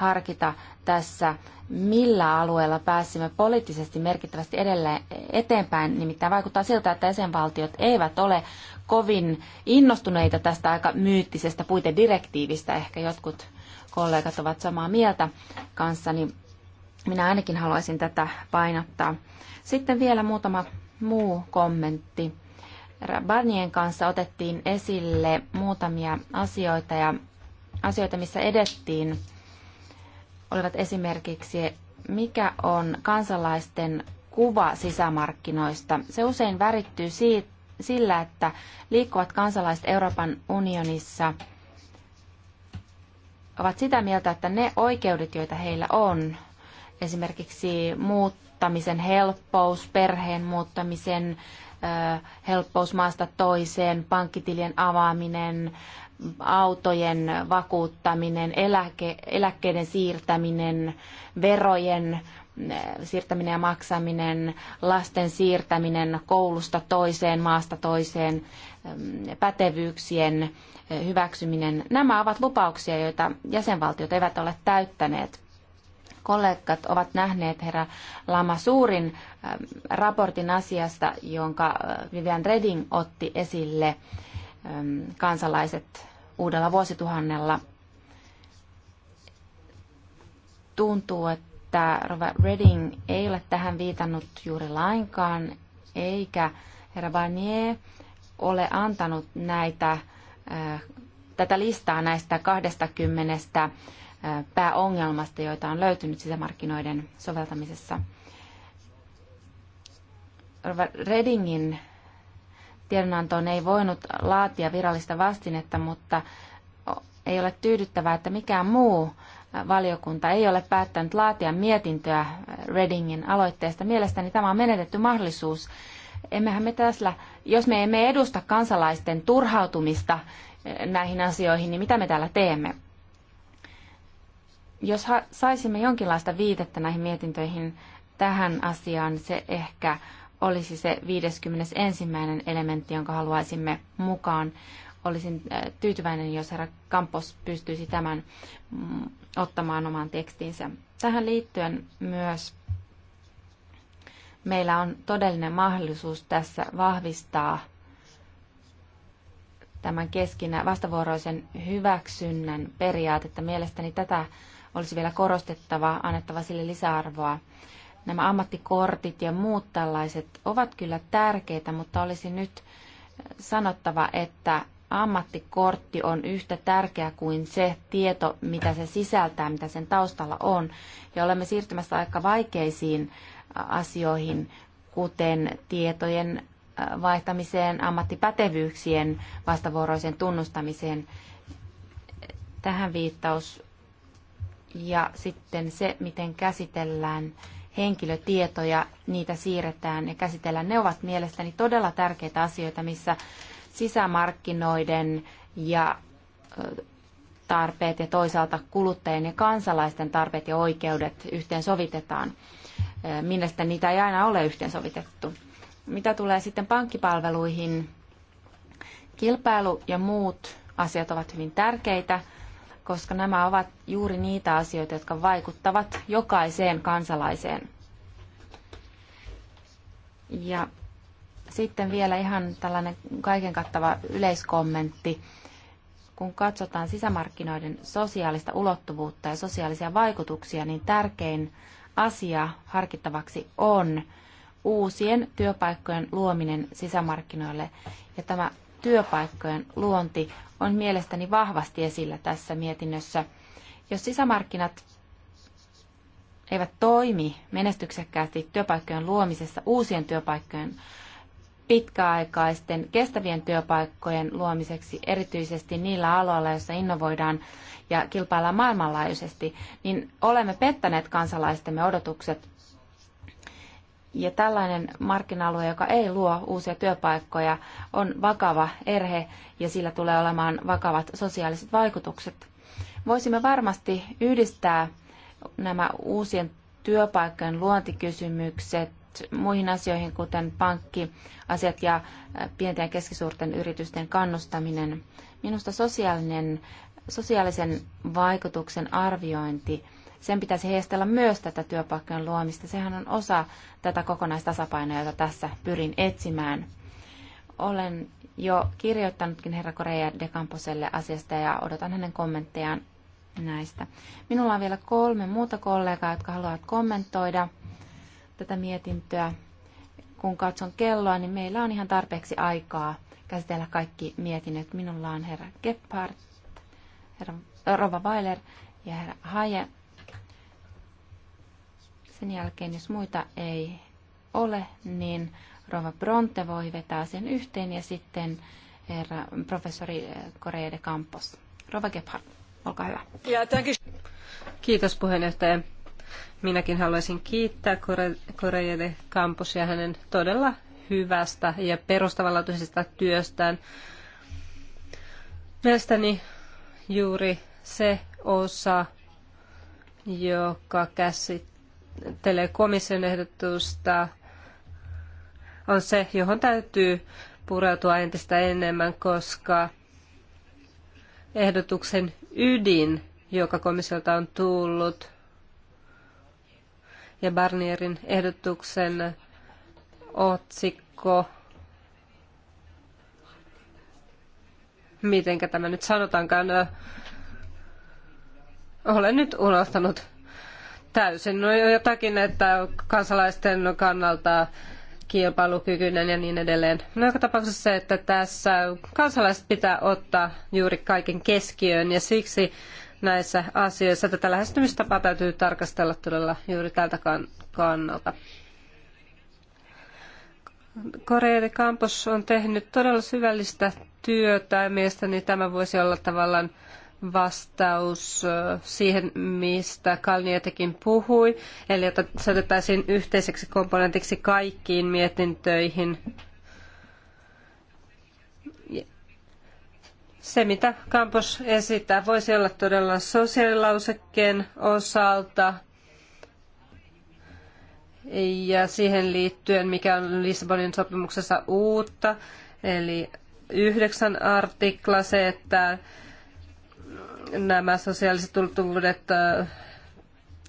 harkita tässä, millä alueella pääsimme poliittisesti merkittävästi edelleen eteenpäin. Nimittäin vaikuttaa siltä, että jäsenvaltiot eivät ole kovin innostuneita tästä aika myyttisestä puitedirektiivistä. Ehkä jotkut kollegat ovat samaa mieltä kanssani. Minä ainakin haluaisin tätä painottaa. Sitten vielä muutama muu kommentti. Barnien kanssa otettiin esille muutamia asioita ja asioita, missä edettiin olivat esimerkiksi, mikä on kansalaisten kuva sisämarkkinoista. Se usein värittyy siitä, sillä, että liikkuvat kansalaiset Euroopan unionissa ovat sitä mieltä, että ne oikeudet, joita heillä on, esimerkiksi muuttamisen helppous, perheen muuttamisen helppous maasta toiseen, pankkitilien avaaminen, autojen vakuuttaminen, eläke, eläkkeiden siirtäminen, verojen eh, siirtäminen ja maksaminen, lasten siirtäminen koulusta toiseen, maasta toiseen, mm, pätevyyksien eh, hyväksyminen. Nämä ovat lupauksia, joita jäsenvaltiot eivät ole täyttäneet. Kollegat ovat nähneet herra Lama suurin eh, raportin asiasta, jonka Vivian Reding otti esille kansalaiset uudella vuosituhannella. Tuntuu, että Robert Redding ei ole tähän viitannut juuri lainkaan, eikä herra Barnier ole antanut näitä, äh, tätä listaa näistä 20 äh, pääongelmasta, joita on löytynyt sisämarkkinoiden soveltamisessa. Redingin tiedonantoon ei voinut laatia virallista vastinetta, mutta ei ole tyydyttävää, että mikään muu valiokunta ei ole päättänyt laatia mietintöä Readingin aloitteesta. Mielestäni tämä on menetetty mahdollisuus. Emmehän me tässä, jos me emme edusta kansalaisten turhautumista eh, näihin asioihin, niin mitä me täällä teemme? Jos saisimme jonkinlaista viitettä näihin mietintöihin tähän asiaan, se ehkä olisi se 51. elementti, jonka haluaisimme mukaan. Olisin äh, tyytyväinen, jos herra Kampos pystyisi tämän mm, ottamaan omaan tekstiinsä. Tähän liittyen myös meillä on todellinen mahdollisuus tässä vahvistaa tämän keskinä vastavuoroisen hyväksynnän periaatetta. Mielestäni tätä olisi vielä korostettava, annettava sille lisäarvoa nämä ammattikortit ja muut tällaiset ovat kyllä tärkeitä, mutta olisi nyt sanottava, että ammattikortti on yhtä tärkeä kuin se tieto, mitä se sisältää, mitä sen taustalla on. Ja olemme siirtymässä aika vaikeisiin asioihin, kuten tietojen vaihtamiseen, ammattipätevyyksien vastavuoroisen tunnustamiseen. Tähän viittaus ja sitten se, miten käsitellään henkilötietoja, niitä siirretään ja käsitellään. Ne ovat mielestäni todella tärkeitä asioita, missä sisämarkkinoiden ja tarpeet ja toisaalta kuluttajien ja kansalaisten tarpeet ja oikeudet yhteensovitetaan. Mielestäni niitä ei aina ole yhteensovitettu. Mitä tulee sitten pankkipalveluihin, kilpailu ja muut asiat ovat hyvin tärkeitä – koska nämä ovat juuri niitä asioita, jotka vaikuttavat jokaiseen kansalaiseen. Ja sitten vielä ihan tällainen kaiken kattava yleiskommentti. Kun katsotaan sisämarkkinoiden sosiaalista ulottuvuutta ja sosiaalisia vaikutuksia, niin tärkein asia harkittavaksi on uusien työpaikkojen luominen sisämarkkinoille. Ja tämä työpaikkojen luonti on mielestäni vahvasti esillä tässä mietinnössä. Jos sisämarkkinat eivät toimi menestyksekkäästi työpaikkojen luomisessa, uusien työpaikkojen pitkäaikaisten kestävien työpaikkojen luomiseksi, erityisesti niillä aloilla, joissa innovoidaan ja kilpaillaan maailmanlaajuisesti, niin olemme pettäneet kansalaistemme odotukset ja tällainen markkina-alue, joka ei luo uusia työpaikkoja, on vakava erhe ja sillä tulee olemaan vakavat sosiaaliset vaikutukset. Voisimme varmasti yhdistää nämä uusien työpaikkojen luontikysymykset muihin asioihin, kuten pankkiasiat ja pienten ja keskisuurten yritysten kannustaminen. Minusta sosiaalinen, sosiaalisen vaikutuksen arviointi – sen pitäisi heistellä myös tätä työpaikkojen luomista. Sehän on osa tätä kokonaistasapainoa, jota tässä pyrin etsimään. Olen jo kirjoittanutkin herra Korea de Camposelle asiasta ja odotan hänen kommenttejaan näistä. Minulla on vielä kolme muuta kollegaa, jotka haluavat kommentoida tätä mietintöä. Kun katson kelloa, niin meillä on ihan tarpeeksi aikaa käsitellä kaikki mietinnöt. Minulla on herra Gebhardt, herra Rova Weiler ja herra Haje, sen jälkeen, jos muita ei ole, niin Rova Bronte voi vetää sen yhteen ja sitten herra professori Korea de Campos. Rova Gebhardt, olkaa hyvä. Kiitos puheenjohtaja. Minäkin haluaisin kiittää Korea de ja hänen todella hyvästä ja perustavanlaatuisesta työstään. Mielestäni juuri se osa, joka käsittää ajattelee komission ehdotusta, on se, johon täytyy pureutua entistä enemmän, koska ehdotuksen ydin, joka komissiolta on tullut, ja Barnierin ehdotuksen otsikko, mitenkä tämä nyt sanotaankaan, olen nyt unohtanut täysin. No jotakin, että kansalaisten kannalta kilpailukykyinen ja niin edelleen. No joka tapauksessa se, että tässä kansalaiset pitää ottaa juuri kaiken keskiöön ja siksi näissä asioissa tätä lähestymistapaa täytyy tarkastella todella juuri tältä kannalta. Korea de Campos on tehnyt todella syvällistä työtä ja mielestäni tämä voisi olla tavallaan vastaus siihen, mistä Kalniotekin puhui, eli että se otettaisiin yhteiseksi komponentiksi kaikkiin mietintöihin. Se, mitä Kampos esittää, voisi olla todella sosiaalilausekkeen osalta ja siihen liittyen, mikä on Lissabonin sopimuksessa uutta, eli yhdeksän artikla, se, että nämä sosiaaliset ulottuvuudet äh,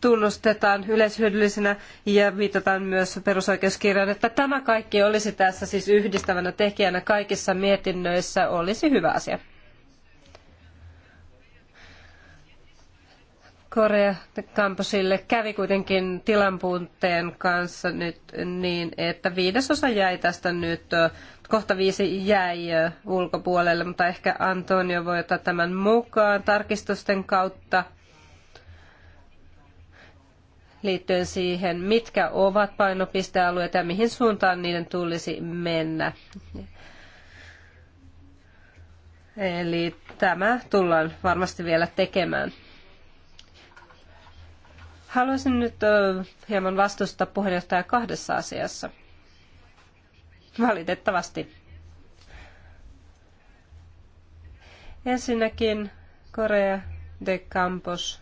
tunnustetaan yleishyödyllisinä ja viitataan myös perusoikeuskirjaan, että tämä kaikki olisi tässä siis yhdistävänä tekijänä kaikissa mietinnöissä, olisi hyvä asia. Korea kamposille kävi kuitenkin tilanpuutteen kanssa nyt niin, että viidesosa jäi tästä nyt, kohta viisi jäi ulkopuolelle, mutta ehkä Antonio voi ottaa tämän mukaan tarkistusten kautta liittyen siihen, mitkä ovat painopistealueet ja mihin suuntaan niiden tulisi mennä. Eli tämä tullaan varmasti vielä tekemään. Haluaisin nyt hieman vastustaa puheenjohtajaa kahdessa asiassa. Valitettavasti. Ensinnäkin Korea de Campos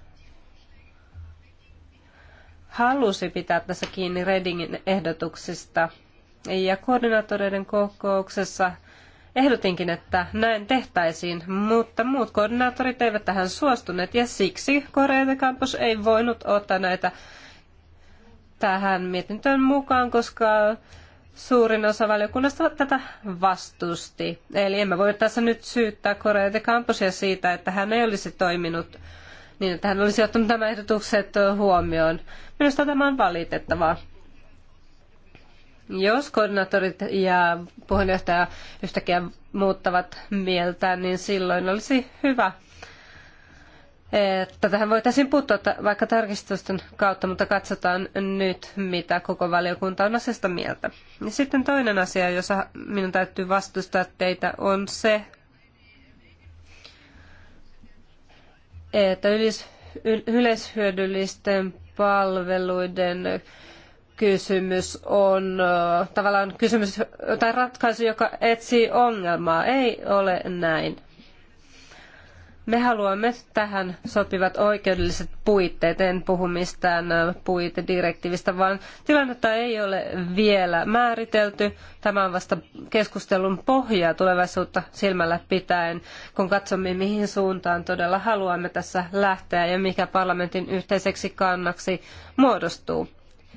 halusi pitää tässä kiinni Redingin ehdotuksista. Ja koordinaattoreiden kokouksessa Ehdotinkin, että näin tehtäisiin, mutta muut koordinaattorit eivät tähän suostuneet ja siksi Koreita Campus ei voinut ottaa näitä tähän mietintöön mukaan, koska suurin osa valiokunnasta tätä vastusti. Eli emme voi tässä nyt syyttää Koreita Campusia siitä, että hän ei olisi toiminut niin, että hän olisi ottanut nämä ehdotukset huomioon. Minusta tämä on valitettavaa. Jos koordinaattorit ja puheenjohtaja yhtäkkiä muuttavat mieltä, niin silloin olisi hyvä, että tähän voitaisiin puuttua vaikka tarkistusten kautta, mutta katsotaan nyt, mitä koko valiokunta on asiasta mieltä. Ja sitten toinen asia, jossa minun täytyy vastustaa teitä, on se, että yleishyödyllisten palveluiden kysymys on tavallaan kysymys tai ratkaisu, joka etsii ongelmaa. Ei ole näin. Me haluamme tähän sopivat oikeudelliset puitteet. En puhu mistään puitedirektiivistä, vaan tilannetta ei ole vielä määritelty. Tämä on vasta keskustelun pohjaa tulevaisuutta silmällä pitäen, kun katsomme mihin suuntaan todella haluamme tässä lähteä ja mikä parlamentin yhteiseksi kannaksi muodostuu.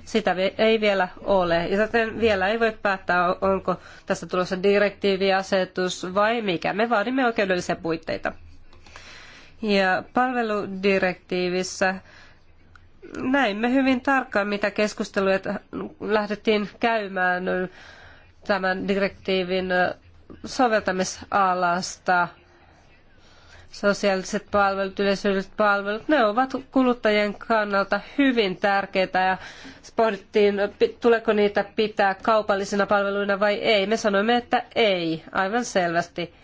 Sitä ei vielä ole. Ja joten vielä ei voi päättää, onko tästä tulossa direktiivi, asetus vai mikä. Me vaadimme oikeudellisia puitteita. Ja palveludirektiivissä näimme hyvin tarkkaan, mitä keskusteluja lähdettiin käymään tämän direktiivin soveltamisalasta – sosiaaliset palvelut, yleisölliset palvelut, ne ovat kuluttajien kannalta hyvin tärkeitä ja pohdittiin, tuleeko niitä pitää kaupallisina palveluina vai ei. Me sanoimme, että ei, aivan selvästi.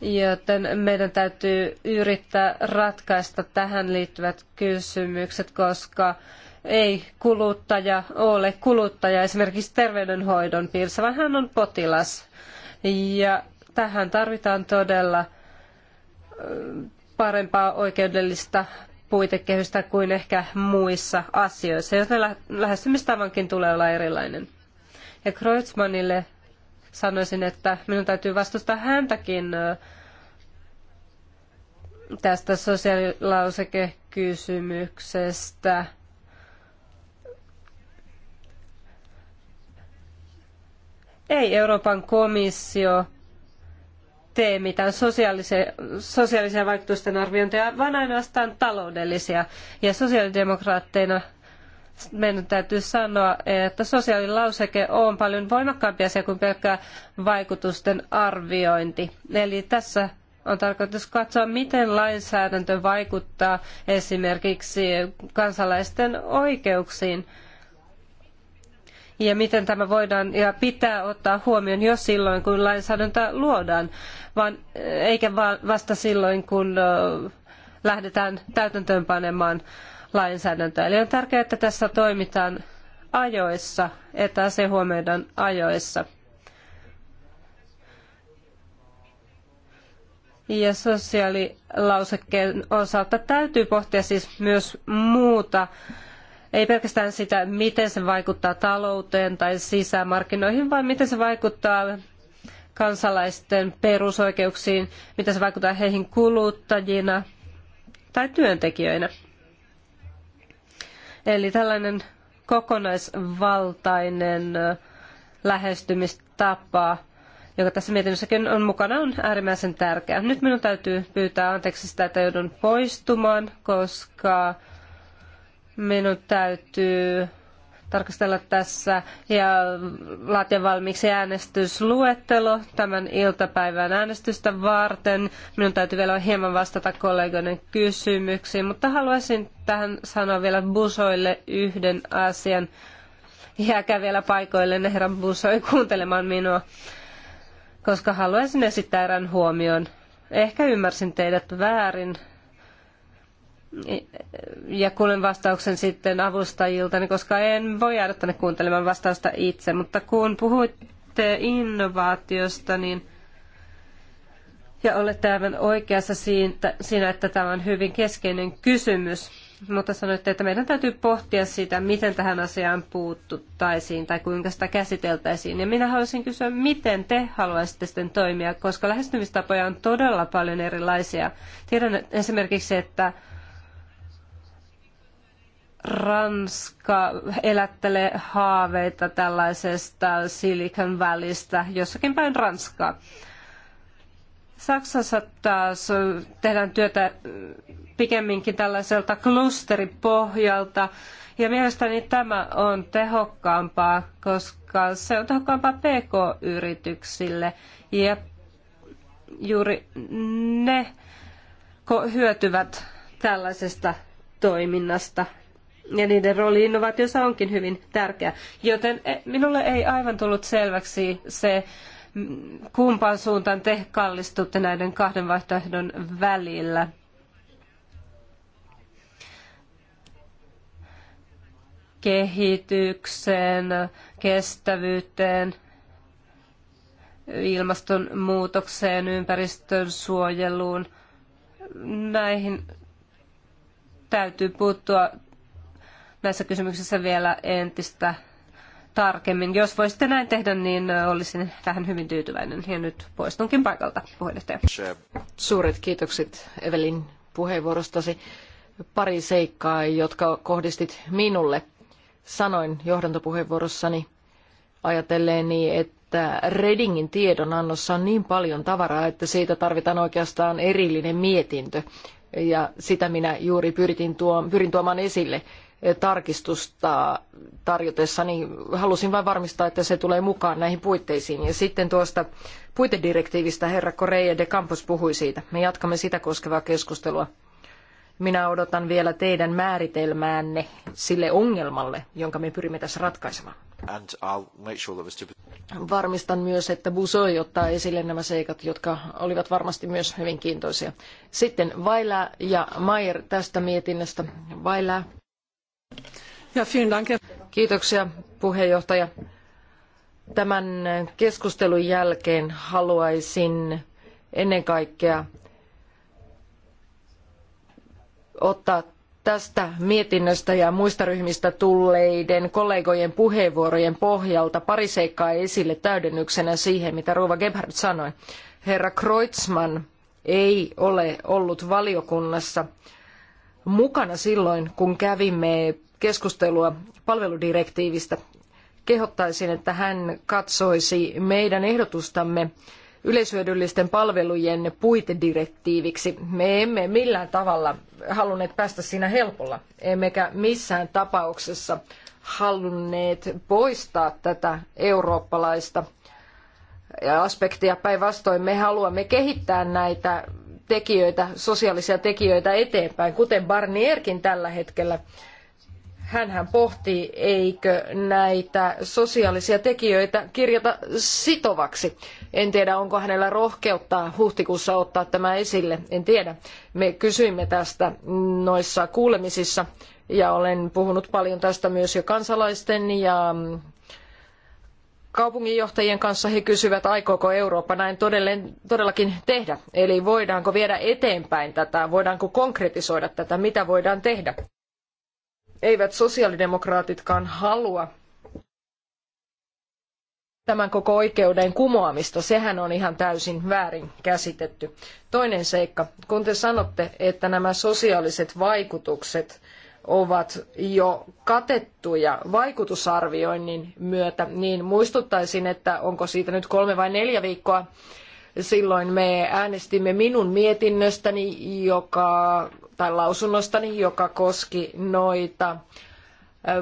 Joten meidän täytyy yrittää ratkaista tähän liittyvät kysymykset, koska ei kuluttaja ole kuluttaja esimerkiksi terveydenhoidon piirissä, vaan hän on potilas. Ja tähän tarvitaan todella parempaa oikeudellista puitekehystä kuin ehkä muissa asioissa, joten lähestymistavankin tulee olla erilainen. Ja Kreutzmannille sanoisin, että minun täytyy vastustaa häntäkin tästä sosiaalilausekekysymyksestä. Ei Euroopan komissio tee mitään sosiaalisia, vaikutusten arviointeja, vaan ainoastaan taloudellisia. Ja sosiaalidemokraatteina meidän täytyy sanoa, että sosiaalilauseke on paljon voimakkaampi asia kuin pelkkä vaikutusten arviointi. Eli tässä on tarkoitus katsoa, miten lainsäädäntö vaikuttaa esimerkiksi kansalaisten oikeuksiin – ja miten tämä voidaan ja pitää ottaa huomioon jo silloin, kun lainsäädäntöä luodaan, vaan, eh, eikä vasta silloin, kun eh, lähdetään täytäntöönpanemaan lainsäädäntöä. Eli on tärkeää, että tässä toimitaan ajoissa, että asia huomioidaan ajoissa. Ja sosiaalilausekkeen osalta täytyy pohtia siis myös muuta ei pelkästään sitä, miten se vaikuttaa talouteen tai sisämarkkinoihin, vaan miten se vaikuttaa kansalaisten perusoikeuksiin, miten se vaikuttaa heihin kuluttajina tai työntekijöinä. Eli tällainen kokonaisvaltainen lähestymistapa, joka tässä mietinnössäkin on mukana, on äärimmäisen tärkeä. Nyt minun täytyy pyytää anteeksi sitä, että joudun poistumaan, koska minun täytyy tarkastella tässä ja laatia valmiiksi äänestysluettelo tämän iltapäivän äänestystä varten. Minun täytyy vielä hieman vastata kollegoiden kysymyksiin, mutta haluaisin tähän sanoa vielä Busoille yhden asian. Jääkää vielä paikoille, herran Busoi, kuuntelemaan minua, koska haluaisin esittää erään huomion. Ehkä ymmärsin teidät väärin, ja kuulen vastauksen sitten avustajilta, koska en voi jäädä tänne kuuntelemaan vastausta itse. Mutta kun puhuitte innovaatiosta, niin ja olette aivan oikeassa siinä, että tämä on hyvin keskeinen kysymys. Mutta sanoitte, että meidän täytyy pohtia sitä, miten tähän asiaan puuttuttaisiin tai kuinka sitä käsiteltäisiin. Ja minä haluaisin kysyä, miten te haluaisitte sitten toimia, koska lähestymistapoja on todella paljon erilaisia. Tiedän esimerkiksi, että Ranska elättelee haaveita tällaisesta Silicon välistä jossakin päin Ranskaa. Saksassa taas tehdään työtä pikemminkin tällaiselta klusteripohjalta. Ja mielestäni tämä on tehokkaampaa, koska se on tehokkaampaa pk-yrityksille. Ja juuri ne hyötyvät tällaisesta toiminnasta ja niiden rooli innovaatiossa onkin hyvin tärkeä. Joten eh, minulle ei aivan tullut selväksi se, mm, kumpaan suuntaan te kallistutte näiden kahden vaihtoehdon välillä. Kehitykseen, kestävyyteen, ilmastonmuutokseen, ympäristön suojeluun. Näihin täytyy puuttua näissä kysymyksissä vielä entistä tarkemmin. Jos voisitte näin tehdä, niin olisin tähän hyvin tyytyväinen. Ja nyt poistunkin paikalta, puheenjohtaja. Suuret kiitokset Evelin puheenvuorostasi. Pari seikkaa, jotka kohdistit minulle. Sanoin johdantopuheenvuorossani ajatelleeni, että Redingin tiedonannossa on niin paljon tavaraa, että siitä tarvitaan oikeastaan erillinen mietintö. Ja sitä minä juuri pyrin tuomaan esille tarkistusta tarjotessani. Niin halusin vain varmistaa, että se tulee mukaan näihin puitteisiin. Ja sitten tuosta puitedirektiivistä herra Correia de Campos puhui siitä. Me jatkamme sitä koskevaa keskustelua. Minä odotan vielä teidän määritelmäänne sille ongelmalle, jonka me pyrimme tässä ratkaisemaan. Sure Varmistan myös, että Busoi ottaa esille nämä seikat, jotka olivat varmasti myös hyvin kiintoisia. Sitten Vaila ja Mayer tästä mietinnöstä. Vaila arvoisa puhemies Tämän keskustelun jälkeen haluaisin ennen kaikkea ottaa tästä mietinnöstä ja muista ryhmistä tulleiden kollegojen puheenvuorojen pohjalta pari seikkaa esille täydennyksenä siihen, mitä rouva Gebhardt sanoi. Herra Kreutzmann ei ole ollut valiokunnassa mukana silloin, kun kävimme keskustelua palveludirektiivistä. Kehottaisin, että hän katsoisi meidän ehdotustamme yleishyödyllisten palvelujen puitedirektiiviksi. Me emme millään tavalla halunneet päästä siinä helpolla, emmekä missään tapauksessa halunneet poistaa tätä eurooppalaista aspektia. Päinvastoin me haluamme kehittää näitä tekijöitä, sosiaalisia tekijöitä eteenpäin, kuten Barnierkin tällä hetkellä hänhän pohti, eikö näitä sosiaalisia tekijöitä kirjata sitovaksi. En tiedä, onko hänellä rohkeutta huhtikuussa ottaa tämä esille, en tiedä. Me kysyimme tästä noissa kuulemisissa ja olen puhunut paljon tästä myös jo kansalaisten ja kaupunginjohtajien kanssa he kysyvät, aikooko Eurooppa näin todellakin tehdä. Eli voidaanko viedä eteenpäin tätä, voidaanko konkretisoida tätä, mitä voidaan tehdä eivät sosiaalidemokraatitkaan halua tämän koko oikeuden kumoamista. Sehän on ihan täysin väärin käsitetty. Toinen seikka, kun te sanotte, että nämä sosiaaliset vaikutukset ovat jo katettuja vaikutusarvioinnin myötä, niin muistuttaisin, että onko siitä nyt kolme vai neljä viikkoa. Silloin me äänestimme minun mietinnöstäni, joka tai lausunnostani, niin joka koski noita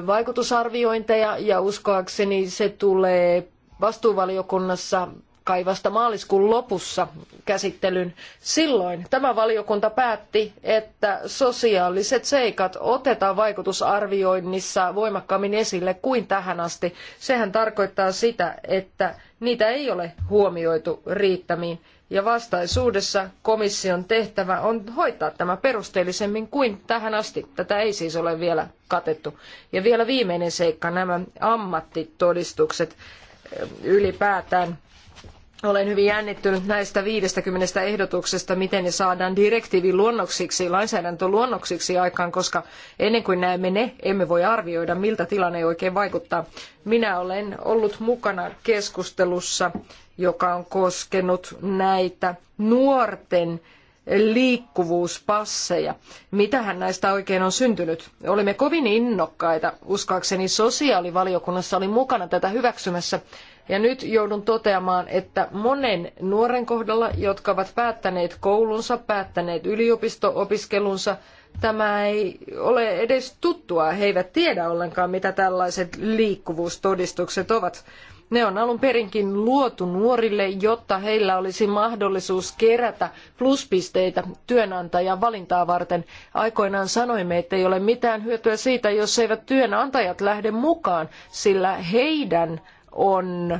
vaikutusarviointeja ja uskoakseni se tulee vastuuvaliokunnassa kai vasta maaliskuun lopussa käsittelyn. Silloin tämä valiokunta päätti, että sosiaaliset seikat otetaan vaikutusarvioinnissa voimakkaammin esille kuin tähän asti. Sehän tarkoittaa sitä, että niitä ei ole huomioitu riittämiin ja vastaisuudessa komission tehtävä on hoitaa tämä perusteellisemmin kuin tähän asti. Tätä ei siis ole vielä katettu. Ja vielä viimeinen seikka, nämä ammattitodistukset ylipäätään olen hyvin jännittynyt näistä 50 ehdotuksesta, miten ne saadaan direktiivin luonnoksiksi, lainsäädäntöluonnoksiksi aikaan, koska ennen kuin näemme ne, emme voi arvioida, miltä tilanne oikein vaikuttaa. Minä olen ollut mukana keskustelussa, joka on koskenut näitä nuorten liikkuvuuspasseja. Mitähän näistä oikein on syntynyt? Olimme kovin innokkaita. Uskoakseni sosiaalivaliokunnassa oli mukana tätä hyväksymässä ja nyt joudun toteamaan, että monen nuoren kohdalla, jotka ovat päättäneet koulunsa, päättäneet yliopisto-opiskelunsa, tämä ei ole edes tuttua. He eivät tiedä ollenkaan, mitä tällaiset liikkuvuustodistukset ovat. Ne on alun perinkin luotu nuorille, jotta heillä olisi mahdollisuus kerätä pluspisteitä työnantajan valintaa varten. Aikoinaan sanoimme, ettei ole mitään hyötyä siitä, jos eivät työnantajat lähde mukaan, sillä heidän on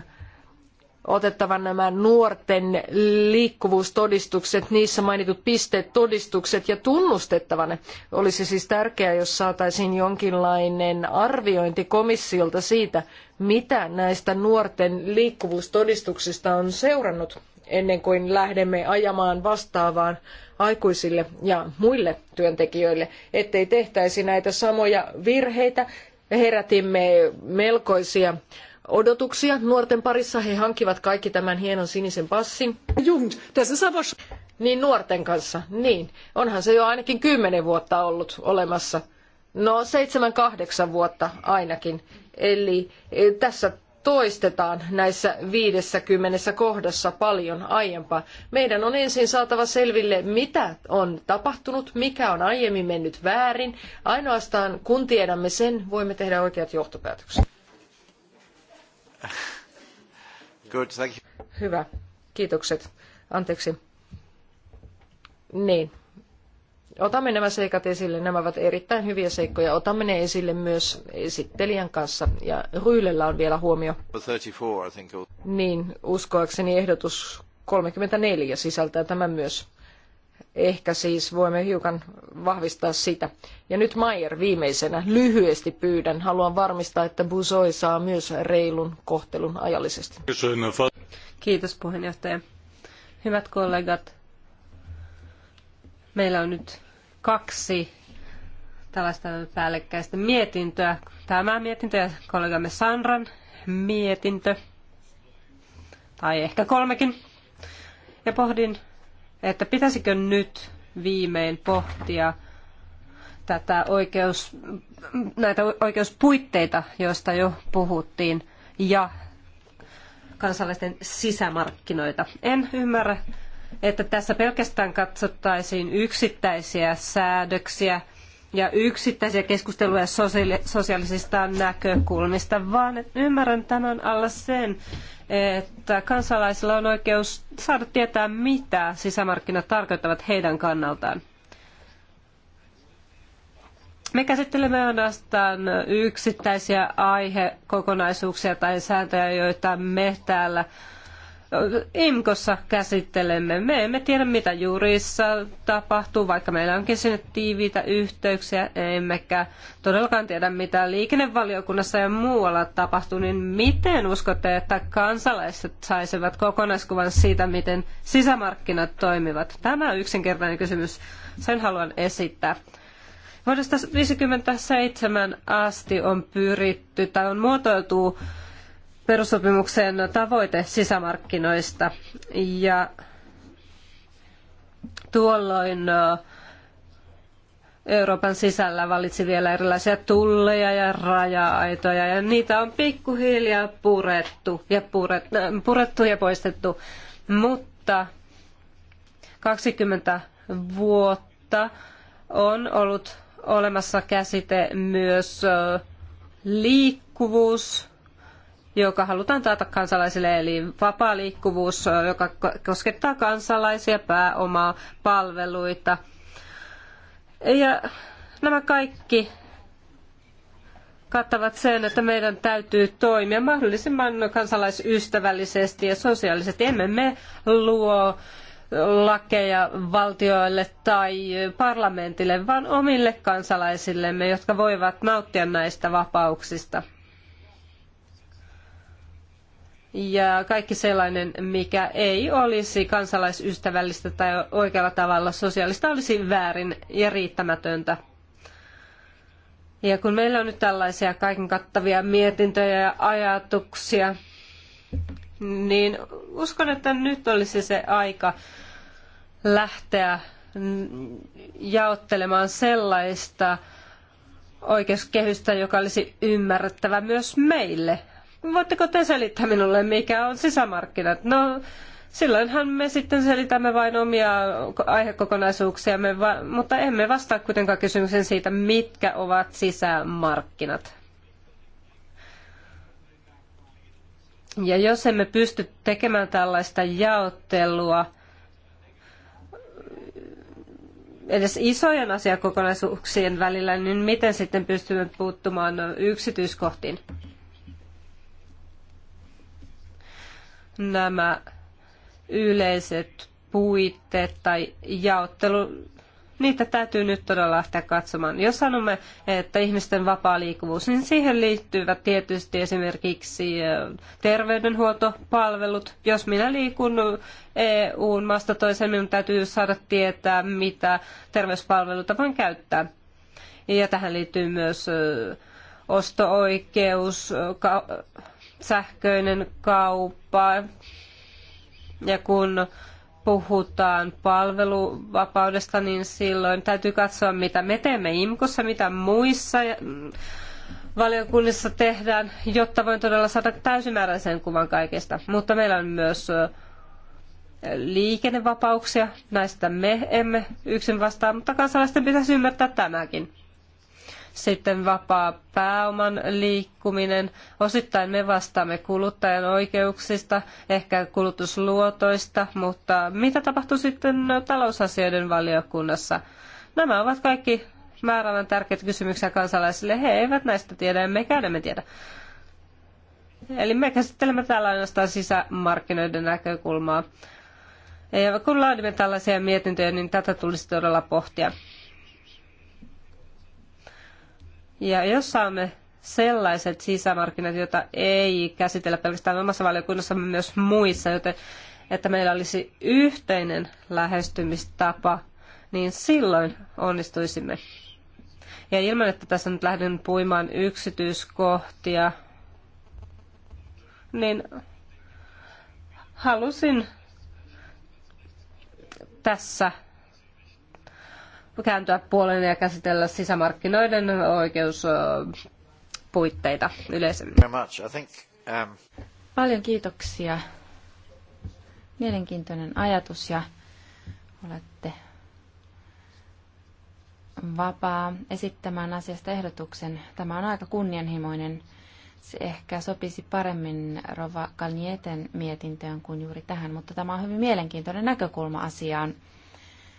otettava nämä nuorten liikkuvuustodistukset, niissä mainitut pistetodistukset ja tunnustettava ne. Olisi siis tärkeää, jos saataisiin jonkinlainen arviointi komissiolta siitä, mitä näistä nuorten liikkuvuustodistuksista on seurannut ennen kuin lähdemme ajamaan vastaavaan aikuisille ja muille työntekijöille, ettei tehtäisi näitä samoja virheitä. Herätimme melkoisia odotuksia nuorten parissa. He hankivat kaikki tämän hienon sinisen passin. Niin nuorten kanssa, niin. Onhan se jo ainakin kymmenen vuotta ollut olemassa. No seitsemän kahdeksan vuotta ainakin. Eli e, tässä toistetaan näissä 50 kohdassa paljon aiempaa. Meidän on ensin saatava selville, mitä on tapahtunut, mikä on aiemmin mennyt väärin. Ainoastaan kun tiedämme sen, voimme tehdä oikeat johtopäätökset. Good, thank you. Hyvä, kiitokset. Anteeksi. Niin. Otamme nämä seikat esille. Nämä ovat erittäin hyviä seikkoja. Otamme ne esille myös esittelijän kanssa. Ja Ryylellä on vielä huomio. 34, Niin, uskoakseni ehdotus 34 sisältää tämän myös. Ehkä siis voimme hiukan vahvistaa sitä. Ja nyt Mayer viimeisenä. Lyhyesti pyydän. Haluan varmistaa, että Buzoi saa myös reilun kohtelun ajallisesti. Kiitos puheenjohtaja. Hyvät kollegat, meillä on nyt kaksi tällaista päällekkäistä mietintöä. Tämä mietintö ja kollegamme Sandran mietintö, tai ehkä kolmekin. Ja pohdin että pitäisikö nyt viimein pohtia tätä oikeus, näitä oikeuspuitteita, joista jo puhuttiin, ja kansalaisten sisämarkkinoita. En ymmärrä, että tässä pelkästään katsottaisiin yksittäisiä säädöksiä ja yksittäisiä keskusteluja sosiaalisista näkökulmista, vaan ymmärrän tämän alla sen, että kansalaisilla on oikeus saada tietää, mitä sisämarkkinat tarkoittavat heidän kannaltaan. Me käsittelemme ainoastaan yksittäisiä aihekokonaisuuksia tai sääntöjä, joita me täällä IMKossa käsittelemme. Me emme tiedä, mitä juurissa tapahtuu, vaikka meillä onkin sinne tiiviitä yhteyksiä, emmekä todellakaan tiedä, mitä liikennevaliokunnassa ja muualla tapahtuu, niin miten uskotte, että kansalaiset saisivat kokonaiskuvan siitä, miten sisämarkkinat toimivat? Tämä yksinkertainen kysymys, sen haluan esittää. Vuodesta 1957 asti on pyritty tai on muotoiltu perussopimuksen tavoite sisämarkkinoista. Ja tuolloin Euroopan sisällä valitsi vielä erilaisia tulleja ja raja-aitoja ja niitä on pikkuhiljaa purettu ja, puret, purettu ja poistettu. Mutta 20 vuotta on ollut olemassa käsite myös liikkuvuus joka halutaan taata kansalaisille, eli vapaa liikkuvuus, joka koskettaa kansalaisia, pääomaa, palveluita. Ja nämä kaikki kattavat sen, että meidän täytyy toimia mahdollisimman kansalaisystävällisesti ja sosiaalisesti. Emme me luo lakeja valtioille tai parlamentille, vaan omille kansalaisillemme, jotka voivat nauttia näistä vapauksista ja kaikki sellainen, mikä ei olisi kansalaisystävällistä tai oikealla tavalla sosiaalista, olisi väärin ja riittämätöntä. Ja kun meillä on nyt tällaisia kaiken kattavia mietintöjä ja ajatuksia, niin uskon, että nyt olisi se aika lähteä jaottelemaan sellaista oikeuskehystä, joka olisi ymmärrettävä myös meille, voitteko te selittää minulle, mikä on sisämarkkinat? No, silloinhan me sitten selitämme vain omia aihekokonaisuuksiamme, mutta emme vastaa kuitenkaan kysymykseen siitä, mitkä ovat sisämarkkinat. Ja jos emme pysty tekemään tällaista jaottelua edes isojen asiakokonaisuuksien välillä, niin miten sitten pystymme puuttumaan yksityiskohtiin? nämä yleiset puitteet tai jaottelu, niitä täytyy nyt todella lähteä katsomaan. Jos sanomme, että ihmisten vapaa liikkuvuus, niin siihen liittyvät tietysti esimerkiksi terveydenhuoltopalvelut. Jos minä liikun EUn maasta toiseen, minun täytyy saada tietää, mitä terveyspalveluita voin käyttää. Ja tähän liittyy myös osto-oikeus, sähköinen kauppa. Ja kun puhutaan palveluvapaudesta, niin silloin täytyy katsoa, mitä me teemme IMKossa, mitä muissa mm, valiokunnissa tehdään, jotta voin todella saada täysimääräisen kuvan kaikesta. Mutta meillä on myös liikennevapauksia. Näistä me emme yksin vastaa, mutta kansalaisten pitäisi ymmärtää tämäkin. Sitten vapaa pääoman liikkuminen. Osittain me vastaamme kuluttajan oikeuksista, ehkä kulutusluotoista, mutta mitä tapahtuu sitten talousasioiden valiokunnassa? Nämä ovat kaikki määräävän tärkeitä kysymyksiä kansalaisille. He eivät näistä tiedä, mekään emme tiedä. Eli me käsittelemme täällä ainoastaan sisämarkkinoiden näkökulmaa. Ja kun laadimme tällaisia mietintöjä, niin tätä tulisi todella pohtia. Ja jos saamme sellaiset sisämarkkinat, joita ei käsitellä pelkästään omassa valiokunnassamme myös muissa, joten että meillä olisi yhteinen lähestymistapa, niin silloin onnistuisimme. Ja ilman, että tässä nyt lähden puimaan yksityiskohtia, niin halusin tässä kääntyä puoleen ja käsitellä sisämarkkinoiden oikeuspuitteita yleisemmin. Um, Paljon kiitoksia. Mielenkiintoinen ajatus ja olette vapaa esittämään asiasta ehdotuksen. Tämä on aika kunnianhimoinen. Se ehkä sopisi paremmin Rova Kalnieten mietintöön kuin juuri tähän, mutta tämä on hyvin mielenkiintoinen näkökulma asiaan.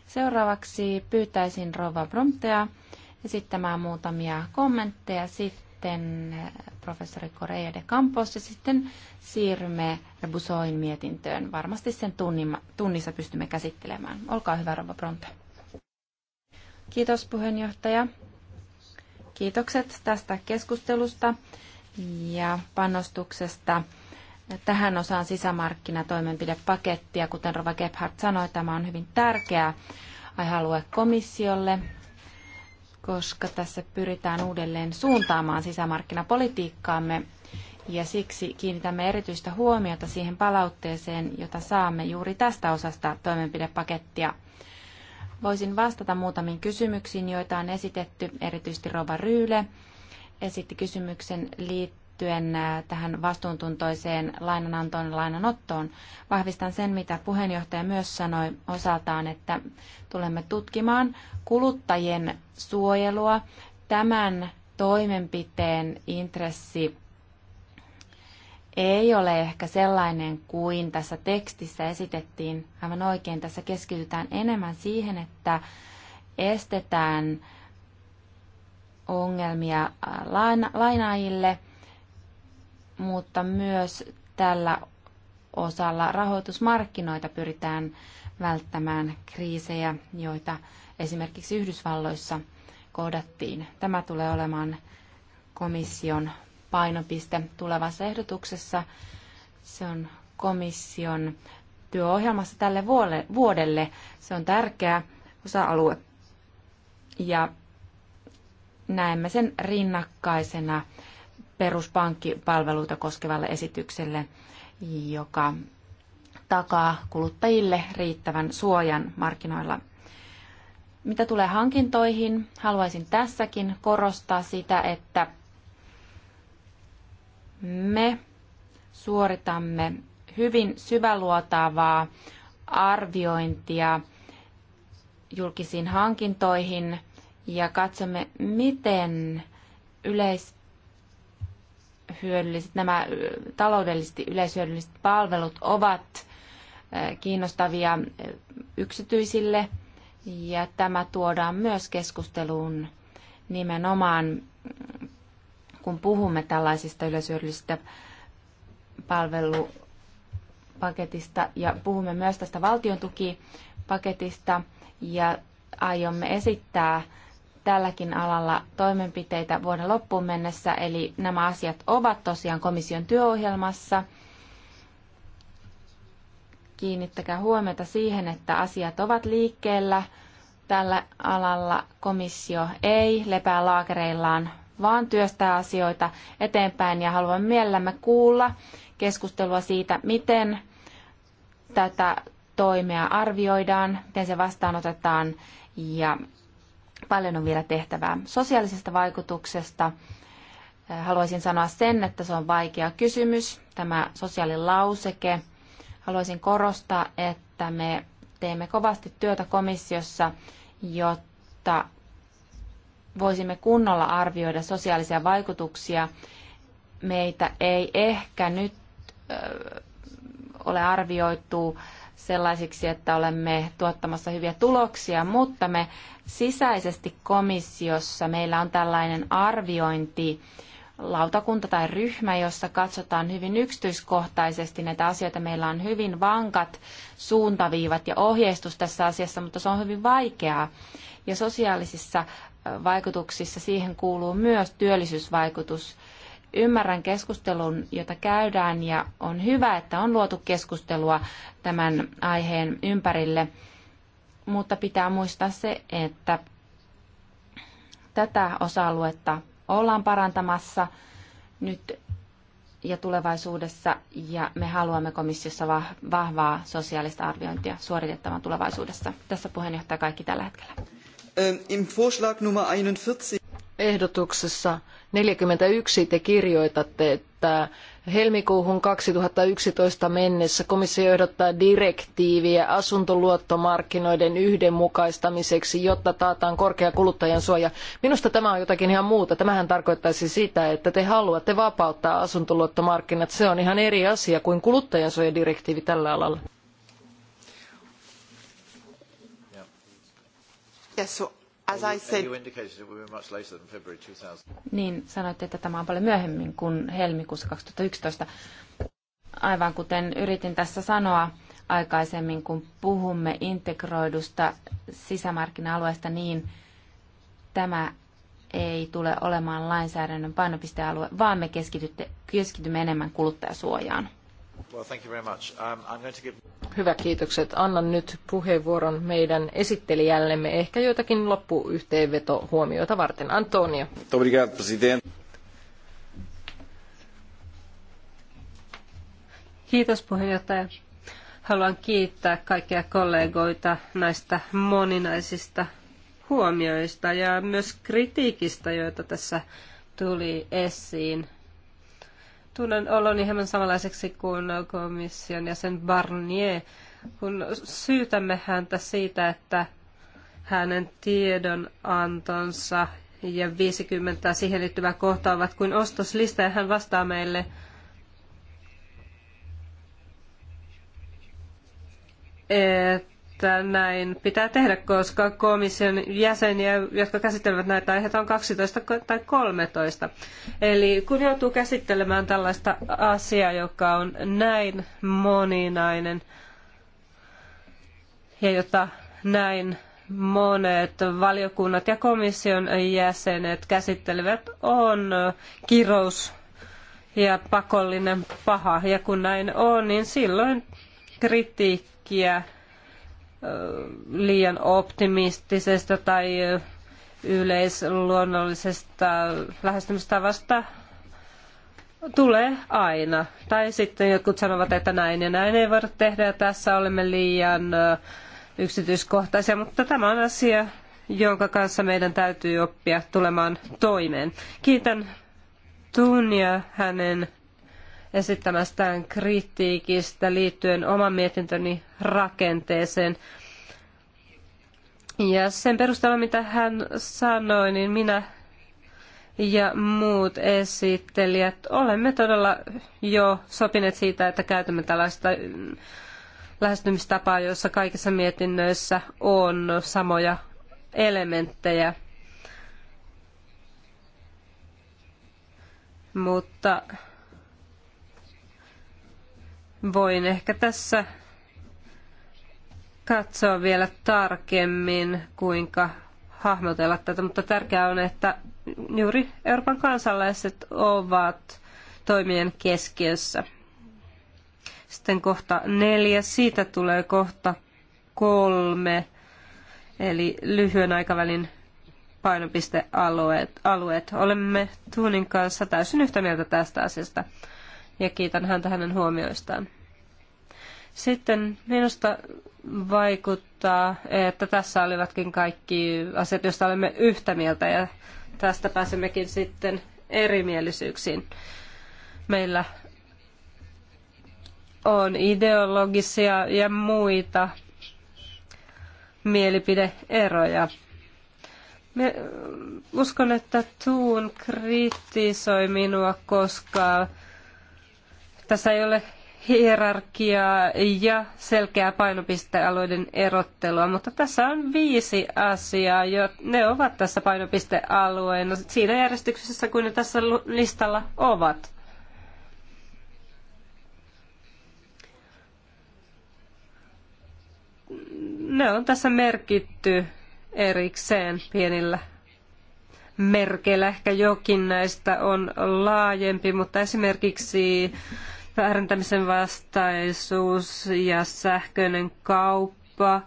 Seuraavaksi pyytäisin Rova Brumtea esittämään muutamia kommentteja, sitten eh, professori Correa de Campos ja sitten siirrymme Rebusoin mietintöön. Varmasti sen tunnissa pystymme käsittelemään. Olkaa hyvä, Rova Brumte. Kiitos puheenjohtaja. Kiitokset tästä keskustelusta ja panostuksesta tähän osaan sisämarkkinatoimenpidepakettia. Kuten Rova Gebhardt sanoi, tämä on hyvin tärkeä aihealue komissiolle, koska tässä pyritään uudelleen suuntaamaan sisämarkkinapolitiikkaamme ja siksi kiinnitämme erityistä huomiota siihen palautteeseen, jota saamme juuri tästä osasta toimenpidepakettia. Voisin vastata muutamiin kysymyksiin, joita on esitetty, erityisesti Rova Ryyle esitti kysymyksen liittyen liittyen äh, tähän vastuuntuntoiseen lainanantoon ja lainanottoon. Vahvistan sen, mitä puheenjohtaja myös sanoi osaltaan, että tulemme tutkimaan kuluttajien suojelua tämän toimenpiteen intressi ei ole ehkä sellainen kuin tässä tekstissä esitettiin aivan oikein. Tässä keskitytään enemmän siihen, että estetään ongelmia lainaajille mutta myös tällä osalla rahoitusmarkkinoita pyritään välttämään kriisejä, joita esimerkiksi Yhdysvalloissa kohdattiin. Tämä tulee olemaan komission painopiste tulevassa ehdotuksessa. Se on komission työohjelmassa tälle vuodelle. Se on tärkeä osa-alue ja näemme sen rinnakkaisena peruspankkipalveluita koskevalle esitykselle, joka takaa kuluttajille riittävän suojan markkinoilla. Mitä tulee hankintoihin, haluaisin tässäkin korostaa sitä, että me suoritamme hyvin syväluotaavaa arviointia julkisiin hankintoihin ja katsomme, miten yleis- hyödylliset, nämä taloudellisesti yleishyödylliset palvelut ovat kiinnostavia yksityisille ja tämä tuodaan myös keskusteluun nimenomaan, kun puhumme tällaisista yleishyödyllisistä palvelupaketista ja puhumme myös tästä valtion tukipaketista ja aiomme esittää tälläkin alalla toimenpiteitä vuoden loppuun mennessä, eli nämä asiat ovat tosiaan komission työohjelmassa. Kiinnittäkää huomiota siihen, että asiat ovat liikkeellä. Tällä alalla komissio ei lepää laakereillaan, vaan työstää asioita eteenpäin ja haluan mielellämme kuulla keskustelua siitä, miten tätä toimea arvioidaan, miten se vastaanotetaan ja Paljon on vielä tehtävää. Sosiaalisesta vaikutuksesta äh, haluaisin sanoa sen, että se on vaikea kysymys, tämä sosiaalilauseke. Haluaisin korostaa, että me teemme kovasti työtä komissiossa, jotta voisimme kunnolla arvioida sosiaalisia vaikutuksia. Meitä ei ehkä nyt äh, ole arvioitu sellaisiksi, että olemme tuottamassa hyviä tuloksia, mutta me sisäisesti komissiossa meillä on tällainen arviointi, lautakunta tai ryhmä, jossa katsotaan hyvin yksityiskohtaisesti näitä asioita. Meillä on hyvin vankat suuntaviivat ja ohjeistus tässä asiassa, mutta se on hyvin vaikeaa. Ja sosiaalisissa vaikutuksissa siihen kuuluu myös työllisyysvaikutus Ymmärrän keskustelun, jota käydään ja on hyvä, että on luotu keskustelua tämän aiheen ympärille, mutta pitää muistaa se, että tätä osa-aluetta ollaan parantamassa nyt ja tulevaisuudessa, ja me haluamme komissiossa vahvaa sosiaalista arviointia suoritettavan tulevaisuudessa. Tässä puheenjohtaja kaikki tällä hetkellä. Ähm, Im Vorschlag Nummer 41 ehdotuksessa 41 te kirjoitatte, että helmikuuhun 2011 mennessä komissio ehdottaa direktiiviä asuntoluottomarkkinoiden yhdenmukaistamiseksi, jotta taataan korkea kuluttajan suoja. Minusta tämä on jotakin ihan muuta. Tämähän tarkoittaisi sitä, että te haluatte vapauttaa asuntoluottomarkkinat. Se on ihan eri asia kuin kuluttajansuojadirektiivi tällä alalla. Yeah, so As I said, niin sanoitte, että tämä on paljon myöhemmin kuin helmikuussa 2011. Aivan kuten yritin tässä sanoa aikaisemmin, kun puhumme integroidusta sisämarkkina-alueesta, niin tämä ei tule olemaan lainsäädännön painopistealue, vaan me keskitymme enemmän kuluttajasuojaan. Hyvä, kiitokset. Annan nyt puheenvuoron meidän esittelijällemme ehkä joitakin loppuyhteenvetohuomioita varten. Antonio. presidente. Kiitos puheenjohtaja. Haluan kiittää kaikkia kollegoita näistä moninaisista huomioista ja myös kritiikistä, joita tässä tuli esiin. Tunnen oloni hieman samanlaiseksi kuin komission jäsen Barnier, kun syytämme häntä siitä, että hänen tiedonantonsa ja 50 siihen liittyvää kohtaa ovat kuin ostoslista ja hän vastaa meille että että näin pitää tehdä, koska komission jäseniä, jotka käsittelevät näitä aiheita, on 12 tai 13. Eli kun joutuu käsittelemään tällaista asiaa, joka on näin moninainen ja jota näin monet valiokunnat ja komission jäsenet käsittelevät, on kirous ja pakollinen paha. Ja kun näin on, niin silloin kritiikkiä liian optimistisesta tai yleisluonnollisesta lähestymistavasta tulee aina. Tai sitten jotkut sanovat, että näin ja näin ei voida tehdä ja tässä olemme liian yksityiskohtaisia, mutta tämä on asia, jonka kanssa meidän täytyy oppia tulemaan toimeen. Kiitän Tunia hänen esittämästään kritiikistä liittyen oman mietintöni rakenteeseen. Ja sen perusteella, mitä hän sanoi, niin minä ja muut esittelijät olemme todella jo sopineet siitä, että käytämme tällaista lähestymistapaa, jossa kaikissa mietinnöissä on samoja elementtejä. Mutta voin ehkä tässä katsoa vielä tarkemmin, kuinka hahmotella tätä, mutta tärkeää on, että juuri Euroopan kansalaiset ovat toimien keskiössä. Sitten kohta neljä, siitä tulee kohta kolme, eli lyhyen aikavälin painopistealueet. Alueet. Olemme Tuunin kanssa täysin yhtä mieltä tästä asiasta ja kiitän häntä hänen huomioistaan. Sitten minusta vaikuttaa, että tässä olivatkin kaikki asiat, joista olemme yhtä mieltä ja tästä pääsemmekin sitten erimielisyyksiin. Meillä on ideologisia ja muita mielipideeroja. Me, uskon, että Tuun kritisoi minua, koska tässä ei ole hierarkiaa ja selkeää painopistealueiden erottelua, mutta tässä on viisi asiaa, jo ne ovat tässä painopistealueena siinä järjestyksessä kuin ne tässä listalla ovat. Ne on tässä merkitty erikseen pienillä merkeillä. Ehkä jokin näistä on laajempi, mutta esimerkiksi väärentämisen vastaisuus ja sähköinen kauppa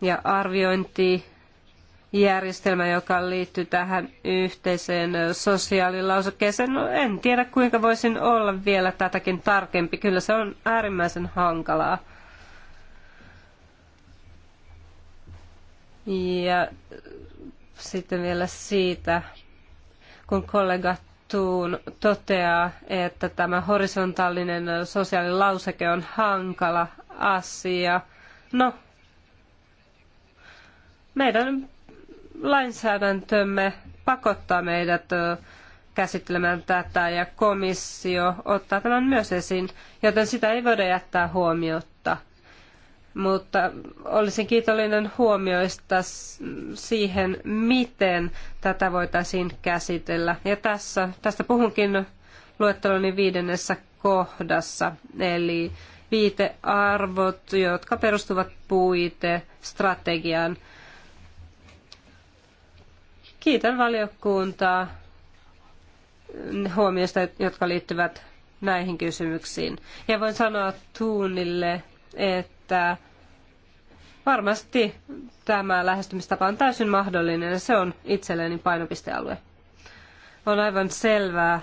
ja arviointijärjestelmä, joka liittyy tähän yhteiseen sosiaalilausekkeeseen. No, en tiedä, kuinka voisin olla vielä tätäkin tarkempi. Kyllä se on äärimmäisen hankalaa. Ja sitten vielä siitä, kun kollegat Tuun toteaa, että tämä horisontaalinen sosiaalilauseke on hankala asia. No, meidän lainsäädäntömme pakottaa meidät käsittelemään tätä ja komissio ottaa tämän myös esiin, joten sitä ei voida jättää huomiotta mutta olisin kiitollinen huomioista siihen, miten tätä voitaisiin käsitellä. Ja tässä, tästä puhunkin luetteloni viidennessä kohdassa, eli viitearvot, jotka perustuvat puitestrategiaan. Kiitän valiokuntaa huomioista, jotka liittyvät näihin kysymyksiin. Ja voin sanoa Tuunille, että Varmasti tämä lähestymistapa on täysin mahdollinen ja se on itselleni painopistealue. On aivan selvää,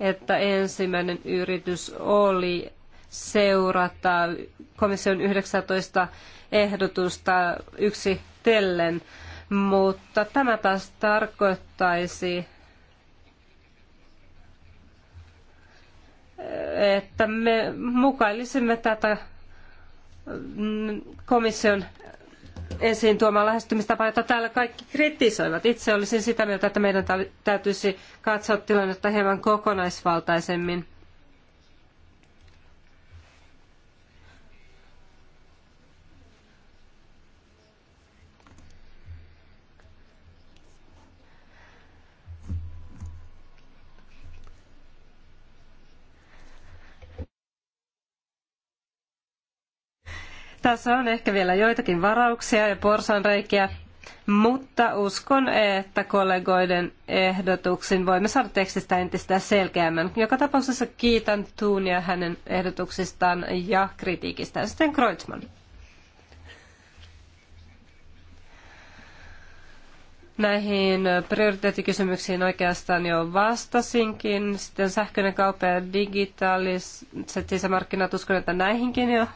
että ensimmäinen yritys oli seurata komission 19 ehdotusta yksi tellen, mutta tämä taas tarkoittaisi, että me mukailisimme tätä komission esiin tuomaan lähestymistapaa, jota täällä kaikki kritisoivat. Itse olisin sitä mieltä, että meidän täytyisi katsoa tilannetta hieman kokonaisvaltaisemmin. Tässä on ehkä vielä joitakin varauksia ja porsanreikiä, mutta uskon, että kollegoiden ehdotuksin voimme saada tekstistä entistä selkeämmän. Joka tapauksessa kiitän Tuunia hänen ehdotuksistaan ja kritiikistään. Sitten Kreutzmann. Näihin prioriteettikysymyksiin oikeastaan jo vastasinkin. Sitten sähköinen kauppa ja digitaaliset sisämarkkinat, uskon, että näihinkin jo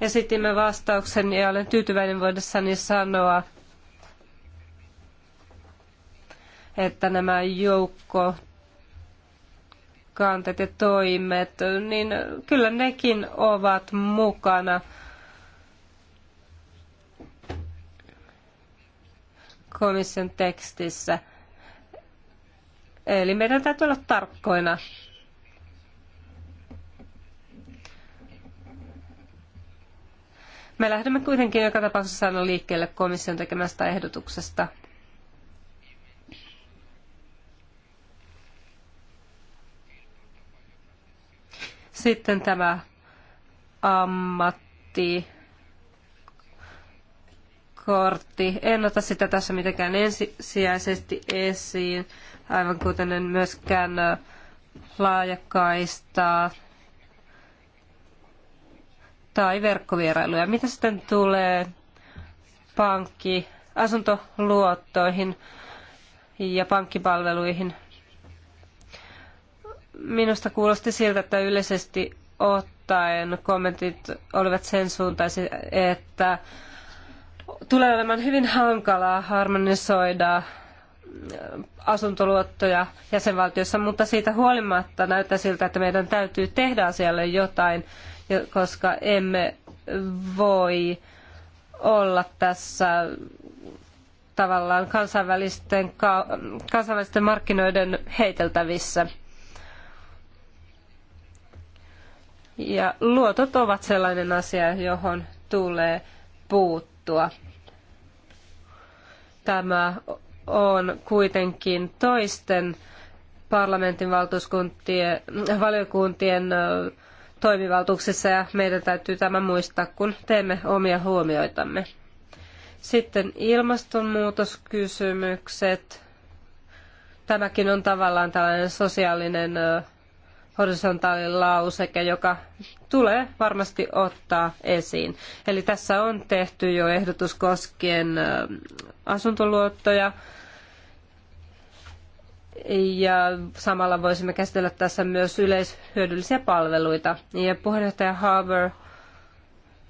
esitimme vastauksen ja olen tyytyväinen voidessani sanoa, että nämä joukko kanteet ja toimet, niin kyllä nekin ovat mukana. komission tekstissä. Eli meidän täytyy olla tarkkoina Me lähdemme kuitenkin joka tapauksessa aina liikkeelle komission tekemästä ehdotuksesta. Sitten tämä ammatti kortti. En ota sitä tässä mitenkään ensisijaisesti esiin, aivan kuten en myöskään laajakaistaa tai verkkovierailuja. Mitä sitten tulee pankki, asuntoluottoihin ja pankkipalveluihin? Minusta kuulosti siltä, että yleisesti ottaen kommentit olivat sen suuntaisia, että tulee olemaan hyvin hankalaa harmonisoida asuntoluottoja jäsenvaltiossa, mutta siitä huolimatta näyttää siltä, että meidän täytyy tehdä asialle jotain koska emme voi olla tässä tavallaan kansainvälisten, kansainvälisten markkinoiden heiteltävissä. Ja luotot ovat sellainen asia, johon tulee puuttua. Tämä on kuitenkin toisten parlamentin valtuuskuntien, valiokuntien toimivaltuuksissa ja meidän täytyy tämä muistaa, kun teemme omia huomioitamme. Sitten ilmastonmuutoskysymykset. Tämäkin on tavallaan tällainen sosiaalinen horisontaalinen lauseke, joka tulee varmasti ottaa esiin. Eli tässä on tehty jo ehdotus koskien asuntoluottoja, ja samalla voisimme käsitellä tässä myös yleishyödyllisiä palveluita. Ja puheenjohtaja Harbour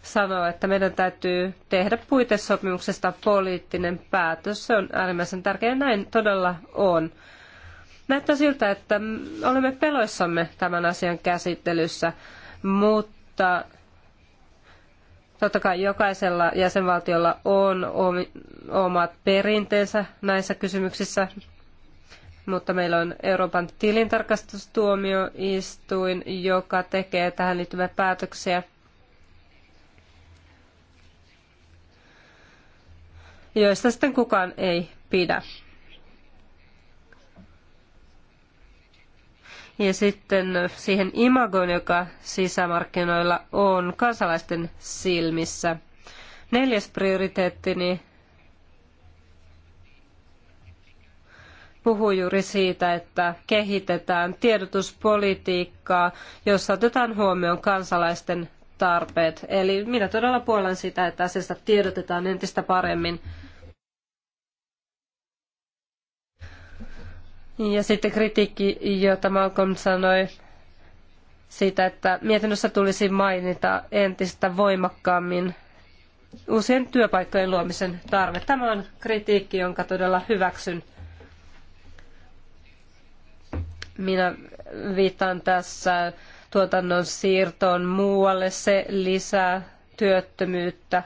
sanoi, että meidän täytyy tehdä puitesopimuksesta poliittinen päätös. Se on äärimmäisen tärkeää, näin todella on. Näyttää siltä, että olemme peloissamme tämän asian käsittelyssä, mutta totta kai jokaisella jäsenvaltiolla on omat perinteensä näissä kysymyksissä, mutta meillä on Euroopan tilintarkastustuomioistuin, joka tekee tähän liittyviä päätöksiä. joista sitten kukaan ei pidä. Ja sitten siihen imagoon, joka sisämarkkinoilla on kansalaisten silmissä. Neljäs prioriteettini puhui juuri siitä, että kehitetään tiedotuspolitiikkaa, jossa otetaan huomioon kansalaisten tarpeet. Eli minä todella puolan sitä, että asiasta tiedotetaan entistä paremmin. Ja sitten kritiikki, jota Malcolm sanoi siitä, että mietinnössä tulisi mainita entistä voimakkaammin uusien työpaikkojen luomisen tarve. Tämä on kritiikki, jonka todella hyväksyn. Minä viittaan tässä tuotannon siirtoon muualle. Se lisää työttömyyttä.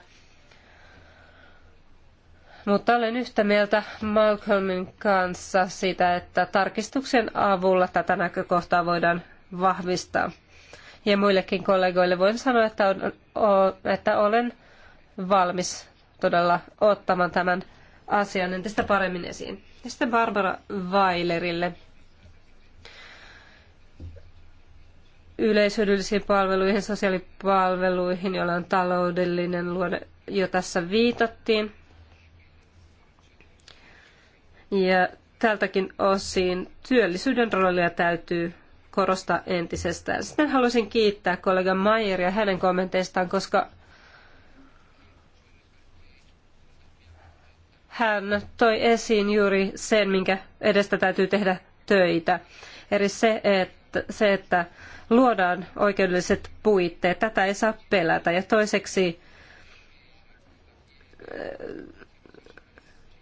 Mutta olen yhtä mieltä Malcolmin kanssa siitä, että tarkistuksen avulla tätä näkökohtaa voidaan vahvistaa. Ja muillekin kollegoille voin sanoa, että, on, että olen valmis todella ottamaan tämän asian entistä paremmin esiin. Ja sitten Barbara Weilerille yleishyödyllisiin palveluihin, sosiaalipalveluihin, joilla on taloudellinen luonne, jo tässä viitattiin. Ja tältäkin osin työllisyyden roolia täytyy korostaa entisestään. Sitten haluaisin kiittää kollega Mayeria hänen kommenteistaan, koska hän toi esiin juuri sen, minkä edestä täytyy tehdä töitä. Eli se, että, se, että luodaan oikeudelliset puitteet. Tätä ei saa pelätä. Ja toiseksi äh,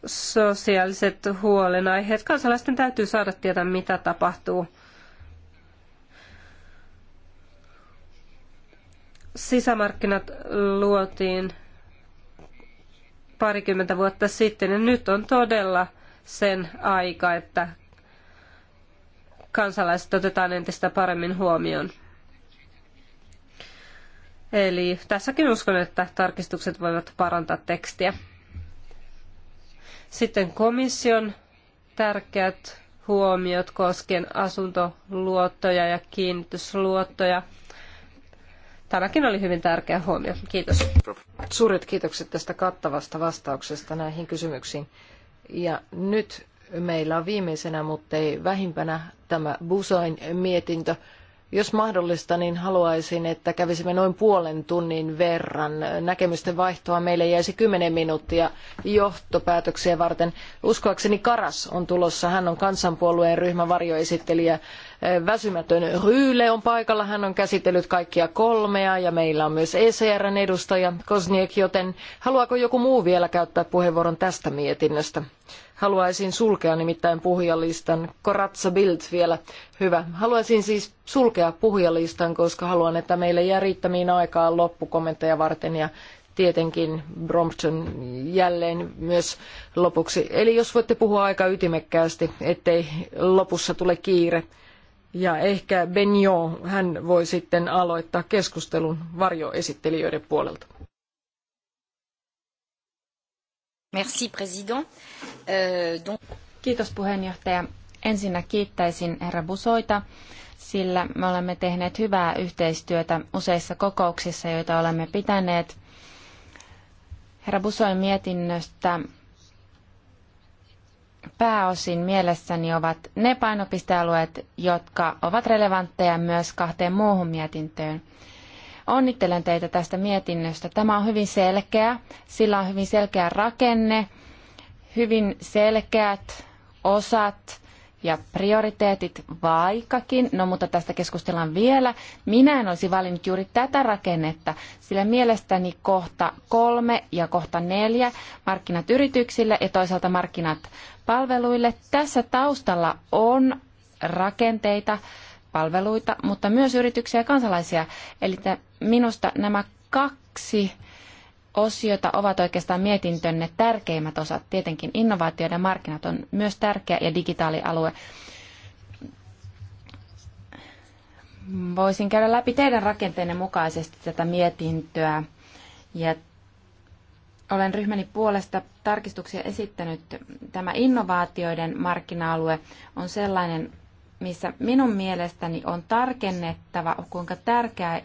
sosiaaliset huolenaiheet. Kansalaisten täytyy saada tietää, mitä tapahtuu. Sisämarkkinat luotiin parikymmentä vuotta sitten ja nyt on todella sen aika, että kansalaiset otetaan entistä paremmin huomioon. Eli tässäkin uskon, että tarkistukset voivat parantaa tekstiä. Sitten komission tärkeät huomiot koskien asuntoluottoja ja kiinnitysluottoja. Tämäkin oli hyvin tärkeä huomio. Kiitos. Suuret kiitokset tästä kattavasta vastauksesta näihin kysymyksiin. Ja nyt meillä on viimeisenä, mutta ei vähimpänä tämä Busain mietintö. Jos mahdollista, niin haluaisin, että kävisimme noin puolen tunnin verran näkemysten vaihtoa. Meille jäisi kymmenen minuuttia johtopäätöksiä varten. Uskoakseni Karas on tulossa. Hän on kansanpuolueen ryhmän varjoesittelijä. Väsymätön Ryyle on paikalla. Hän on käsitellyt kaikkia kolmea ja meillä on myös ECRn edustaja Kosniek, joten haluaako joku muu vielä käyttää puheenvuoron tästä mietinnöstä? Haluaisin sulkea nimittäin puhujalistan. Koratsa Bild vielä. Hyvä. Haluaisin siis sulkea puhujalistan, koska haluan, että meille jää riittämiin aikaa loppukommentteja varten ja tietenkin Brompton jälleen myös lopuksi. Eli jos voitte puhua aika ytimekkäästi, ettei lopussa tule kiire. Ja ehkä Benjo, hän voi sitten aloittaa keskustelun varjoesittelijöiden puolelta. Merci, president. Euh, Kiitos puheenjohtaja. Ensinnä kiittäisin herra Busoita, sillä me olemme tehneet hyvää yhteistyötä useissa kokouksissa, joita olemme pitäneet. Herra Busoin mietinnöstä pääosin mielessäni ovat ne painopistealueet, jotka ovat relevantteja myös kahteen muuhun mietintöön. Onnittelen teitä tästä mietinnöstä. Tämä on hyvin selkeä. Sillä on hyvin selkeä rakenne, hyvin selkeät osat ja prioriteetit vaikkakin, no mutta tästä keskustellaan vielä. Minä en olisi valinnut juuri tätä rakennetta, sillä mielestäni kohta kolme ja kohta neljä, markkinat yrityksille ja toisaalta markkinat palveluille, tässä taustalla on rakenteita, palveluita, mutta myös yrityksiä ja kansalaisia. Eli minusta nämä kaksi osiota ovat oikeastaan mietintönne tärkeimmät osat. Tietenkin innovaatioiden markkinat on myös tärkeä ja digitaalialue. Voisin käydä läpi teidän rakenteenne mukaisesti tätä mietintöä ja olen ryhmäni puolesta tarkistuksia esittänyt. Tämä innovaatioiden markkina-alue on sellainen missä minun mielestäni on tarkennettava, kuinka tärkeä eh,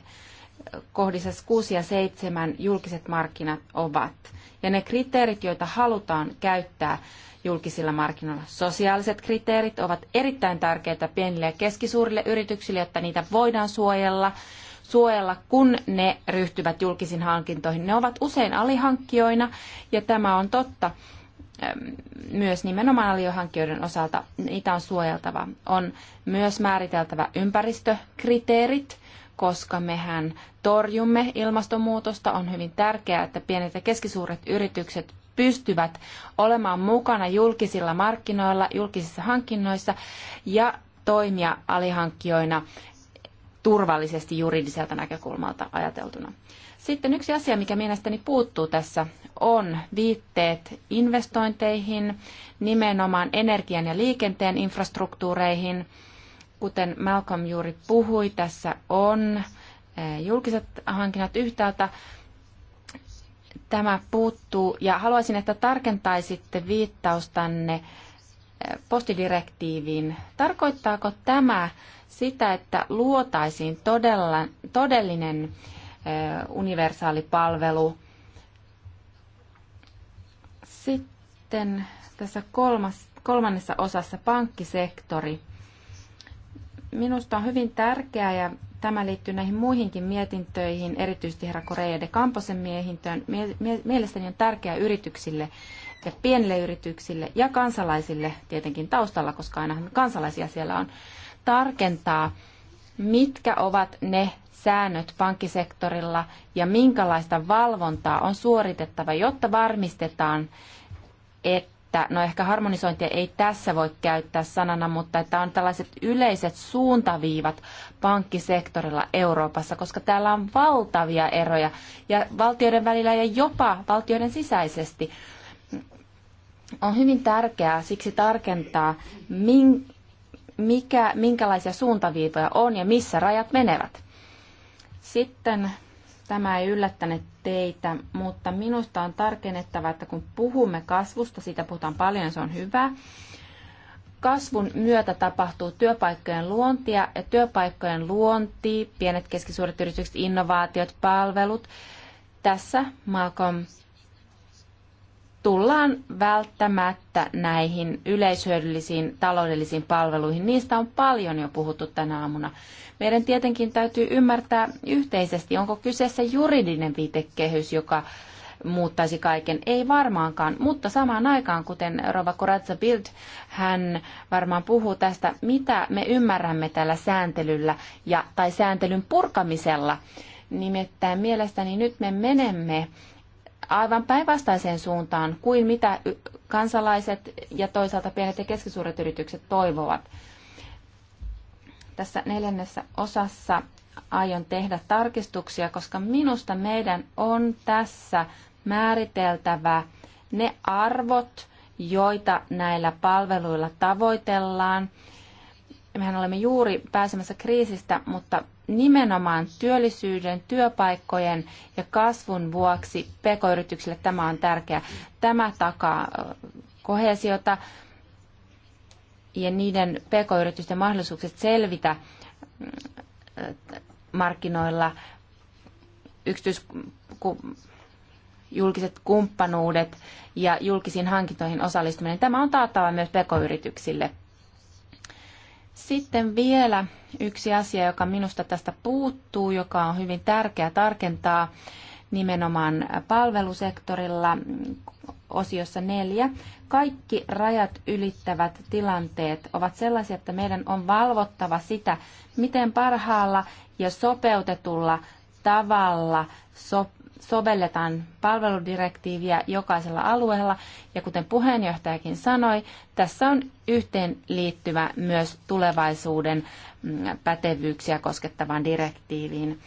kohdissa 6 ja 7 julkiset markkinat ovat. Ja ne kriteerit, joita halutaan käyttää julkisilla markkinoilla. Sosiaaliset kriteerit ovat erittäin tärkeitä pienille ja keskisuurille yrityksille, jotta niitä voidaan suojella, suojella, kun ne ryhtyvät julkisiin hankintoihin. Ne ovat usein alihankkijoina, ja tämä on totta myös nimenomaan aliohankkijoiden osalta niitä on suojeltava. On myös määriteltävä ympäristökriteerit, koska mehän torjumme ilmastonmuutosta. On hyvin tärkeää, että pienet ja keskisuuret yritykset pystyvät olemaan mukana julkisilla markkinoilla, julkisissa hankinnoissa ja toimia alihankkijoina turvallisesti juridiselta näkökulmalta ajateltuna. Sitten yksi asia, mikä mielestäni puuttuu tässä, on viitteet investointeihin, nimenomaan energian ja liikenteen infrastruktuureihin. Kuten Malcolm juuri puhui, tässä on eh, julkiset hankinnat yhtäältä. Tämä puuttuu ja haluaisin, että tarkentaisitte viittaustanne eh, postidirektiiviin. Tarkoittaako tämä sitä, että luotaisiin todella, todellinen universaali palvelu. Sitten tässä kolmas, kolmannessa osassa pankkisektori. Minusta on hyvin tärkeää ja tämä liittyy näihin muihinkin mietintöihin, erityisesti herra Korea de Kamposen miehintöön. Mielestäni on tärkeää yrityksille ja pienille yrityksille ja kansalaisille tietenkin taustalla, koska aina kansalaisia siellä on, tarkentaa, mitkä ovat ne säännöt pankkisektorilla ja minkälaista valvontaa on suoritettava, jotta varmistetaan, että, no ehkä harmonisointia ei tässä voi käyttää sanana, mutta että on tällaiset yleiset suuntaviivat pankkisektorilla Euroopassa, koska täällä on valtavia eroja ja valtioiden välillä ja jopa valtioiden sisäisesti. On hyvin tärkeää siksi tarkentaa, mikä, minkälaisia suuntaviivoja on ja missä rajat menevät. Sitten tämä ei yllättäne teitä, mutta minusta on tarkennettava, että kun puhumme kasvusta, siitä puhutaan paljon, se on hyvä. Kasvun myötä tapahtuu työpaikkojen luontia ja työpaikkojen luonti, pienet keskisuuret yritykset, innovaatiot, palvelut. Tässä Malcolm tullaan välttämättä näihin yleishyödyllisiin taloudellisiin palveluihin. Niistä on paljon jo puhuttu tänä aamuna. Meidän tietenkin täytyy ymmärtää yhteisesti, onko kyseessä juridinen viitekehys, joka muuttaisi kaiken. Ei varmaankaan, mutta samaan aikaan, kuten Rova Koratsa Bild, hän varmaan puhuu tästä, mitä me ymmärrämme tällä sääntelyllä ja, tai sääntelyn purkamisella. Nimittäin mielestäni nyt me menemme aivan päinvastaiseen suuntaan kuin mitä kansalaiset ja toisaalta pienet ja keskisuuret yritykset toivovat. Tässä neljännessä osassa aion tehdä tarkistuksia, koska minusta meidän on tässä määriteltävä ne arvot, joita näillä palveluilla tavoitellaan. Mehän olemme juuri pääsemässä kriisistä, mutta nimenomaan työllisyyden, työpaikkojen ja kasvun vuoksi pk-yrityksille tämä on tärkeää. Tämä takaa kohesiota ja niiden pk-yritysten mahdollisuukset selvitä mm, markkinoilla yksityis julkiset kumppanuudet ja julkisiin hankintoihin osallistuminen. Tämä on taattava myös pk-yrityksille. Sitten vielä yksi asia, joka minusta tästä puuttuu, joka on hyvin tärkeä tarkentaa nimenomaan palvelusektorilla osiossa neljä. Kaikki rajat ylittävät tilanteet ovat sellaisia, että meidän on valvottava sitä, miten parhaalla ja sopeutetulla tavalla so- sovelletaan palveludirektiiviä jokaisella alueella. Ja kuten puheenjohtajakin sanoi, tässä on yhteenliittymä myös tulevaisuuden mm, pätevyyksiä koskettavaan direktiiviin.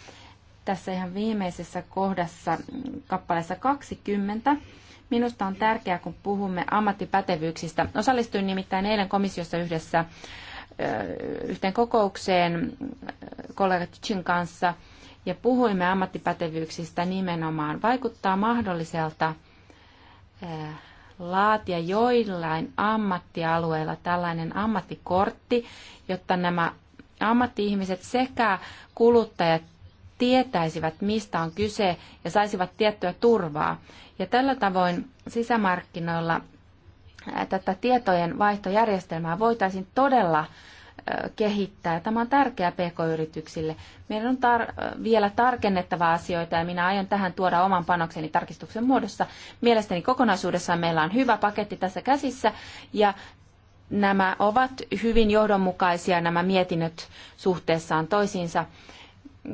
Tässä ihan viimeisessä kohdassa mm, kappaleessa 20 Minusta on tärkeää, kun puhumme ammattipätevyyksistä. Osallistuin nimittäin eilen komissiossa yhdessä yhteen kokoukseen mm, kollega Tchin kanssa – ja puhuimme ammattipätevyyksistä nimenomaan, vaikuttaa mahdolliselta eh, laatia joillain ammattialueilla tällainen ammattikortti, jotta nämä ammattiihmiset sekä kuluttajat tietäisivät, mistä on kyse ja saisivat tiettyä turvaa. Ja tällä tavoin sisämarkkinoilla eh, tätä tietojen vaihtojärjestelmää voitaisiin todella kehittää. Tämä on tärkeää pk-yrityksille. Meidän on tar- vielä tarkennettava asioita ja minä aion tähän tuoda oman panokseni tarkistuksen muodossa. Mielestäni kokonaisuudessaan meillä on hyvä paketti tässä käsissä ja nämä ovat hyvin johdonmukaisia nämä mietinnöt suhteessaan toisiinsa.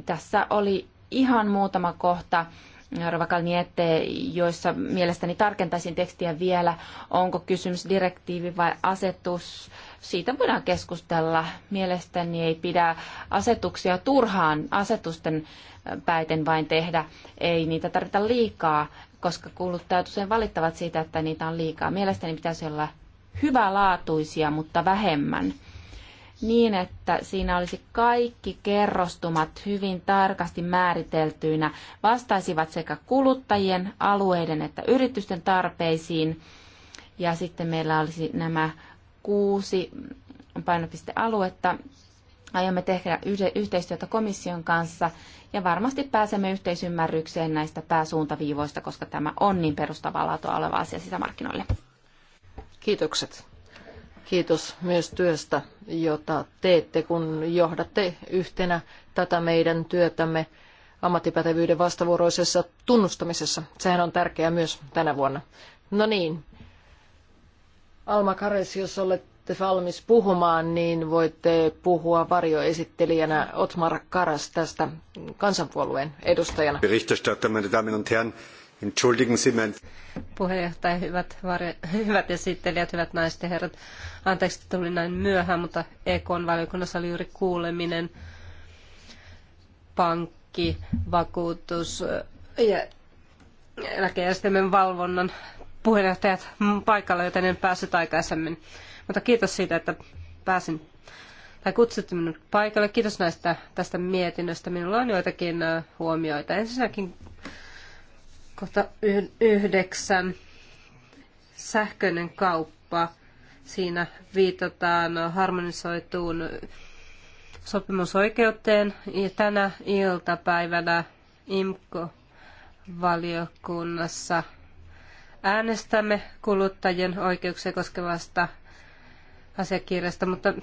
Tässä oli ihan muutama kohta, Rovakalniette, joissa mielestäni tarkentaisin tekstiä vielä, onko kysymys direktiivi vai asetus. Siitä voidaan keskustella. Mielestäni ei pidä asetuksia turhaan asetusten päiten vain tehdä. Ei niitä tarvita liikaa, koska kuluttajat usein valittavat siitä, että niitä on liikaa. Mielestäni pitäisi olla hyvälaatuisia, mutta vähemmän niin, että siinä olisi kaikki kerrostumat hyvin tarkasti määriteltyinä, vastaisivat sekä kuluttajien, alueiden että yritysten tarpeisiin. Ja sitten meillä olisi nämä kuusi painopistealuetta. Aiomme tehdä yhteistyötä komission kanssa ja varmasti pääsemme yhteisymmärrykseen näistä pääsuuntaviivoista, koska tämä on niin perustavaa laatua oleva asia sisämarkkinoille. Kiitokset. Kiitos myös työstä, jota teette, kun johdatte yhtenä tätä meidän työtämme ammattipätevyyden vastavuoroisessa tunnustamisessa. Sehän on tärkeää myös tänä vuonna. No niin, Alma Kares, jos olette valmis puhumaan, niin voitte puhua varjoesittelijänä Otmar Karas tästä kansanpuolueen edustajana. Berichterstatter, meine Damen und Herren. Entschuldigen Sie mein... Puheenjohtaja, hyvät, hyvät esittelijät, hyvät naiset ja herrat. Anteeksi, että tulin näin myöhään, mutta EKn valiokunnassa oli juuri kuuleminen pankki, vakuutus ja eläkejärjestelmän valvonnan puheenjohtajat paikalla, joten en päässyt aikaisemmin. Mutta kiitos siitä, että pääsin tai kutsutte minut paikalle. Kiitos näistä tästä mietinnöstä. Minulla on joitakin huomioita. Ensinnäkin Kohta yhdeksän. Sähköinen kauppa. Siinä viitataan harmonisoituun sopimusoikeuteen. Ja tänä iltapäivänä IMKO-valiokunnassa äänestämme kuluttajien oikeuksia koskevasta asiakirjasta, mutta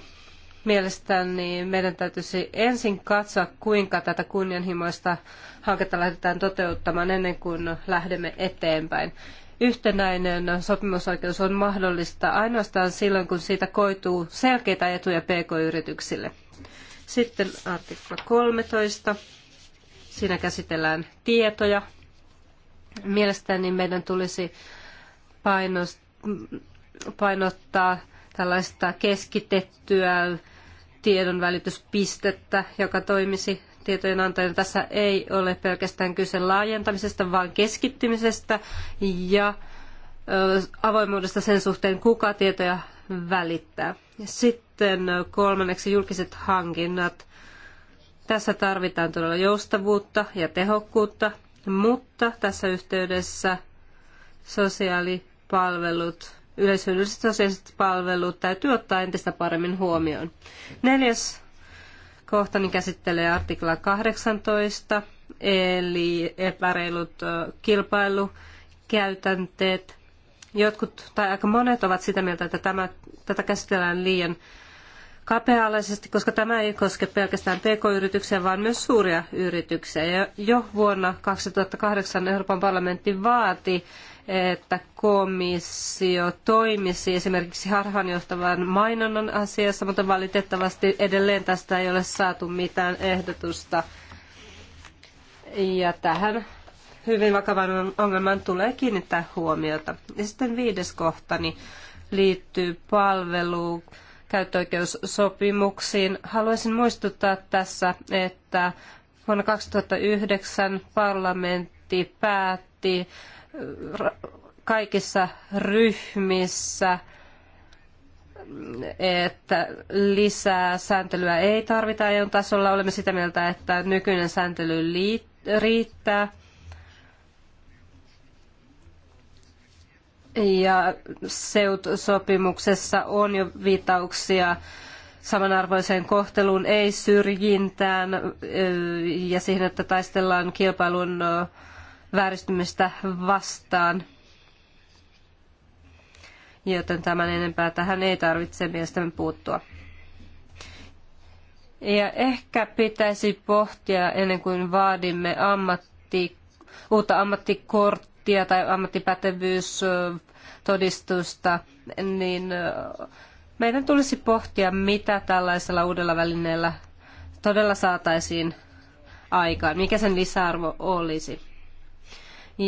Mielestäni meidän täytyisi ensin katsoa, kuinka tätä kunnianhimoista hanketta lähdetään toteuttamaan ennen kuin lähdemme eteenpäin. Yhtenäinen sopimusoikeus on mahdollista ainoastaan silloin, kun siitä koituu selkeitä etuja pk-yrityksille. Sitten artikla 13. Siinä käsitellään tietoja. Mielestäni meidän tulisi painostaa painottaa tällaista keskitettyä tiedonvälityspistettä, joka toimisi tietojen antajana. Tässä ei ole pelkästään kyse laajentamisesta, vaan keskittymisestä ja avoimuudesta sen suhteen, kuka tietoja välittää. Sitten kolmanneksi julkiset hankinnat. Tässä tarvitaan todella joustavuutta ja tehokkuutta, mutta tässä yhteydessä sosiaalipalvelut yleishyödylliset sosiaaliset palvelut täytyy ottaa entistä paremmin huomioon. Neljäs kohtani niin käsittelee artikla 18, eli epäreilut kilpailukäytänteet. Jotkut tai aika monet ovat sitä mieltä, että tämä, tätä käsitellään liian kapea-alaisesti, koska tämä ei koske pelkästään pk-yrityksiä, vaan myös suuria yrityksiä. Ja jo vuonna 2008 Euroopan parlamentti vaati että komissio toimisi esimerkiksi harhaanjohtavan mainonnan asiassa, mutta valitettavasti edelleen tästä ei ole saatu mitään ehdotusta. Ja tähän hyvin vakavan ongelman tulee kiinnittää huomiota. Ja sitten viides kohtani niin liittyy palveluun käyttöoikeussopimuksiin. Haluaisin muistuttaa tässä, että vuonna 2009 parlamentti päätti kaikissa ryhmissä, että lisää sääntelyä ei tarvita EUn tasolla. Olemme sitä mieltä, että nykyinen sääntely riittää. Ja SEUT-sopimuksessa on jo viittauksia samanarvoiseen kohteluun, ei syrjintään ja siihen, että taistellaan kilpailun vääristymistä vastaan. Joten tämän enempää tähän ei tarvitse mielestäni puuttua. Ja ehkä pitäisi pohtia ennen kuin vaadimme ammatti, uutta ammattikorttia tai ammattipätevyystodistusta, niin meidän tulisi pohtia, mitä tällaisella uudella välineellä todella saataisiin aikaan, mikä sen lisäarvo olisi.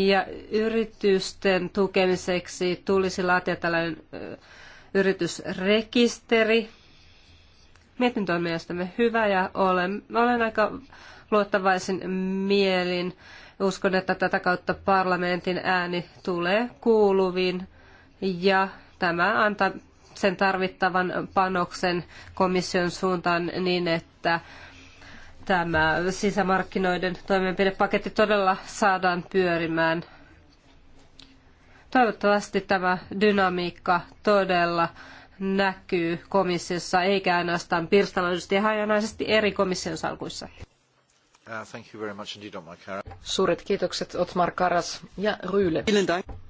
Ja yritysten tukemiseksi tulisi laatia tällainen yritysrekisteri. Mietintö on mielestämme hyvä ja olen, olen aika luottavaisin mielin. Uskon, että tätä kautta parlamentin ääni tulee kuuluviin ja tämä antaa sen tarvittavan panoksen komission suuntaan niin, että tämä sisämarkkinoiden toimenpidepaketti todella saadaan pyörimään. Toivottavasti tämä dynamiikka todella näkyy komissiossa, eikä ainoastaan pirstaloisesti ja hajanaisesti eri komission salkuissa. Uh, Suuret kiitokset Otmar Karas ja Ryyle.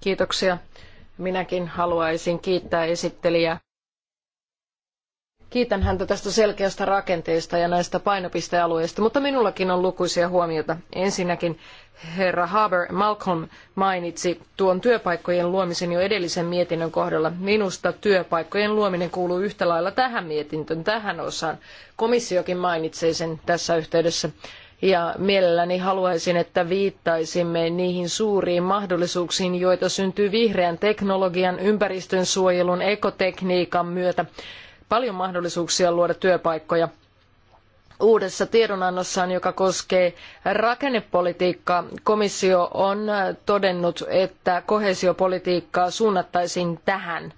Kiitoksia. Minäkin haluaisin kiittää esittelijää Kiitän häntä tästä selkeästä rakenteesta ja näistä painopistealueista, mutta minullakin on lukuisia huomioita. Ensinnäkin herra Haber Malcolm mainitsi tuon työpaikkojen luomisen jo edellisen mietinnön kohdalla. Minusta työpaikkojen luominen kuuluu yhtä lailla tähän mietintöön, tähän osaan. Komissiokin mainitsee sen tässä yhteydessä. Ja mielelläni haluaisin, että viittaisimme niihin suuriin mahdollisuuksiin, joita syntyy vihreän teknologian, ympäristönsuojelun, ekotekniikan myötä paljon mahdollisuuksia luoda työpaikkoja. Uudessa tiedonannossaan, joka koskee rakennepolitiikkaa, komissio on todennut, että koheesiopolitiikkaa suunnattaisiin tähän –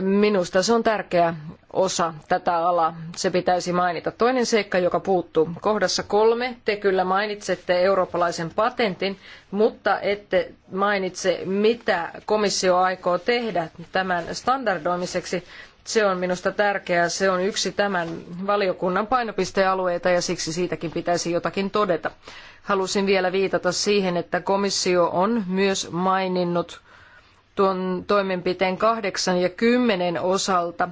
Minusta se on tärkeä osa tätä alaa. Se pitäisi mainita. Toinen seikka, joka puuttuu. Kohdassa kolme te kyllä mainitsette eurooppalaisen patentin, mutta ette mainitse, mitä komissio aikoo tehdä tämän standardoimiseksi. Se on minusta tärkeää. Se on yksi tämän valiokunnan painopistealueita ja siksi siitäkin pitäisi jotakin todeta. Halusin vielä viitata siihen, että komissio on myös maininnut tuon toimenpiteen kahdeksan ja kymmenen osalta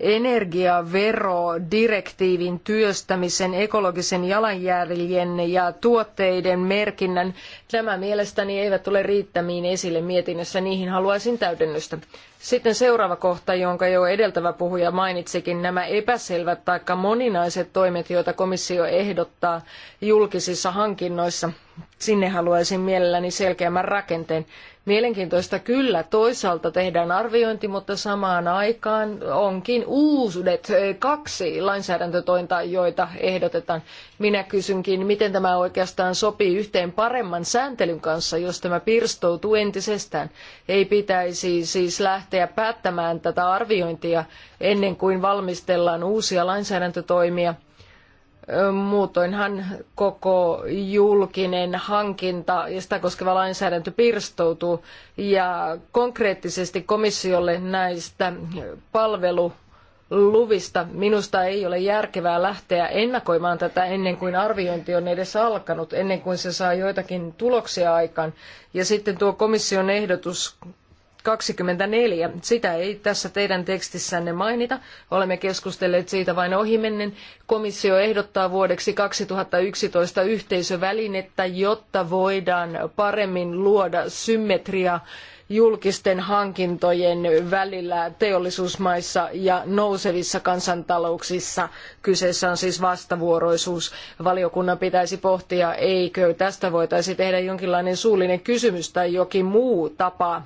energiaverodirektiivin työstämisen, ekologisen jalanjäljen ja tuotteiden merkinnän. Nämä mielestäni eivät tule riittämiin esille mietinnössä, niihin haluaisin täydennystä. Sitten seuraava kohta, jonka jo edeltävä puhuja mainitsikin, nämä epäselvät tai moninaiset toimet, joita komissio ehdottaa julkisissa hankinnoissa. Sinne haluaisin mielelläni selkeämmän rakenteen. Mielenkiintoista kyllä, toisaalta tehdään arviointi, mutta samaan aikaan onkin uusuudet e, kaksi lainsäädäntötointa, joita ehdotetaan. Minä kysynkin, miten tämä oikeastaan sopii yhteen paremman sääntelyn kanssa, jos tämä pirstoutuu entisestään. Ei pitäisi siis lähteä päättämään tätä arviointia ennen kuin valmistellaan uusia lainsäädäntötoimia Muutoinhan koko julkinen hankinta ja sitä koskeva lainsäädäntö pirstoutuu ja konkreettisesti komissiolle näistä palvelu luvista. Minusta ei ole järkevää lähteä ennakoimaan tätä ennen kuin arviointi on edes alkanut, ennen kuin se saa joitakin tuloksia aikaan. Ja sitten tuo komission ehdotus 24. Sitä ei tässä teidän tekstissänne mainita. Olemme keskustelleet siitä vain ohimennen. Komissio ehdottaa vuodeksi 2011 yhteisövälinettä, jotta voidaan paremmin luoda symmetria julkisten hankintojen välillä teollisuusmaissa ja nousevissa kansantalouksissa. Kyseessä on siis vastavuoroisuus. Valiokunnan pitäisi pohtia, eikö tästä voitaisi tehdä jonkinlainen suullinen kysymys tai jokin muu tapa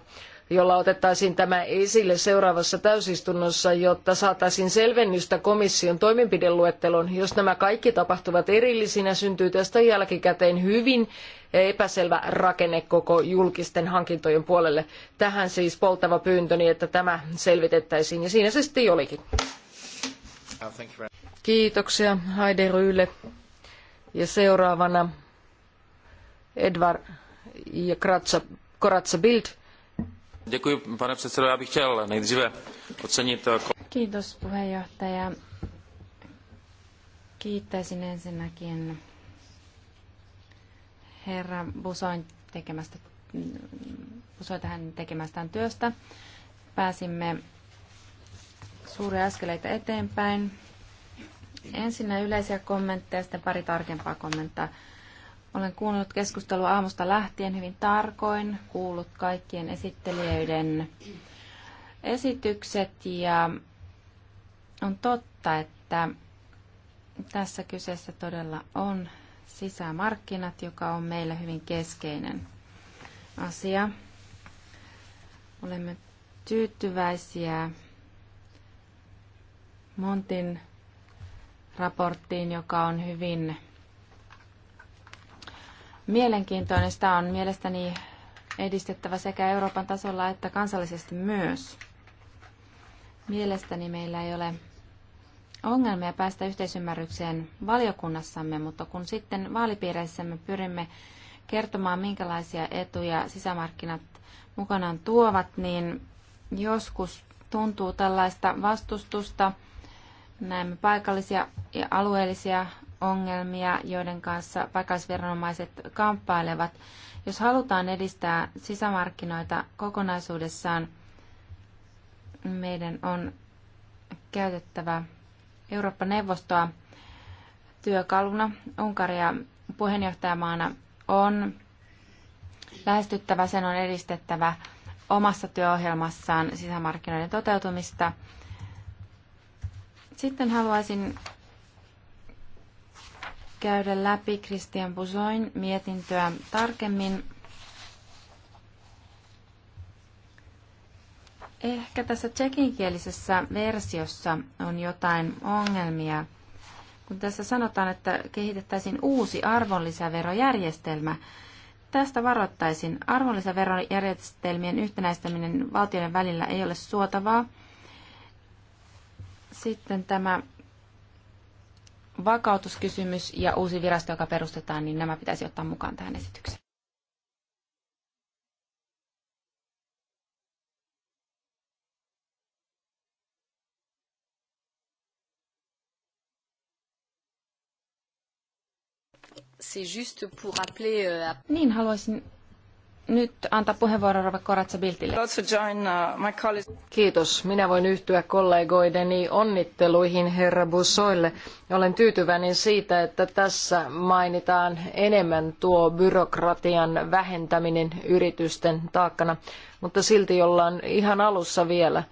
jolla otettaisiin tämä esille seuraavassa täysistunnossa, jotta saataisiin selvennystä komission toimenpideluetteloon. Jos nämä kaikki tapahtuvat erillisinä, syntyy tästä jälkikäteen hyvin epäselvä rakenne koko julkisten hankintojen puolelle. Tähän siis poltava pyyntöni, että tämä selvitettäisiin, ja siinä se sitten olikin. Kiitoksia Heide Ryyle. Ja seuraavana Edvard ja Kratsa, Koratsa Bild. Děkuji, pane předsedo. Já bych chtěl nejdříve ocenit... Eh, Kiitos, puheenjohtaja. Kiittäisin ensinnäkin herra Busoin tekemästä, tähän tekemästään työstä. Pääsimme suuria askeleita eteenpäin. Ensinnä yleisiä kommentteja, sitten pari tarkempaa kommenttia olen kuunnellut keskustelua aamusta lähtien hyvin tarkoin, kuullut kaikkien esittelijöiden esitykset ja on totta, että tässä kyseessä todella on sisämarkkinat, joka on meille hyvin keskeinen asia. Olemme tyytyväisiä Montin raporttiin, joka on hyvin mielenkiintoinen. Sitä on mielestäni edistettävä sekä Euroopan tasolla että kansallisesti myös. Mielestäni meillä ei ole ongelmia päästä yhteisymmärrykseen valiokunnassamme, mutta kun sitten vaalipiireissämme pyrimme kertomaan, minkälaisia etuja sisämarkkinat mukanaan tuovat, niin joskus tuntuu tällaista vastustusta. Näemme paikallisia ja alueellisia ongelmia, joiden kanssa paikallisviranomaiset kamppailevat. Jos halutaan edistää sisämarkkinoita kokonaisuudessaan, meidän on käytettävä Eurooppa-neuvostoa työkaluna. Unkaria puheenjohtajamaana on lähestyttävä, sen on edistettävä omassa työohjelmassaan sisämarkkinoiden toteutumista. Sitten haluaisin käydä läpi Christian Busoin mietintöä tarkemmin. Ehkä tässä tsekinkielisessä versiossa on jotain ongelmia. Kun tässä sanotaan, että kehitettäisiin uusi arvonlisäverojärjestelmä, tästä varoittaisin. Arvonlisäverojärjestelmien yhtenäistäminen valtioiden välillä ei ole suotavaa. Sitten tämä vakautuskysymys ja uusi virasto, joka perustetaan, niin nämä pitäisi ottaa mukaan tähän esitykseen. Euh, niin, haluaisin nyt antaa puheenvuoron Rova Koratsa Biltille. Uh, Kiitos. Minä voin yhtyä kollegoideni onnitteluihin herra Busoille. Olen tyytyväinen siitä, että tässä mainitaan enemmän tuo byrokratian vähentäminen yritysten taakkana, mutta silti ollaan ihan alussa vielä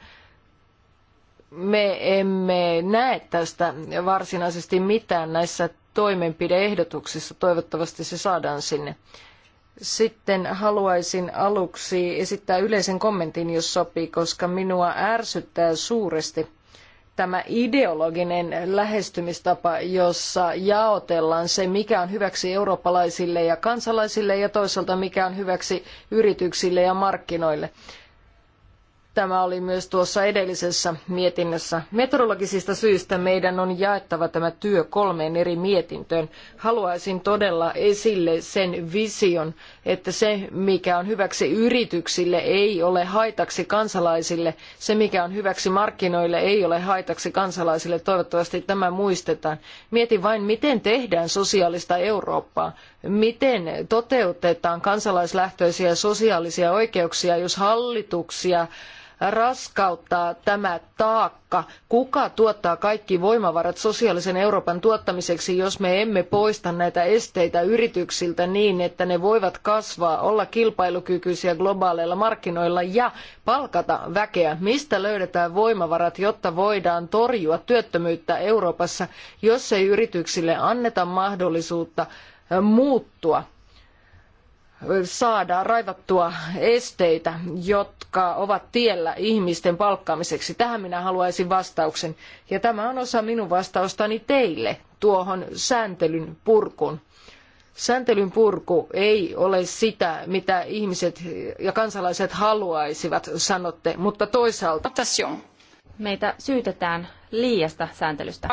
me emme näe tästä varsinaisesti mitään näissä toimenpideehdotuksissa. Toivottavasti se saadaan sinne. Sitten haluaisin aluksi esittää yleisen kommentin, jos sopii, koska minua ärsyttää suuresti tämä ideologinen lähestymistapa, jossa jaotellaan se, mikä on hyväksi eurooppalaisille ja kansalaisille ja toisaalta mikä on hyväksi yrityksille ja markkinoille. Tämä oli myös tuossa edellisessä mietinnössä. Meteorologisista syistä meidän on jaettava tämä työ kolmeen eri mietintöön. Haluaisin todella esille sen vision, että se mikä on hyväksi yrityksille ei ole haitaksi kansalaisille, se mikä on hyväksi markkinoille ei ole haitaksi kansalaisille. Toivottavasti tämä muistetaan. Mietin vain, miten tehdään sosiaalista Eurooppaa miten toteutetaan kansalaislähtöisiä sosiaalisia oikeuksia, jos hallituksia raskauttaa tämä taakka? Kuka tuottaa kaikki voimavarat sosiaalisen Euroopan tuottamiseksi, jos me emme poista näitä esteitä yrityksiltä niin, että ne voivat kasvaa, olla kilpailukykyisiä globaaleilla markkinoilla ja palkata väkeä? Mistä löydetään voimavarat, jotta voidaan torjua työttömyyttä Euroopassa, jos ei yrityksille anneta mahdollisuutta muuttua? saada raivattua esteitä, jotka ovat tiellä ihmisten palkkaamiseksi? Tähän minä haluaisin vastauksen. Ja tämä on osa minun vastaustani teille tuohon sääntelyn purkuun. Sääntelyn purku ei ole sitä, mitä ihmiset ja kansalaiset haluaisivat, sanotte, mutta toisaalta meitä syytetään liiasta sääntelystä.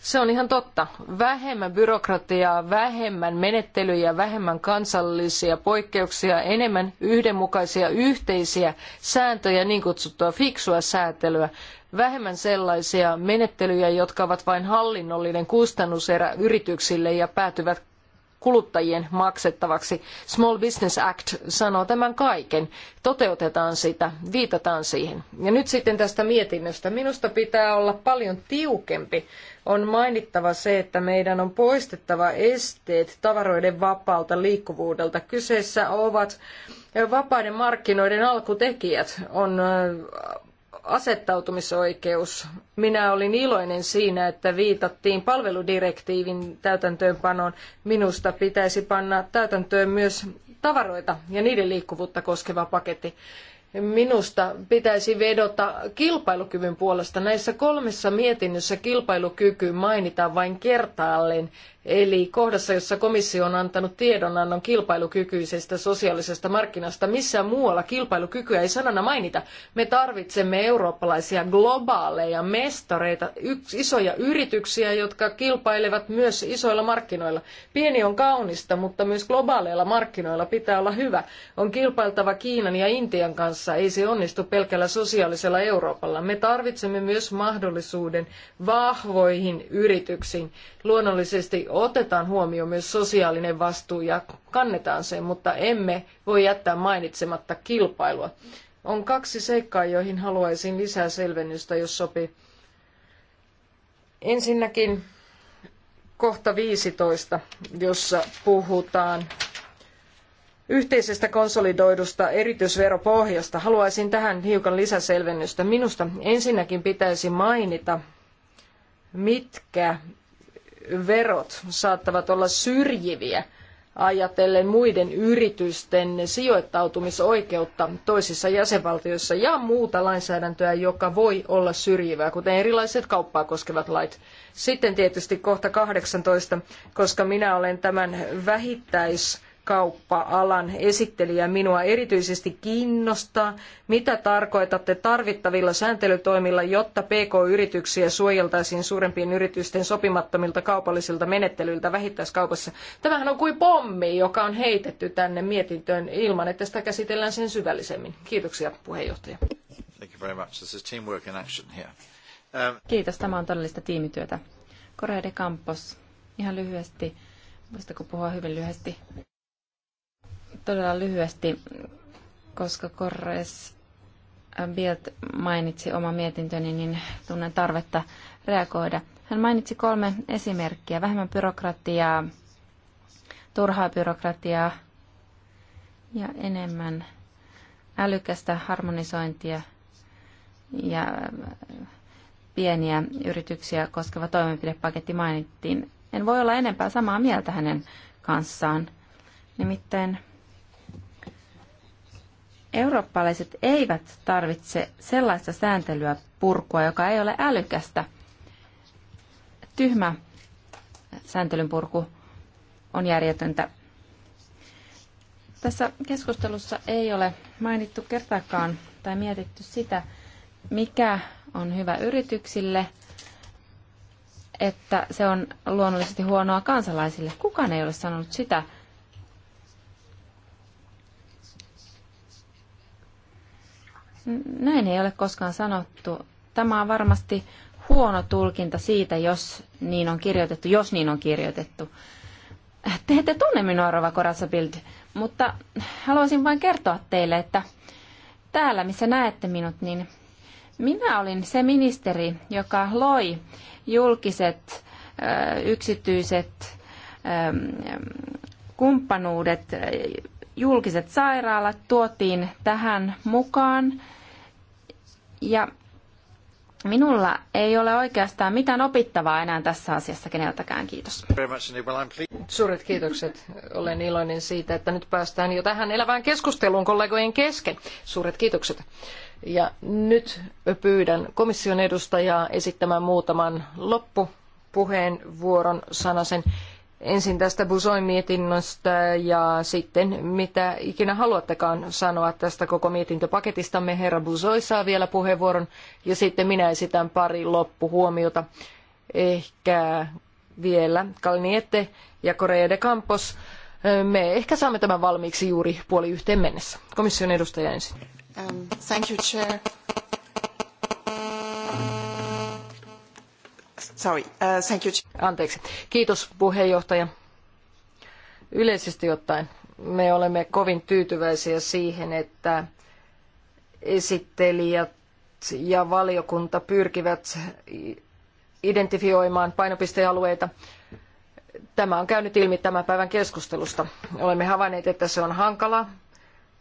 Se on ihan totta. Vähemmän byrokratiaa, vähemmän menettelyjä, vähemmän kansallisia poikkeuksia, enemmän yhdenmukaisia yhteisiä sääntöjä, niin kutsuttua fiksua säätelyä, vähemmän sellaisia menettelyjä, jotka ovat vain hallinnollinen kustannuserä yrityksille ja päätyvät kuluttajien maksettavaksi. Small Business Act sanoo tämän kaiken. Toteutetaan sitä, viitataan siihen. Ja nyt sitten tästä mietinnöstä. Minusta pitää olla paljon tiukempi. On mainittava se, että meidän on poistettava esteet tavaroiden vapaalta liikkuvuudelta. Kyseessä ovat vapaiden markkinoiden alkutekijät. On asettautumisoikeus. Minä olin iloinen siinä, että viitattiin palveludirektiivin täytäntöönpanoon. Minusta pitäisi panna täytäntöön myös tavaroita ja niiden liikkuvuutta koskeva paketti. Minusta pitäisi vedota kilpailukyvyn puolesta. Näissä kolmessa mietinnössä kilpailukyky mainitaan vain kertaalleen Eli kohdassa, jossa komissio on antanut tiedonannon kilpailukykyisestä sosiaalisesta markkinasta, missään muualla kilpailukykyä ei sanana mainita. Me tarvitsemme eurooppalaisia globaaleja mestareita, isoja yrityksiä, jotka kilpailevat myös isoilla markkinoilla. Pieni on kaunista, mutta myös globaaleilla markkinoilla pitää olla hyvä. On kilpailtava Kiinan ja Intian kanssa, ei se onnistu pelkällä sosiaalisella Euroopalla. Me tarvitsemme myös mahdollisuuden vahvoihin yrityksiin. Luonnollisesti otetaan huomioon myös sosiaalinen vastuu ja kannetaan se, mutta emme voi jättää mainitsematta kilpailua. On kaksi seikkaa, joihin haluaisin lisää selvennystä, jos sopii. Ensinnäkin kohta 15, jossa puhutaan Yhteisestä konsolidoidusta erityisveropohjasta haluaisin tähän hiukan lisäselvennystä. Minusta ensinnäkin pitäisi mainita, mitkä verot saattavat olla syrjiviä ajatellen muiden yritysten sijoittautumisoikeutta toisissa jäsenvaltioissa ja muuta lainsäädäntöä, joka voi olla syrjivää, kuten erilaiset kauppaa koskevat lait. Sitten tietysti kohta 18, koska minä olen tämän vähittäis kauppa-alan esittelijä minua erityisesti kiinnostaa, mitä tarkoitatte tarvittavilla sääntelytoimilla, jotta PK-yrityksiä suojeltaisiin suurempien yritysten sopimattomilta kaupallisilta menettelyiltä vähittäiskaupassa. Tämähän on kuin pommi, joka on heitetty tänne mietintöön ilman, että sitä käsitellään sen syvällisemmin. Kiitoksia puheenjohtaja. Um, Kiitos, tämä on todellista tiimityötä. Korea de Campos, ihan lyhyesti. Voisitko puhua hyvin lyhyesti? todella lyhyesti, koska Corres Bild mainitsi oma mietintöni, niin tunnen tarvetta reagoida. Hän mainitsi kolme esimerkkiä. Vähemmän byrokratiaa, turhaa byrokratiaa ja enemmän älykästä harmonisointia ja pieniä yrityksiä koskeva toimenpidepaketti mainittiin. En voi olla enempää samaa mieltä hänen kanssaan. Nimittäin eurooppalaiset eivät tarvitse sellaista sääntelyä purkua, joka ei ole älykästä. Tyhmä sääntelyn purku on järjetöntä. Tässä keskustelussa ei ole mainittu kertaakaan tai mietitty sitä, mikä on hyvä yrityksille, että se on luonnollisesti huonoa kansalaisille. Kukaan ei ole sanonut sitä, Näin ei ole koskaan sanottu. Tämä on varmasti huono tulkinta siitä, jos niin on kirjoitettu, jos niin on kirjoitettu. Te ette tunne minua, Rova Korasabild, mutta haluaisin vain kertoa teille, että täällä, missä näette minut, niin minä olin se ministeri, joka loi julkiset, yksityiset kumppanuudet julkiset sairaalat tuotiin tähän mukaan. Ja minulla ei ole oikeastaan mitään opittavaa enää tässä asiassa keneltäkään. Kiitos. Suuret kiitokset. Olen iloinen siitä, että nyt päästään jo tähän elävään keskusteluun kollegojen kesken. Suuret kiitokset. Ja nyt pyydän komission edustajaa esittämään muutaman loppupuheenvuoron sanasen ensin tästä Busoin mietinnöstä ja sitten mitä ikinä haluattekaan sanoa tästä koko mietintöpaketistamme. Herra Busoi saa vielä puheenvuoron ja sitten minä esitän pari loppuhuomiota. Ehkä vielä Kalniette ja Korea de Campos. Me ehkä saamme tämän valmiiksi juuri puoli yhteen mennessä. Komission edustaja ensin. Um, thank you, chair. Uh, Anteeksi. Kiitos puheenjohtaja. Yleisesti ottaen me olemme kovin tyytyväisiä siihen, että esittelijät ja valiokunta pyrkivät identifioimaan painopistealueita. Tämä on käynyt ilmi tämän päivän keskustelusta. Olemme havainneet, että se on hankala.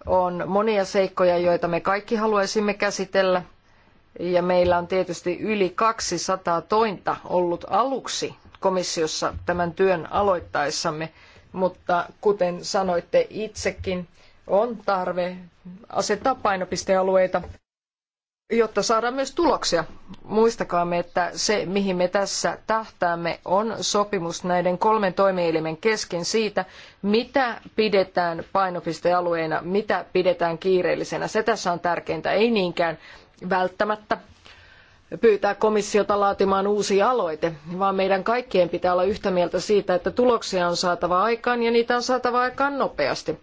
On monia seikkoja, joita me kaikki haluaisimme käsitellä ja meillä on tietysti yli 200 tointa ollut aluksi komissiossa tämän työn aloittaessamme, mutta kuten sanoitte itsekin, on tarve asettaa painopistealueita, jotta saadaan myös tuloksia. Muistakaamme, että se mihin me tässä tähtäämme on sopimus näiden kolmen toimielimen kesken siitä, mitä pidetään painopistealueena, mitä pidetään kiireellisenä. Se tässä on tärkeintä, ei niinkään välttämättä pyytää komissiota laatimaan uusi aloite, vaan meidän kaikkien pitää olla yhtä mieltä siitä, että tuloksia on saatava aikaan ja niitä on saatava aikaan nopeasti.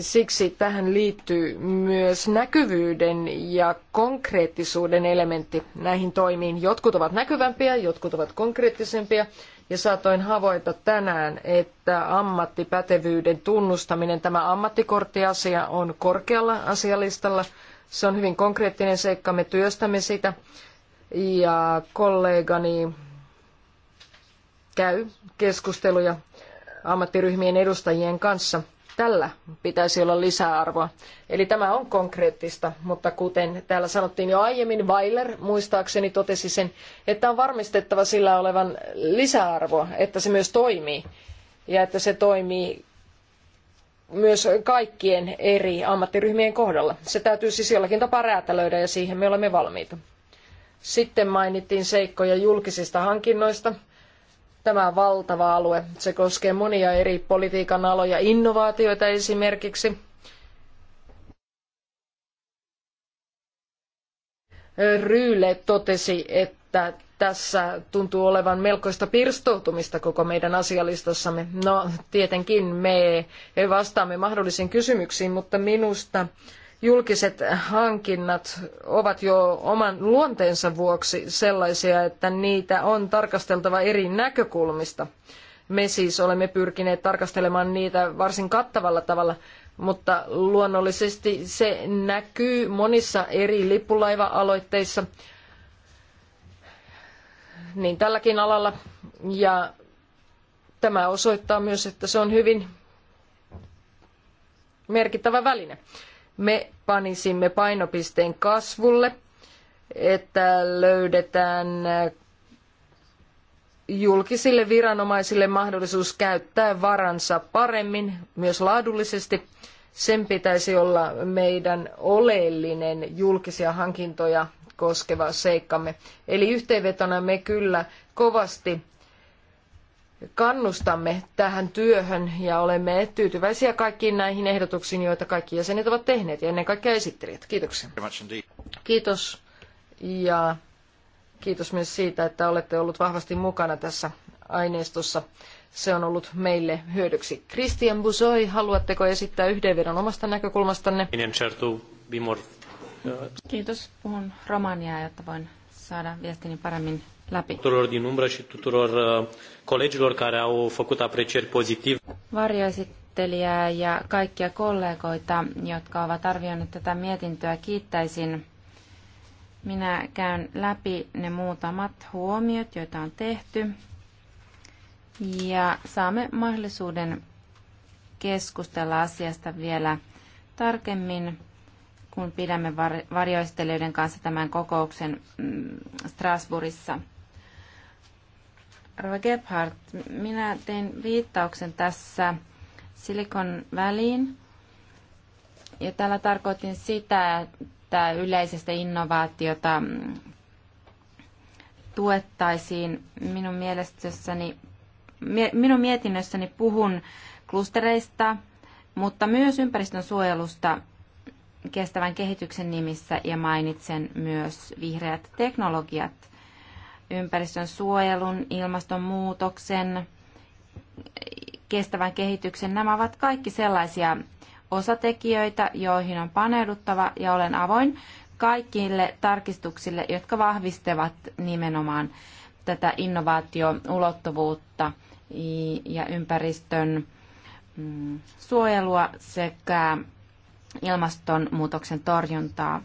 Siksi tähän liittyy myös näkyvyyden ja konkreettisuuden elementti näihin toimiin. Jotkut ovat näkyvämpiä, jotkut ovat konkreettisempia. Ja saatoin havaita tänään, että ammattipätevyyden tunnustaminen, tämä ammattikorttiasia on korkealla asialistalla – se on hyvin konkreettinen seikka, me työstämme sitä ja kollegani käy keskusteluja ammattiryhmien edustajien kanssa. Tällä pitäisi olla lisäarvoa. Eli tämä on konkreettista, mutta kuten täällä sanottiin jo aiemmin, Weiler muistaakseni totesi sen, että on varmistettava sillä olevan lisäarvoa, että se myös toimii ja että se toimii myös kaikkien eri ammattiryhmien kohdalla. Se täytyy siis jollakin tapaa räätälöidä ja siihen me olemme valmiita. Sitten mainittiin seikkoja julkisista hankinnoista. Tämä on valtava alue. Se koskee monia eri politiikan aloja, innovaatioita esimerkiksi. Ryyle totesi, että tässä tuntuu olevan melkoista pirstoutumista koko meidän asialistassamme. No tietenkin me vastaamme mahdollisiin kysymyksiin, mutta minusta julkiset hankinnat ovat jo oman luonteensa vuoksi sellaisia, että niitä on tarkasteltava eri näkökulmista. Me siis olemme pyrkineet tarkastelemaan niitä varsin kattavalla tavalla, mutta luonnollisesti se näkyy monissa eri lippulaiva-aloitteissa – niin tälläkin alalla. Ja tämä osoittaa myös, että se on hyvin merkittävä väline. Me panisimme painopisteen kasvulle, että löydetään julkisille viranomaisille mahdollisuus käyttää varansa paremmin, myös laadullisesti. Sen pitäisi olla meidän oleellinen julkisia hankintoja koskeva seikkamme. Eli yhteenvetona me kyllä kovasti kannustamme tähän työhön ja olemme tyytyväisiä kaikkiin näihin ehdotuksiin, joita kaikki jäsenet ovat tehneet ja ennen kaikkea esittelijät. Kiitoksia. Kiitos ja kiitos myös siitä, että olette ollut vahvasti mukana tässä aineistossa. Se on ollut meille hyödyksi. Christian Busoi, haluatteko esittää yhdenvedon omasta näkökulmastanne? Kiitos. Puhun romaniaa, jotta voin saada viestini paremmin läpi. Tuturor din umbră și tuturor uh, colegilor care au făcut aprecieri Varjoesittelijää ja kaikkia kollegoita, jotka ovat arvioineet tätä mietintöä, kiittäisin. Minä käyn läpi ne muutamat huomiot, joita on tehty. Ja saamme mahdollisuuden keskustella asiasta vielä tarkemmin kun pidämme varjoistelijoiden kanssa tämän kokouksen mm, Strasbourgissa. Rova Gebhardt, minä tein viittauksen tässä Silikon väliin. Ja tällä tarkoitin sitä, että yleisestä innovaatiota mm, tuettaisiin. Minun, mie, minun mietinnössäni puhun klustereista, mutta myös ympäristön suojelusta kestävän kehityksen nimissä ja mainitsen myös vihreät teknologiat, ympäristön suojelun, ilmastonmuutoksen, kestävän kehityksen. Nämä ovat kaikki sellaisia osatekijöitä, joihin on paneuduttava ja olen avoin kaikille tarkistuksille, jotka vahvistavat nimenomaan tätä innovaatioulottuvuutta ja ympäristön mm, suojelua sekä ilmastonmuutoksen torjuntaa.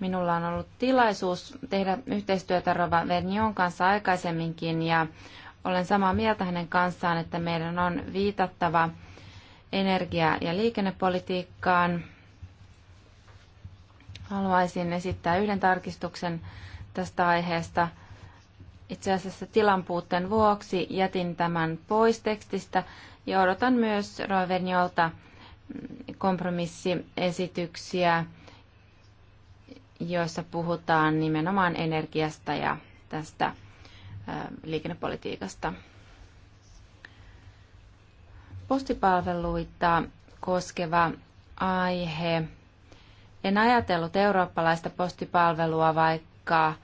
Minulla on ollut tilaisuus tehdä yhteistyötä Rova Vernion kanssa aikaisemminkin ja olen samaa mieltä hänen kanssaan, että meidän on viitattava energia- ja liikennepolitiikkaan. Haluaisin esittää yhden tarkistuksen tästä aiheesta – itse asiassa tilanpuutteen vuoksi jätin tämän pois tekstistä ja odotan myös Roiveniolta mm, kompromissiesityksiä, joissa puhutaan nimenomaan energiasta ja tästä liikennepolitiikasta. Postipalveluita koskeva aihe. En ajatellut eurooppalaista postipalvelua, vaikka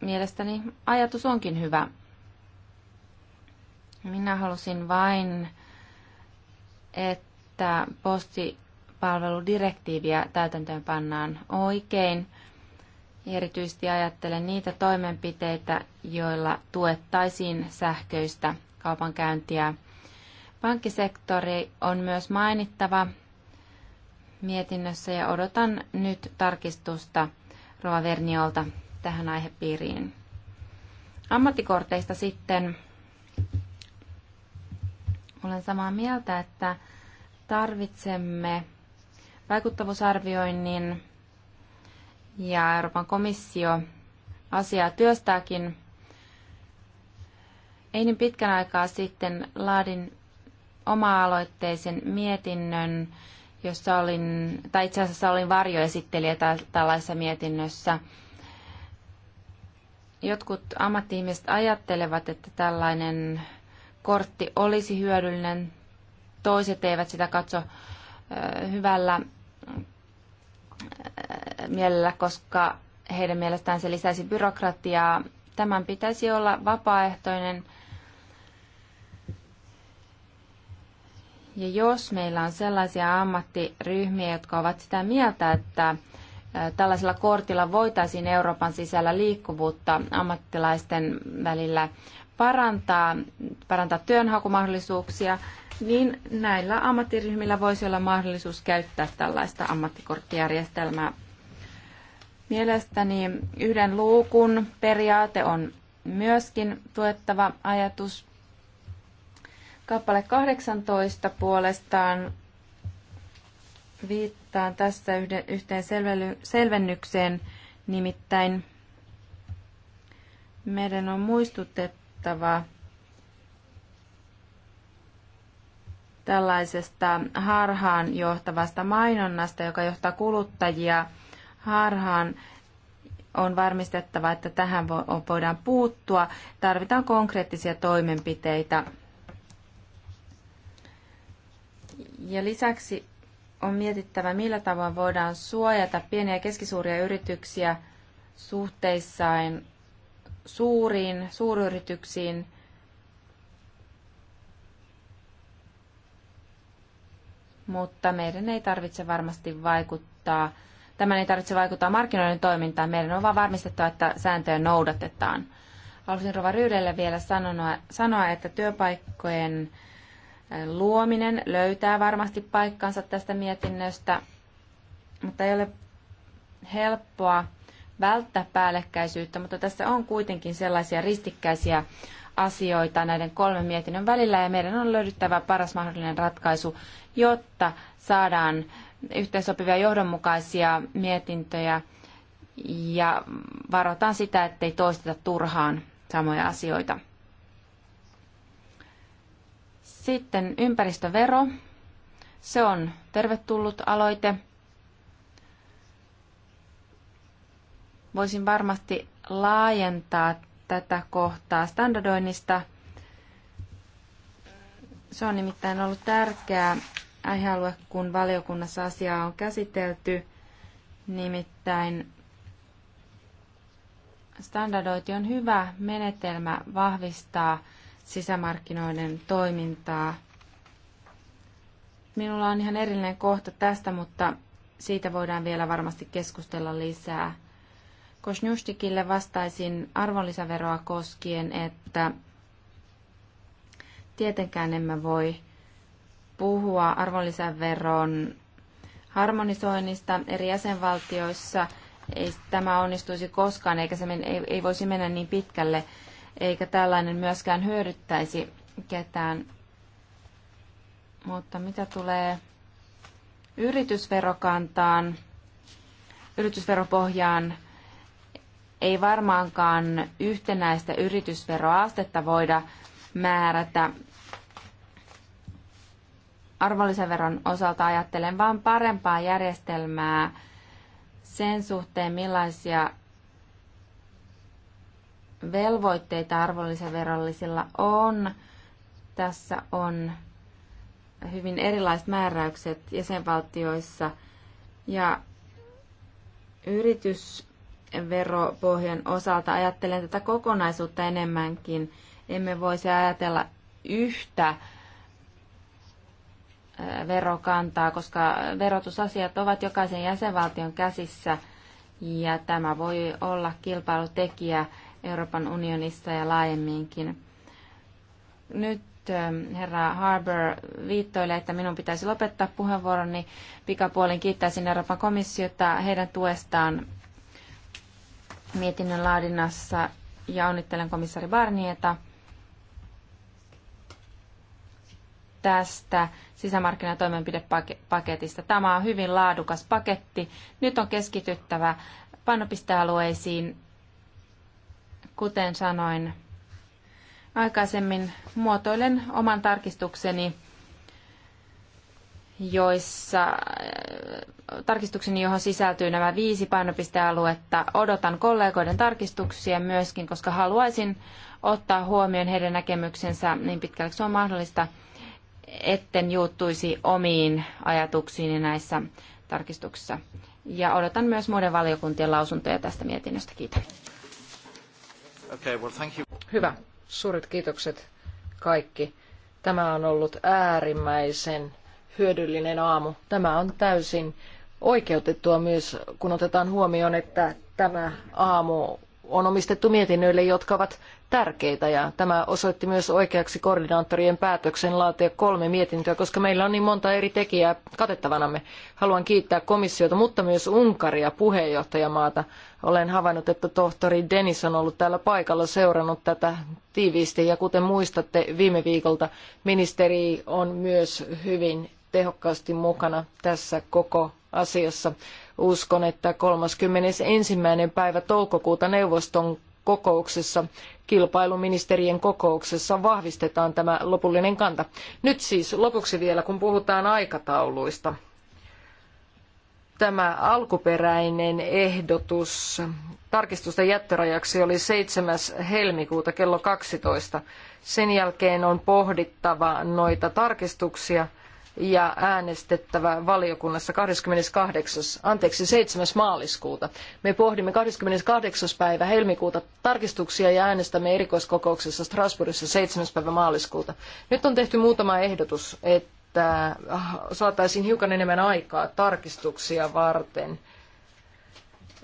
mielestäni ajatus onkin hyvä. Minä halusin vain, että postipalveludirektiiviä täytäntöön pannaan oikein. Erityisesti ajattelen niitä toimenpiteitä, joilla tuettaisiin sähköistä kaupankäyntiä. Pankkisektori on myös mainittava mietinnössä ja odotan nyt tarkistusta Rova Verniolta tähän aihepiiriin. Ammattikorteista sitten olen samaa mieltä, että tarvitsemme vaikuttavuusarvioinnin ja Euroopan komissio asiaa työstääkin. Ei niin pitkän aikaa sitten laadin oma-aloitteisen mietinnön, jossa olin, tai itse asiassa olin varjoesittelijä tällaisessa mietinnössä, Jotkut ammattiimiset ajattelevat, että tällainen kortti olisi hyödyllinen, toiset eivät sitä katso äh, hyvällä äh, mielellä, koska heidän mielestään se lisäisi byrokratiaa. Tämän pitäisi olla vapaaehtoinen. Ja jos meillä on sellaisia ammattiryhmiä, jotka ovat sitä mieltä, että Tällaisella kortilla voitaisiin Euroopan sisällä liikkuvuutta ammattilaisten välillä parantaa, parantaa työnhakumahdollisuuksia, niin näillä ammattiryhmillä voisi olla mahdollisuus käyttää tällaista ammattikorttijärjestelmää. Mielestäni yhden luukun periaate on myöskin tuettava ajatus. Kappale 18 puolestaan viittaa viittaan tässä yhteen selvely, selvennykseen, nimittäin meidän on muistutettava tällaisesta harhaan johtavasta mainonnasta, joka johtaa kuluttajia harhaan. On varmistettava, että tähän voidaan puuttua. Tarvitaan konkreettisia toimenpiteitä. Ja lisäksi on mietittävä, millä tavoin voidaan suojata pieniä ja keskisuuria yrityksiä suhteissain suuriin suuryrityksiin. Mutta meidän ei tarvitse varmasti vaikuttaa, tämän ei tarvitse vaikuttaa markkinoiden toimintaan, meidän on vain varmistettava, että sääntöjä noudatetaan. Haluaisin Rova Ryydelle vielä sanoa, sanoa että työpaikkojen luominen löytää varmasti paikkansa tästä mietinnöstä, mutta ei ole helppoa välttää päällekkäisyyttä, mutta tässä on kuitenkin sellaisia ristikkäisiä asioita näiden kolmen mietinnön välillä ja meidän on löydyttävä paras mahdollinen ratkaisu, jotta saadaan yhteensopivia johdonmukaisia mietintöjä ja varotaan sitä, ettei toisteta turhaan samoja asioita. Sitten ympäristövero. Se on tervetullut aloite. Voisin varmasti laajentaa tätä kohtaa standardoinnista. Se on nimittäin ollut tärkeä aihealue, kun valiokunnassa asiaa on käsitelty. Nimittäin standardointi on hyvä menetelmä vahvistaa sisämarkkinoiden toimintaa. Minulla on ihan erillinen kohta tästä, mutta siitä voidaan vielä varmasti keskustella lisää. Kosnustikille vastaisin arvonlisäveroa koskien, että tietenkään emme voi puhua arvonlisäveron harmonisoinnista eri jäsenvaltioissa. Ei tämä onnistuisi koskaan, eikä se men, ei, ei voisi mennä niin pitkälle eikä tällainen myöskään hyödyttäisi ketään. Mutta mitä tulee yritysverokantaan, yritysveropohjaan, ei varmaankaan yhtenäistä yritysveroastetta voida määrätä. Arvonlisäveron osalta ajattelen vain parempaa järjestelmää sen suhteen, millaisia velvoitteita arvonlisäverollisilla on. Tässä on hyvin erilaiset määräykset jäsenvaltioissa ja yritysveropohjan osalta ajattelen tätä kokonaisuutta enemmänkin. Emme voisi ajatella yhtä verokantaa, koska verotusasiat ovat jokaisen jäsenvaltion käsissä ja tämä voi olla kilpailutekijä Euroopan unionissa ja laajemminkin. Nyt ähm, herra Harbour viittoille, että minun pitäisi lopettaa puheenvuoroni. Pikapuolin kiittäisin Euroopan komissiota heidän tuestaan mietinnön laadinnassa ja onnittelen komissaari Barnieta tästä sisämarkkinatoimenpidepaketista. Tämä on hyvin laadukas paketti. Nyt on keskityttävä painopistealueisiin Kuten sanoin aikaisemmin, muotoilen oman tarkistukseni, joissa, äh, tarkistukseni, johon sisältyy nämä viisi painopistealuetta. Odotan kollegoiden tarkistuksia myöskin, koska haluaisin ottaa huomioon heidän näkemyksensä niin pitkälle se on mahdollista, etten juuttuisi omiin ajatuksiini näissä tarkistuksissa. Ja odotan myös muiden valiokuntien lausuntoja tästä mietinnöstä. Kiitos. Okay, well, thank you. Hyvä. Suuret kiitokset kaikki. Tämä on ollut äärimmäisen hyödyllinen aamu. Tämä on täysin oikeutettua myös, kun otetaan huomioon, että tämä aamu on omistettu mietinnöille, jotka ovat tärkeitä ja tämä osoitti myös oikeaksi koordinaattorien päätöksen laatia kolme mietintöä, koska meillä on niin monta eri tekijää katettavanamme. Haluan kiittää komissiota, mutta myös Unkaria puheenjohtajamaata. Olen havainnut, että tohtori Dennis on ollut täällä paikalla seurannut tätä tiiviisti ja kuten muistatte viime viikolta ministeri on myös hyvin tehokkaasti mukana tässä koko asiassa. Uskon, että 31. päivä toukokuuta neuvoston kokouksessa, kilpailuministerien kokouksessa vahvistetaan tämä lopullinen kanta. Nyt siis lopuksi vielä, kun puhutaan aikatauluista. Tämä alkuperäinen ehdotus tarkistusten jättörajaksi oli 7. helmikuuta kello 12. Sen jälkeen on pohdittava noita tarkistuksia ja äänestettävä valiokunnassa 28. anteeksi 7. maaliskuuta. Me pohdimme 28. päivä helmikuuta tarkistuksia ja äänestämme erikoiskokouksessa Strasbourgissa 7. päivä maaliskuuta. Nyt on tehty muutama ehdotus, että ah, saataisiin hiukan enemmän aikaa tarkistuksia varten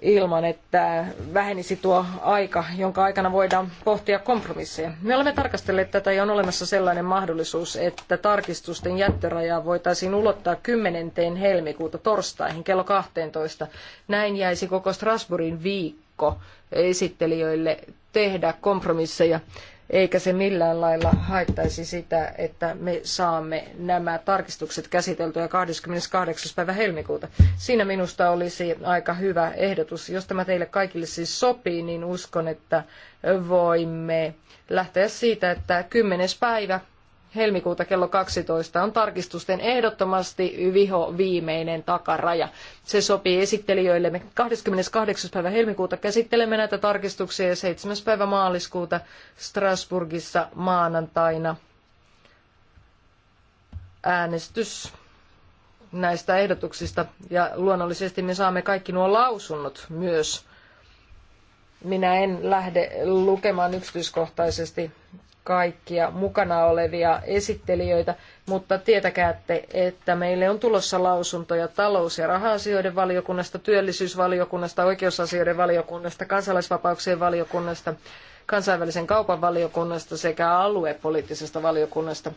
ilman, että vähenisi tuo aika, jonka aikana voidaan pohtia kompromisseja. Me olemme tarkastelleet tätä ja on olemassa sellainen mahdollisuus, että tarkistusten jättörajaa voitaisiin ulottaa 10. helmikuuta torstaihin kello 12. Näin jäisi koko Strasbourgin viikko esittelijöille tehdä kompromisseja eikä se millään lailla haittaisi sitä, että me saamme nämä tarkistukset käsiteltyä 28. päivä helmikuuta. Siinä minusta olisi aika hyvä ehdotus. Jos tämä teille kaikille siis sopii, niin uskon, että voimme lähteä siitä, että 10. päivä helmikuuta kello 12 on tarkistusten ehdottomasti viho viimeinen takaraja. Se sopii esittelijöillemme. 28. päivä helmikuuta käsittelemme näitä tarkistuksia ja 7. päivä maaliskuuta Strasbourgissa maanantaina äänestys näistä ehdotuksista ja luonnollisesti me saamme kaikki nuo lausunnot myös minä en lähde lukemaan yksityiskohtaisesti kaikkia mukana olevia esittelijöitä, mutta tietäkäätte, että meille on tulossa lausuntoja talous- ja raha-asioiden valiokunnasta, työllisyysvaliokunnasta, oikeusasioiden valiokunnasta, kansalaisvapauksien valiokunnasta, kansainvälisen kaupan valiokunnasta sekä aluepoliittisesta valiokunnasta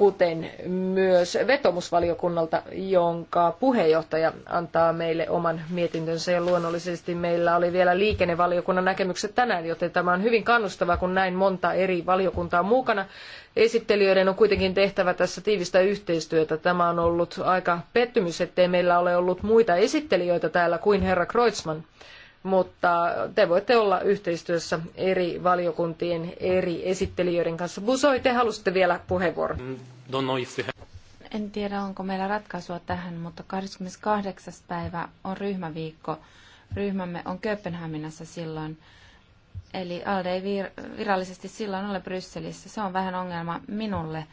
kuten myös vetomusvaliokunnalta, jonka puheenjohtaja antaa meille oman mietintönsä. Ja luonnollisesti meillä oli vielä liikennevaliokunnan näkemykset tänään, joten tämä on hyvin kannustavaa, kun näin monta eri valiokuntaa on mukana. Esittelijöiden on kuitenkin tehtävä tässä tiivistä yhteistyötä. Tämä on ollut aika pettymys, ettei meillä ole ollut muita esittelijöitä täällä kuin herra Kreutzmann mutta te voitte olla yhteistyössä eri valiokuntien eri esittelijöiden kanssa. Busoi, te halusitte vielä puheenvuoron. En tiedä, onko meillä ratkaisua tähän, mutta 28. päivä on ryhmäviikko. Ryhmämme on Kööpenhaminassa silloin. Eli Alde ei vir- virallisesti silloin ole Brysselissä. Se on vähän ongelma minulle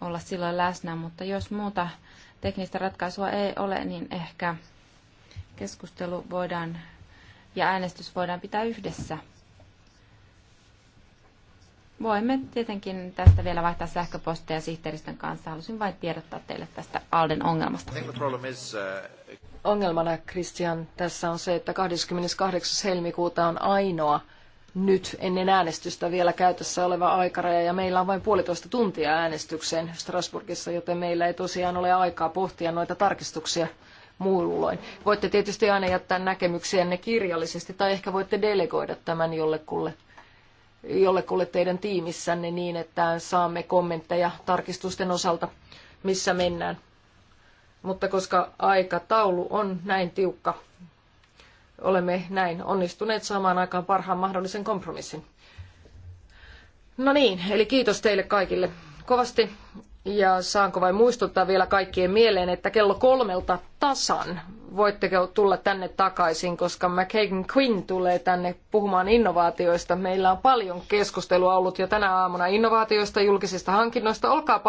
olla silloin läsnä, mutta jos muuta teknistä ratkaisua ei ole, niin ehkä keskustelu voidaan ja äänestys voidaan pitää yhdessä. Voimme tietenkin tästä vielä vaihtaa sähköposteja sihteeristön kanssa. Halusin vain tiedottaa teille tästä Alden ongelmasta. Uh, Ongelmana, Christian, tässä on se, että 28. helmikuuta on ainoa nyt ennen äänestystä vielä käytössä oleva aikaraja ja meillä on vain puolitoista tuntia äänestykseen Strasbourgissa, joten meillä ei tosiaan ole aikaa pohtia noita tarkistuksia muulloin. Voitte tietysti aina jättää näkemyksiänne kirjallisesti tai ehkä voitte delegoida tämän jollekulle jollekulle teidän tiimissänne niin, että saamme kommentteja tarkistusten osalta, missä mennään. Mutta koska aikataulu on näin tiukka, olemme näin onnistuneet saamaan aikaan parhaan mahdollisen kompromissin. No niin, eli kiitos teille kaikille kovasti ja saanko vain muistuttaa vielä kaikkien mieleen, että kello kolmelta tasan voitteko tulla tänne takaisin, koska McKagan Quinn tulee tänne puhumaan innovaatioista. Meillä on paljon keskustelua ollut jo tänä aamuna innovaatioista, julkisista hankinnoista. Olkaa paikalla.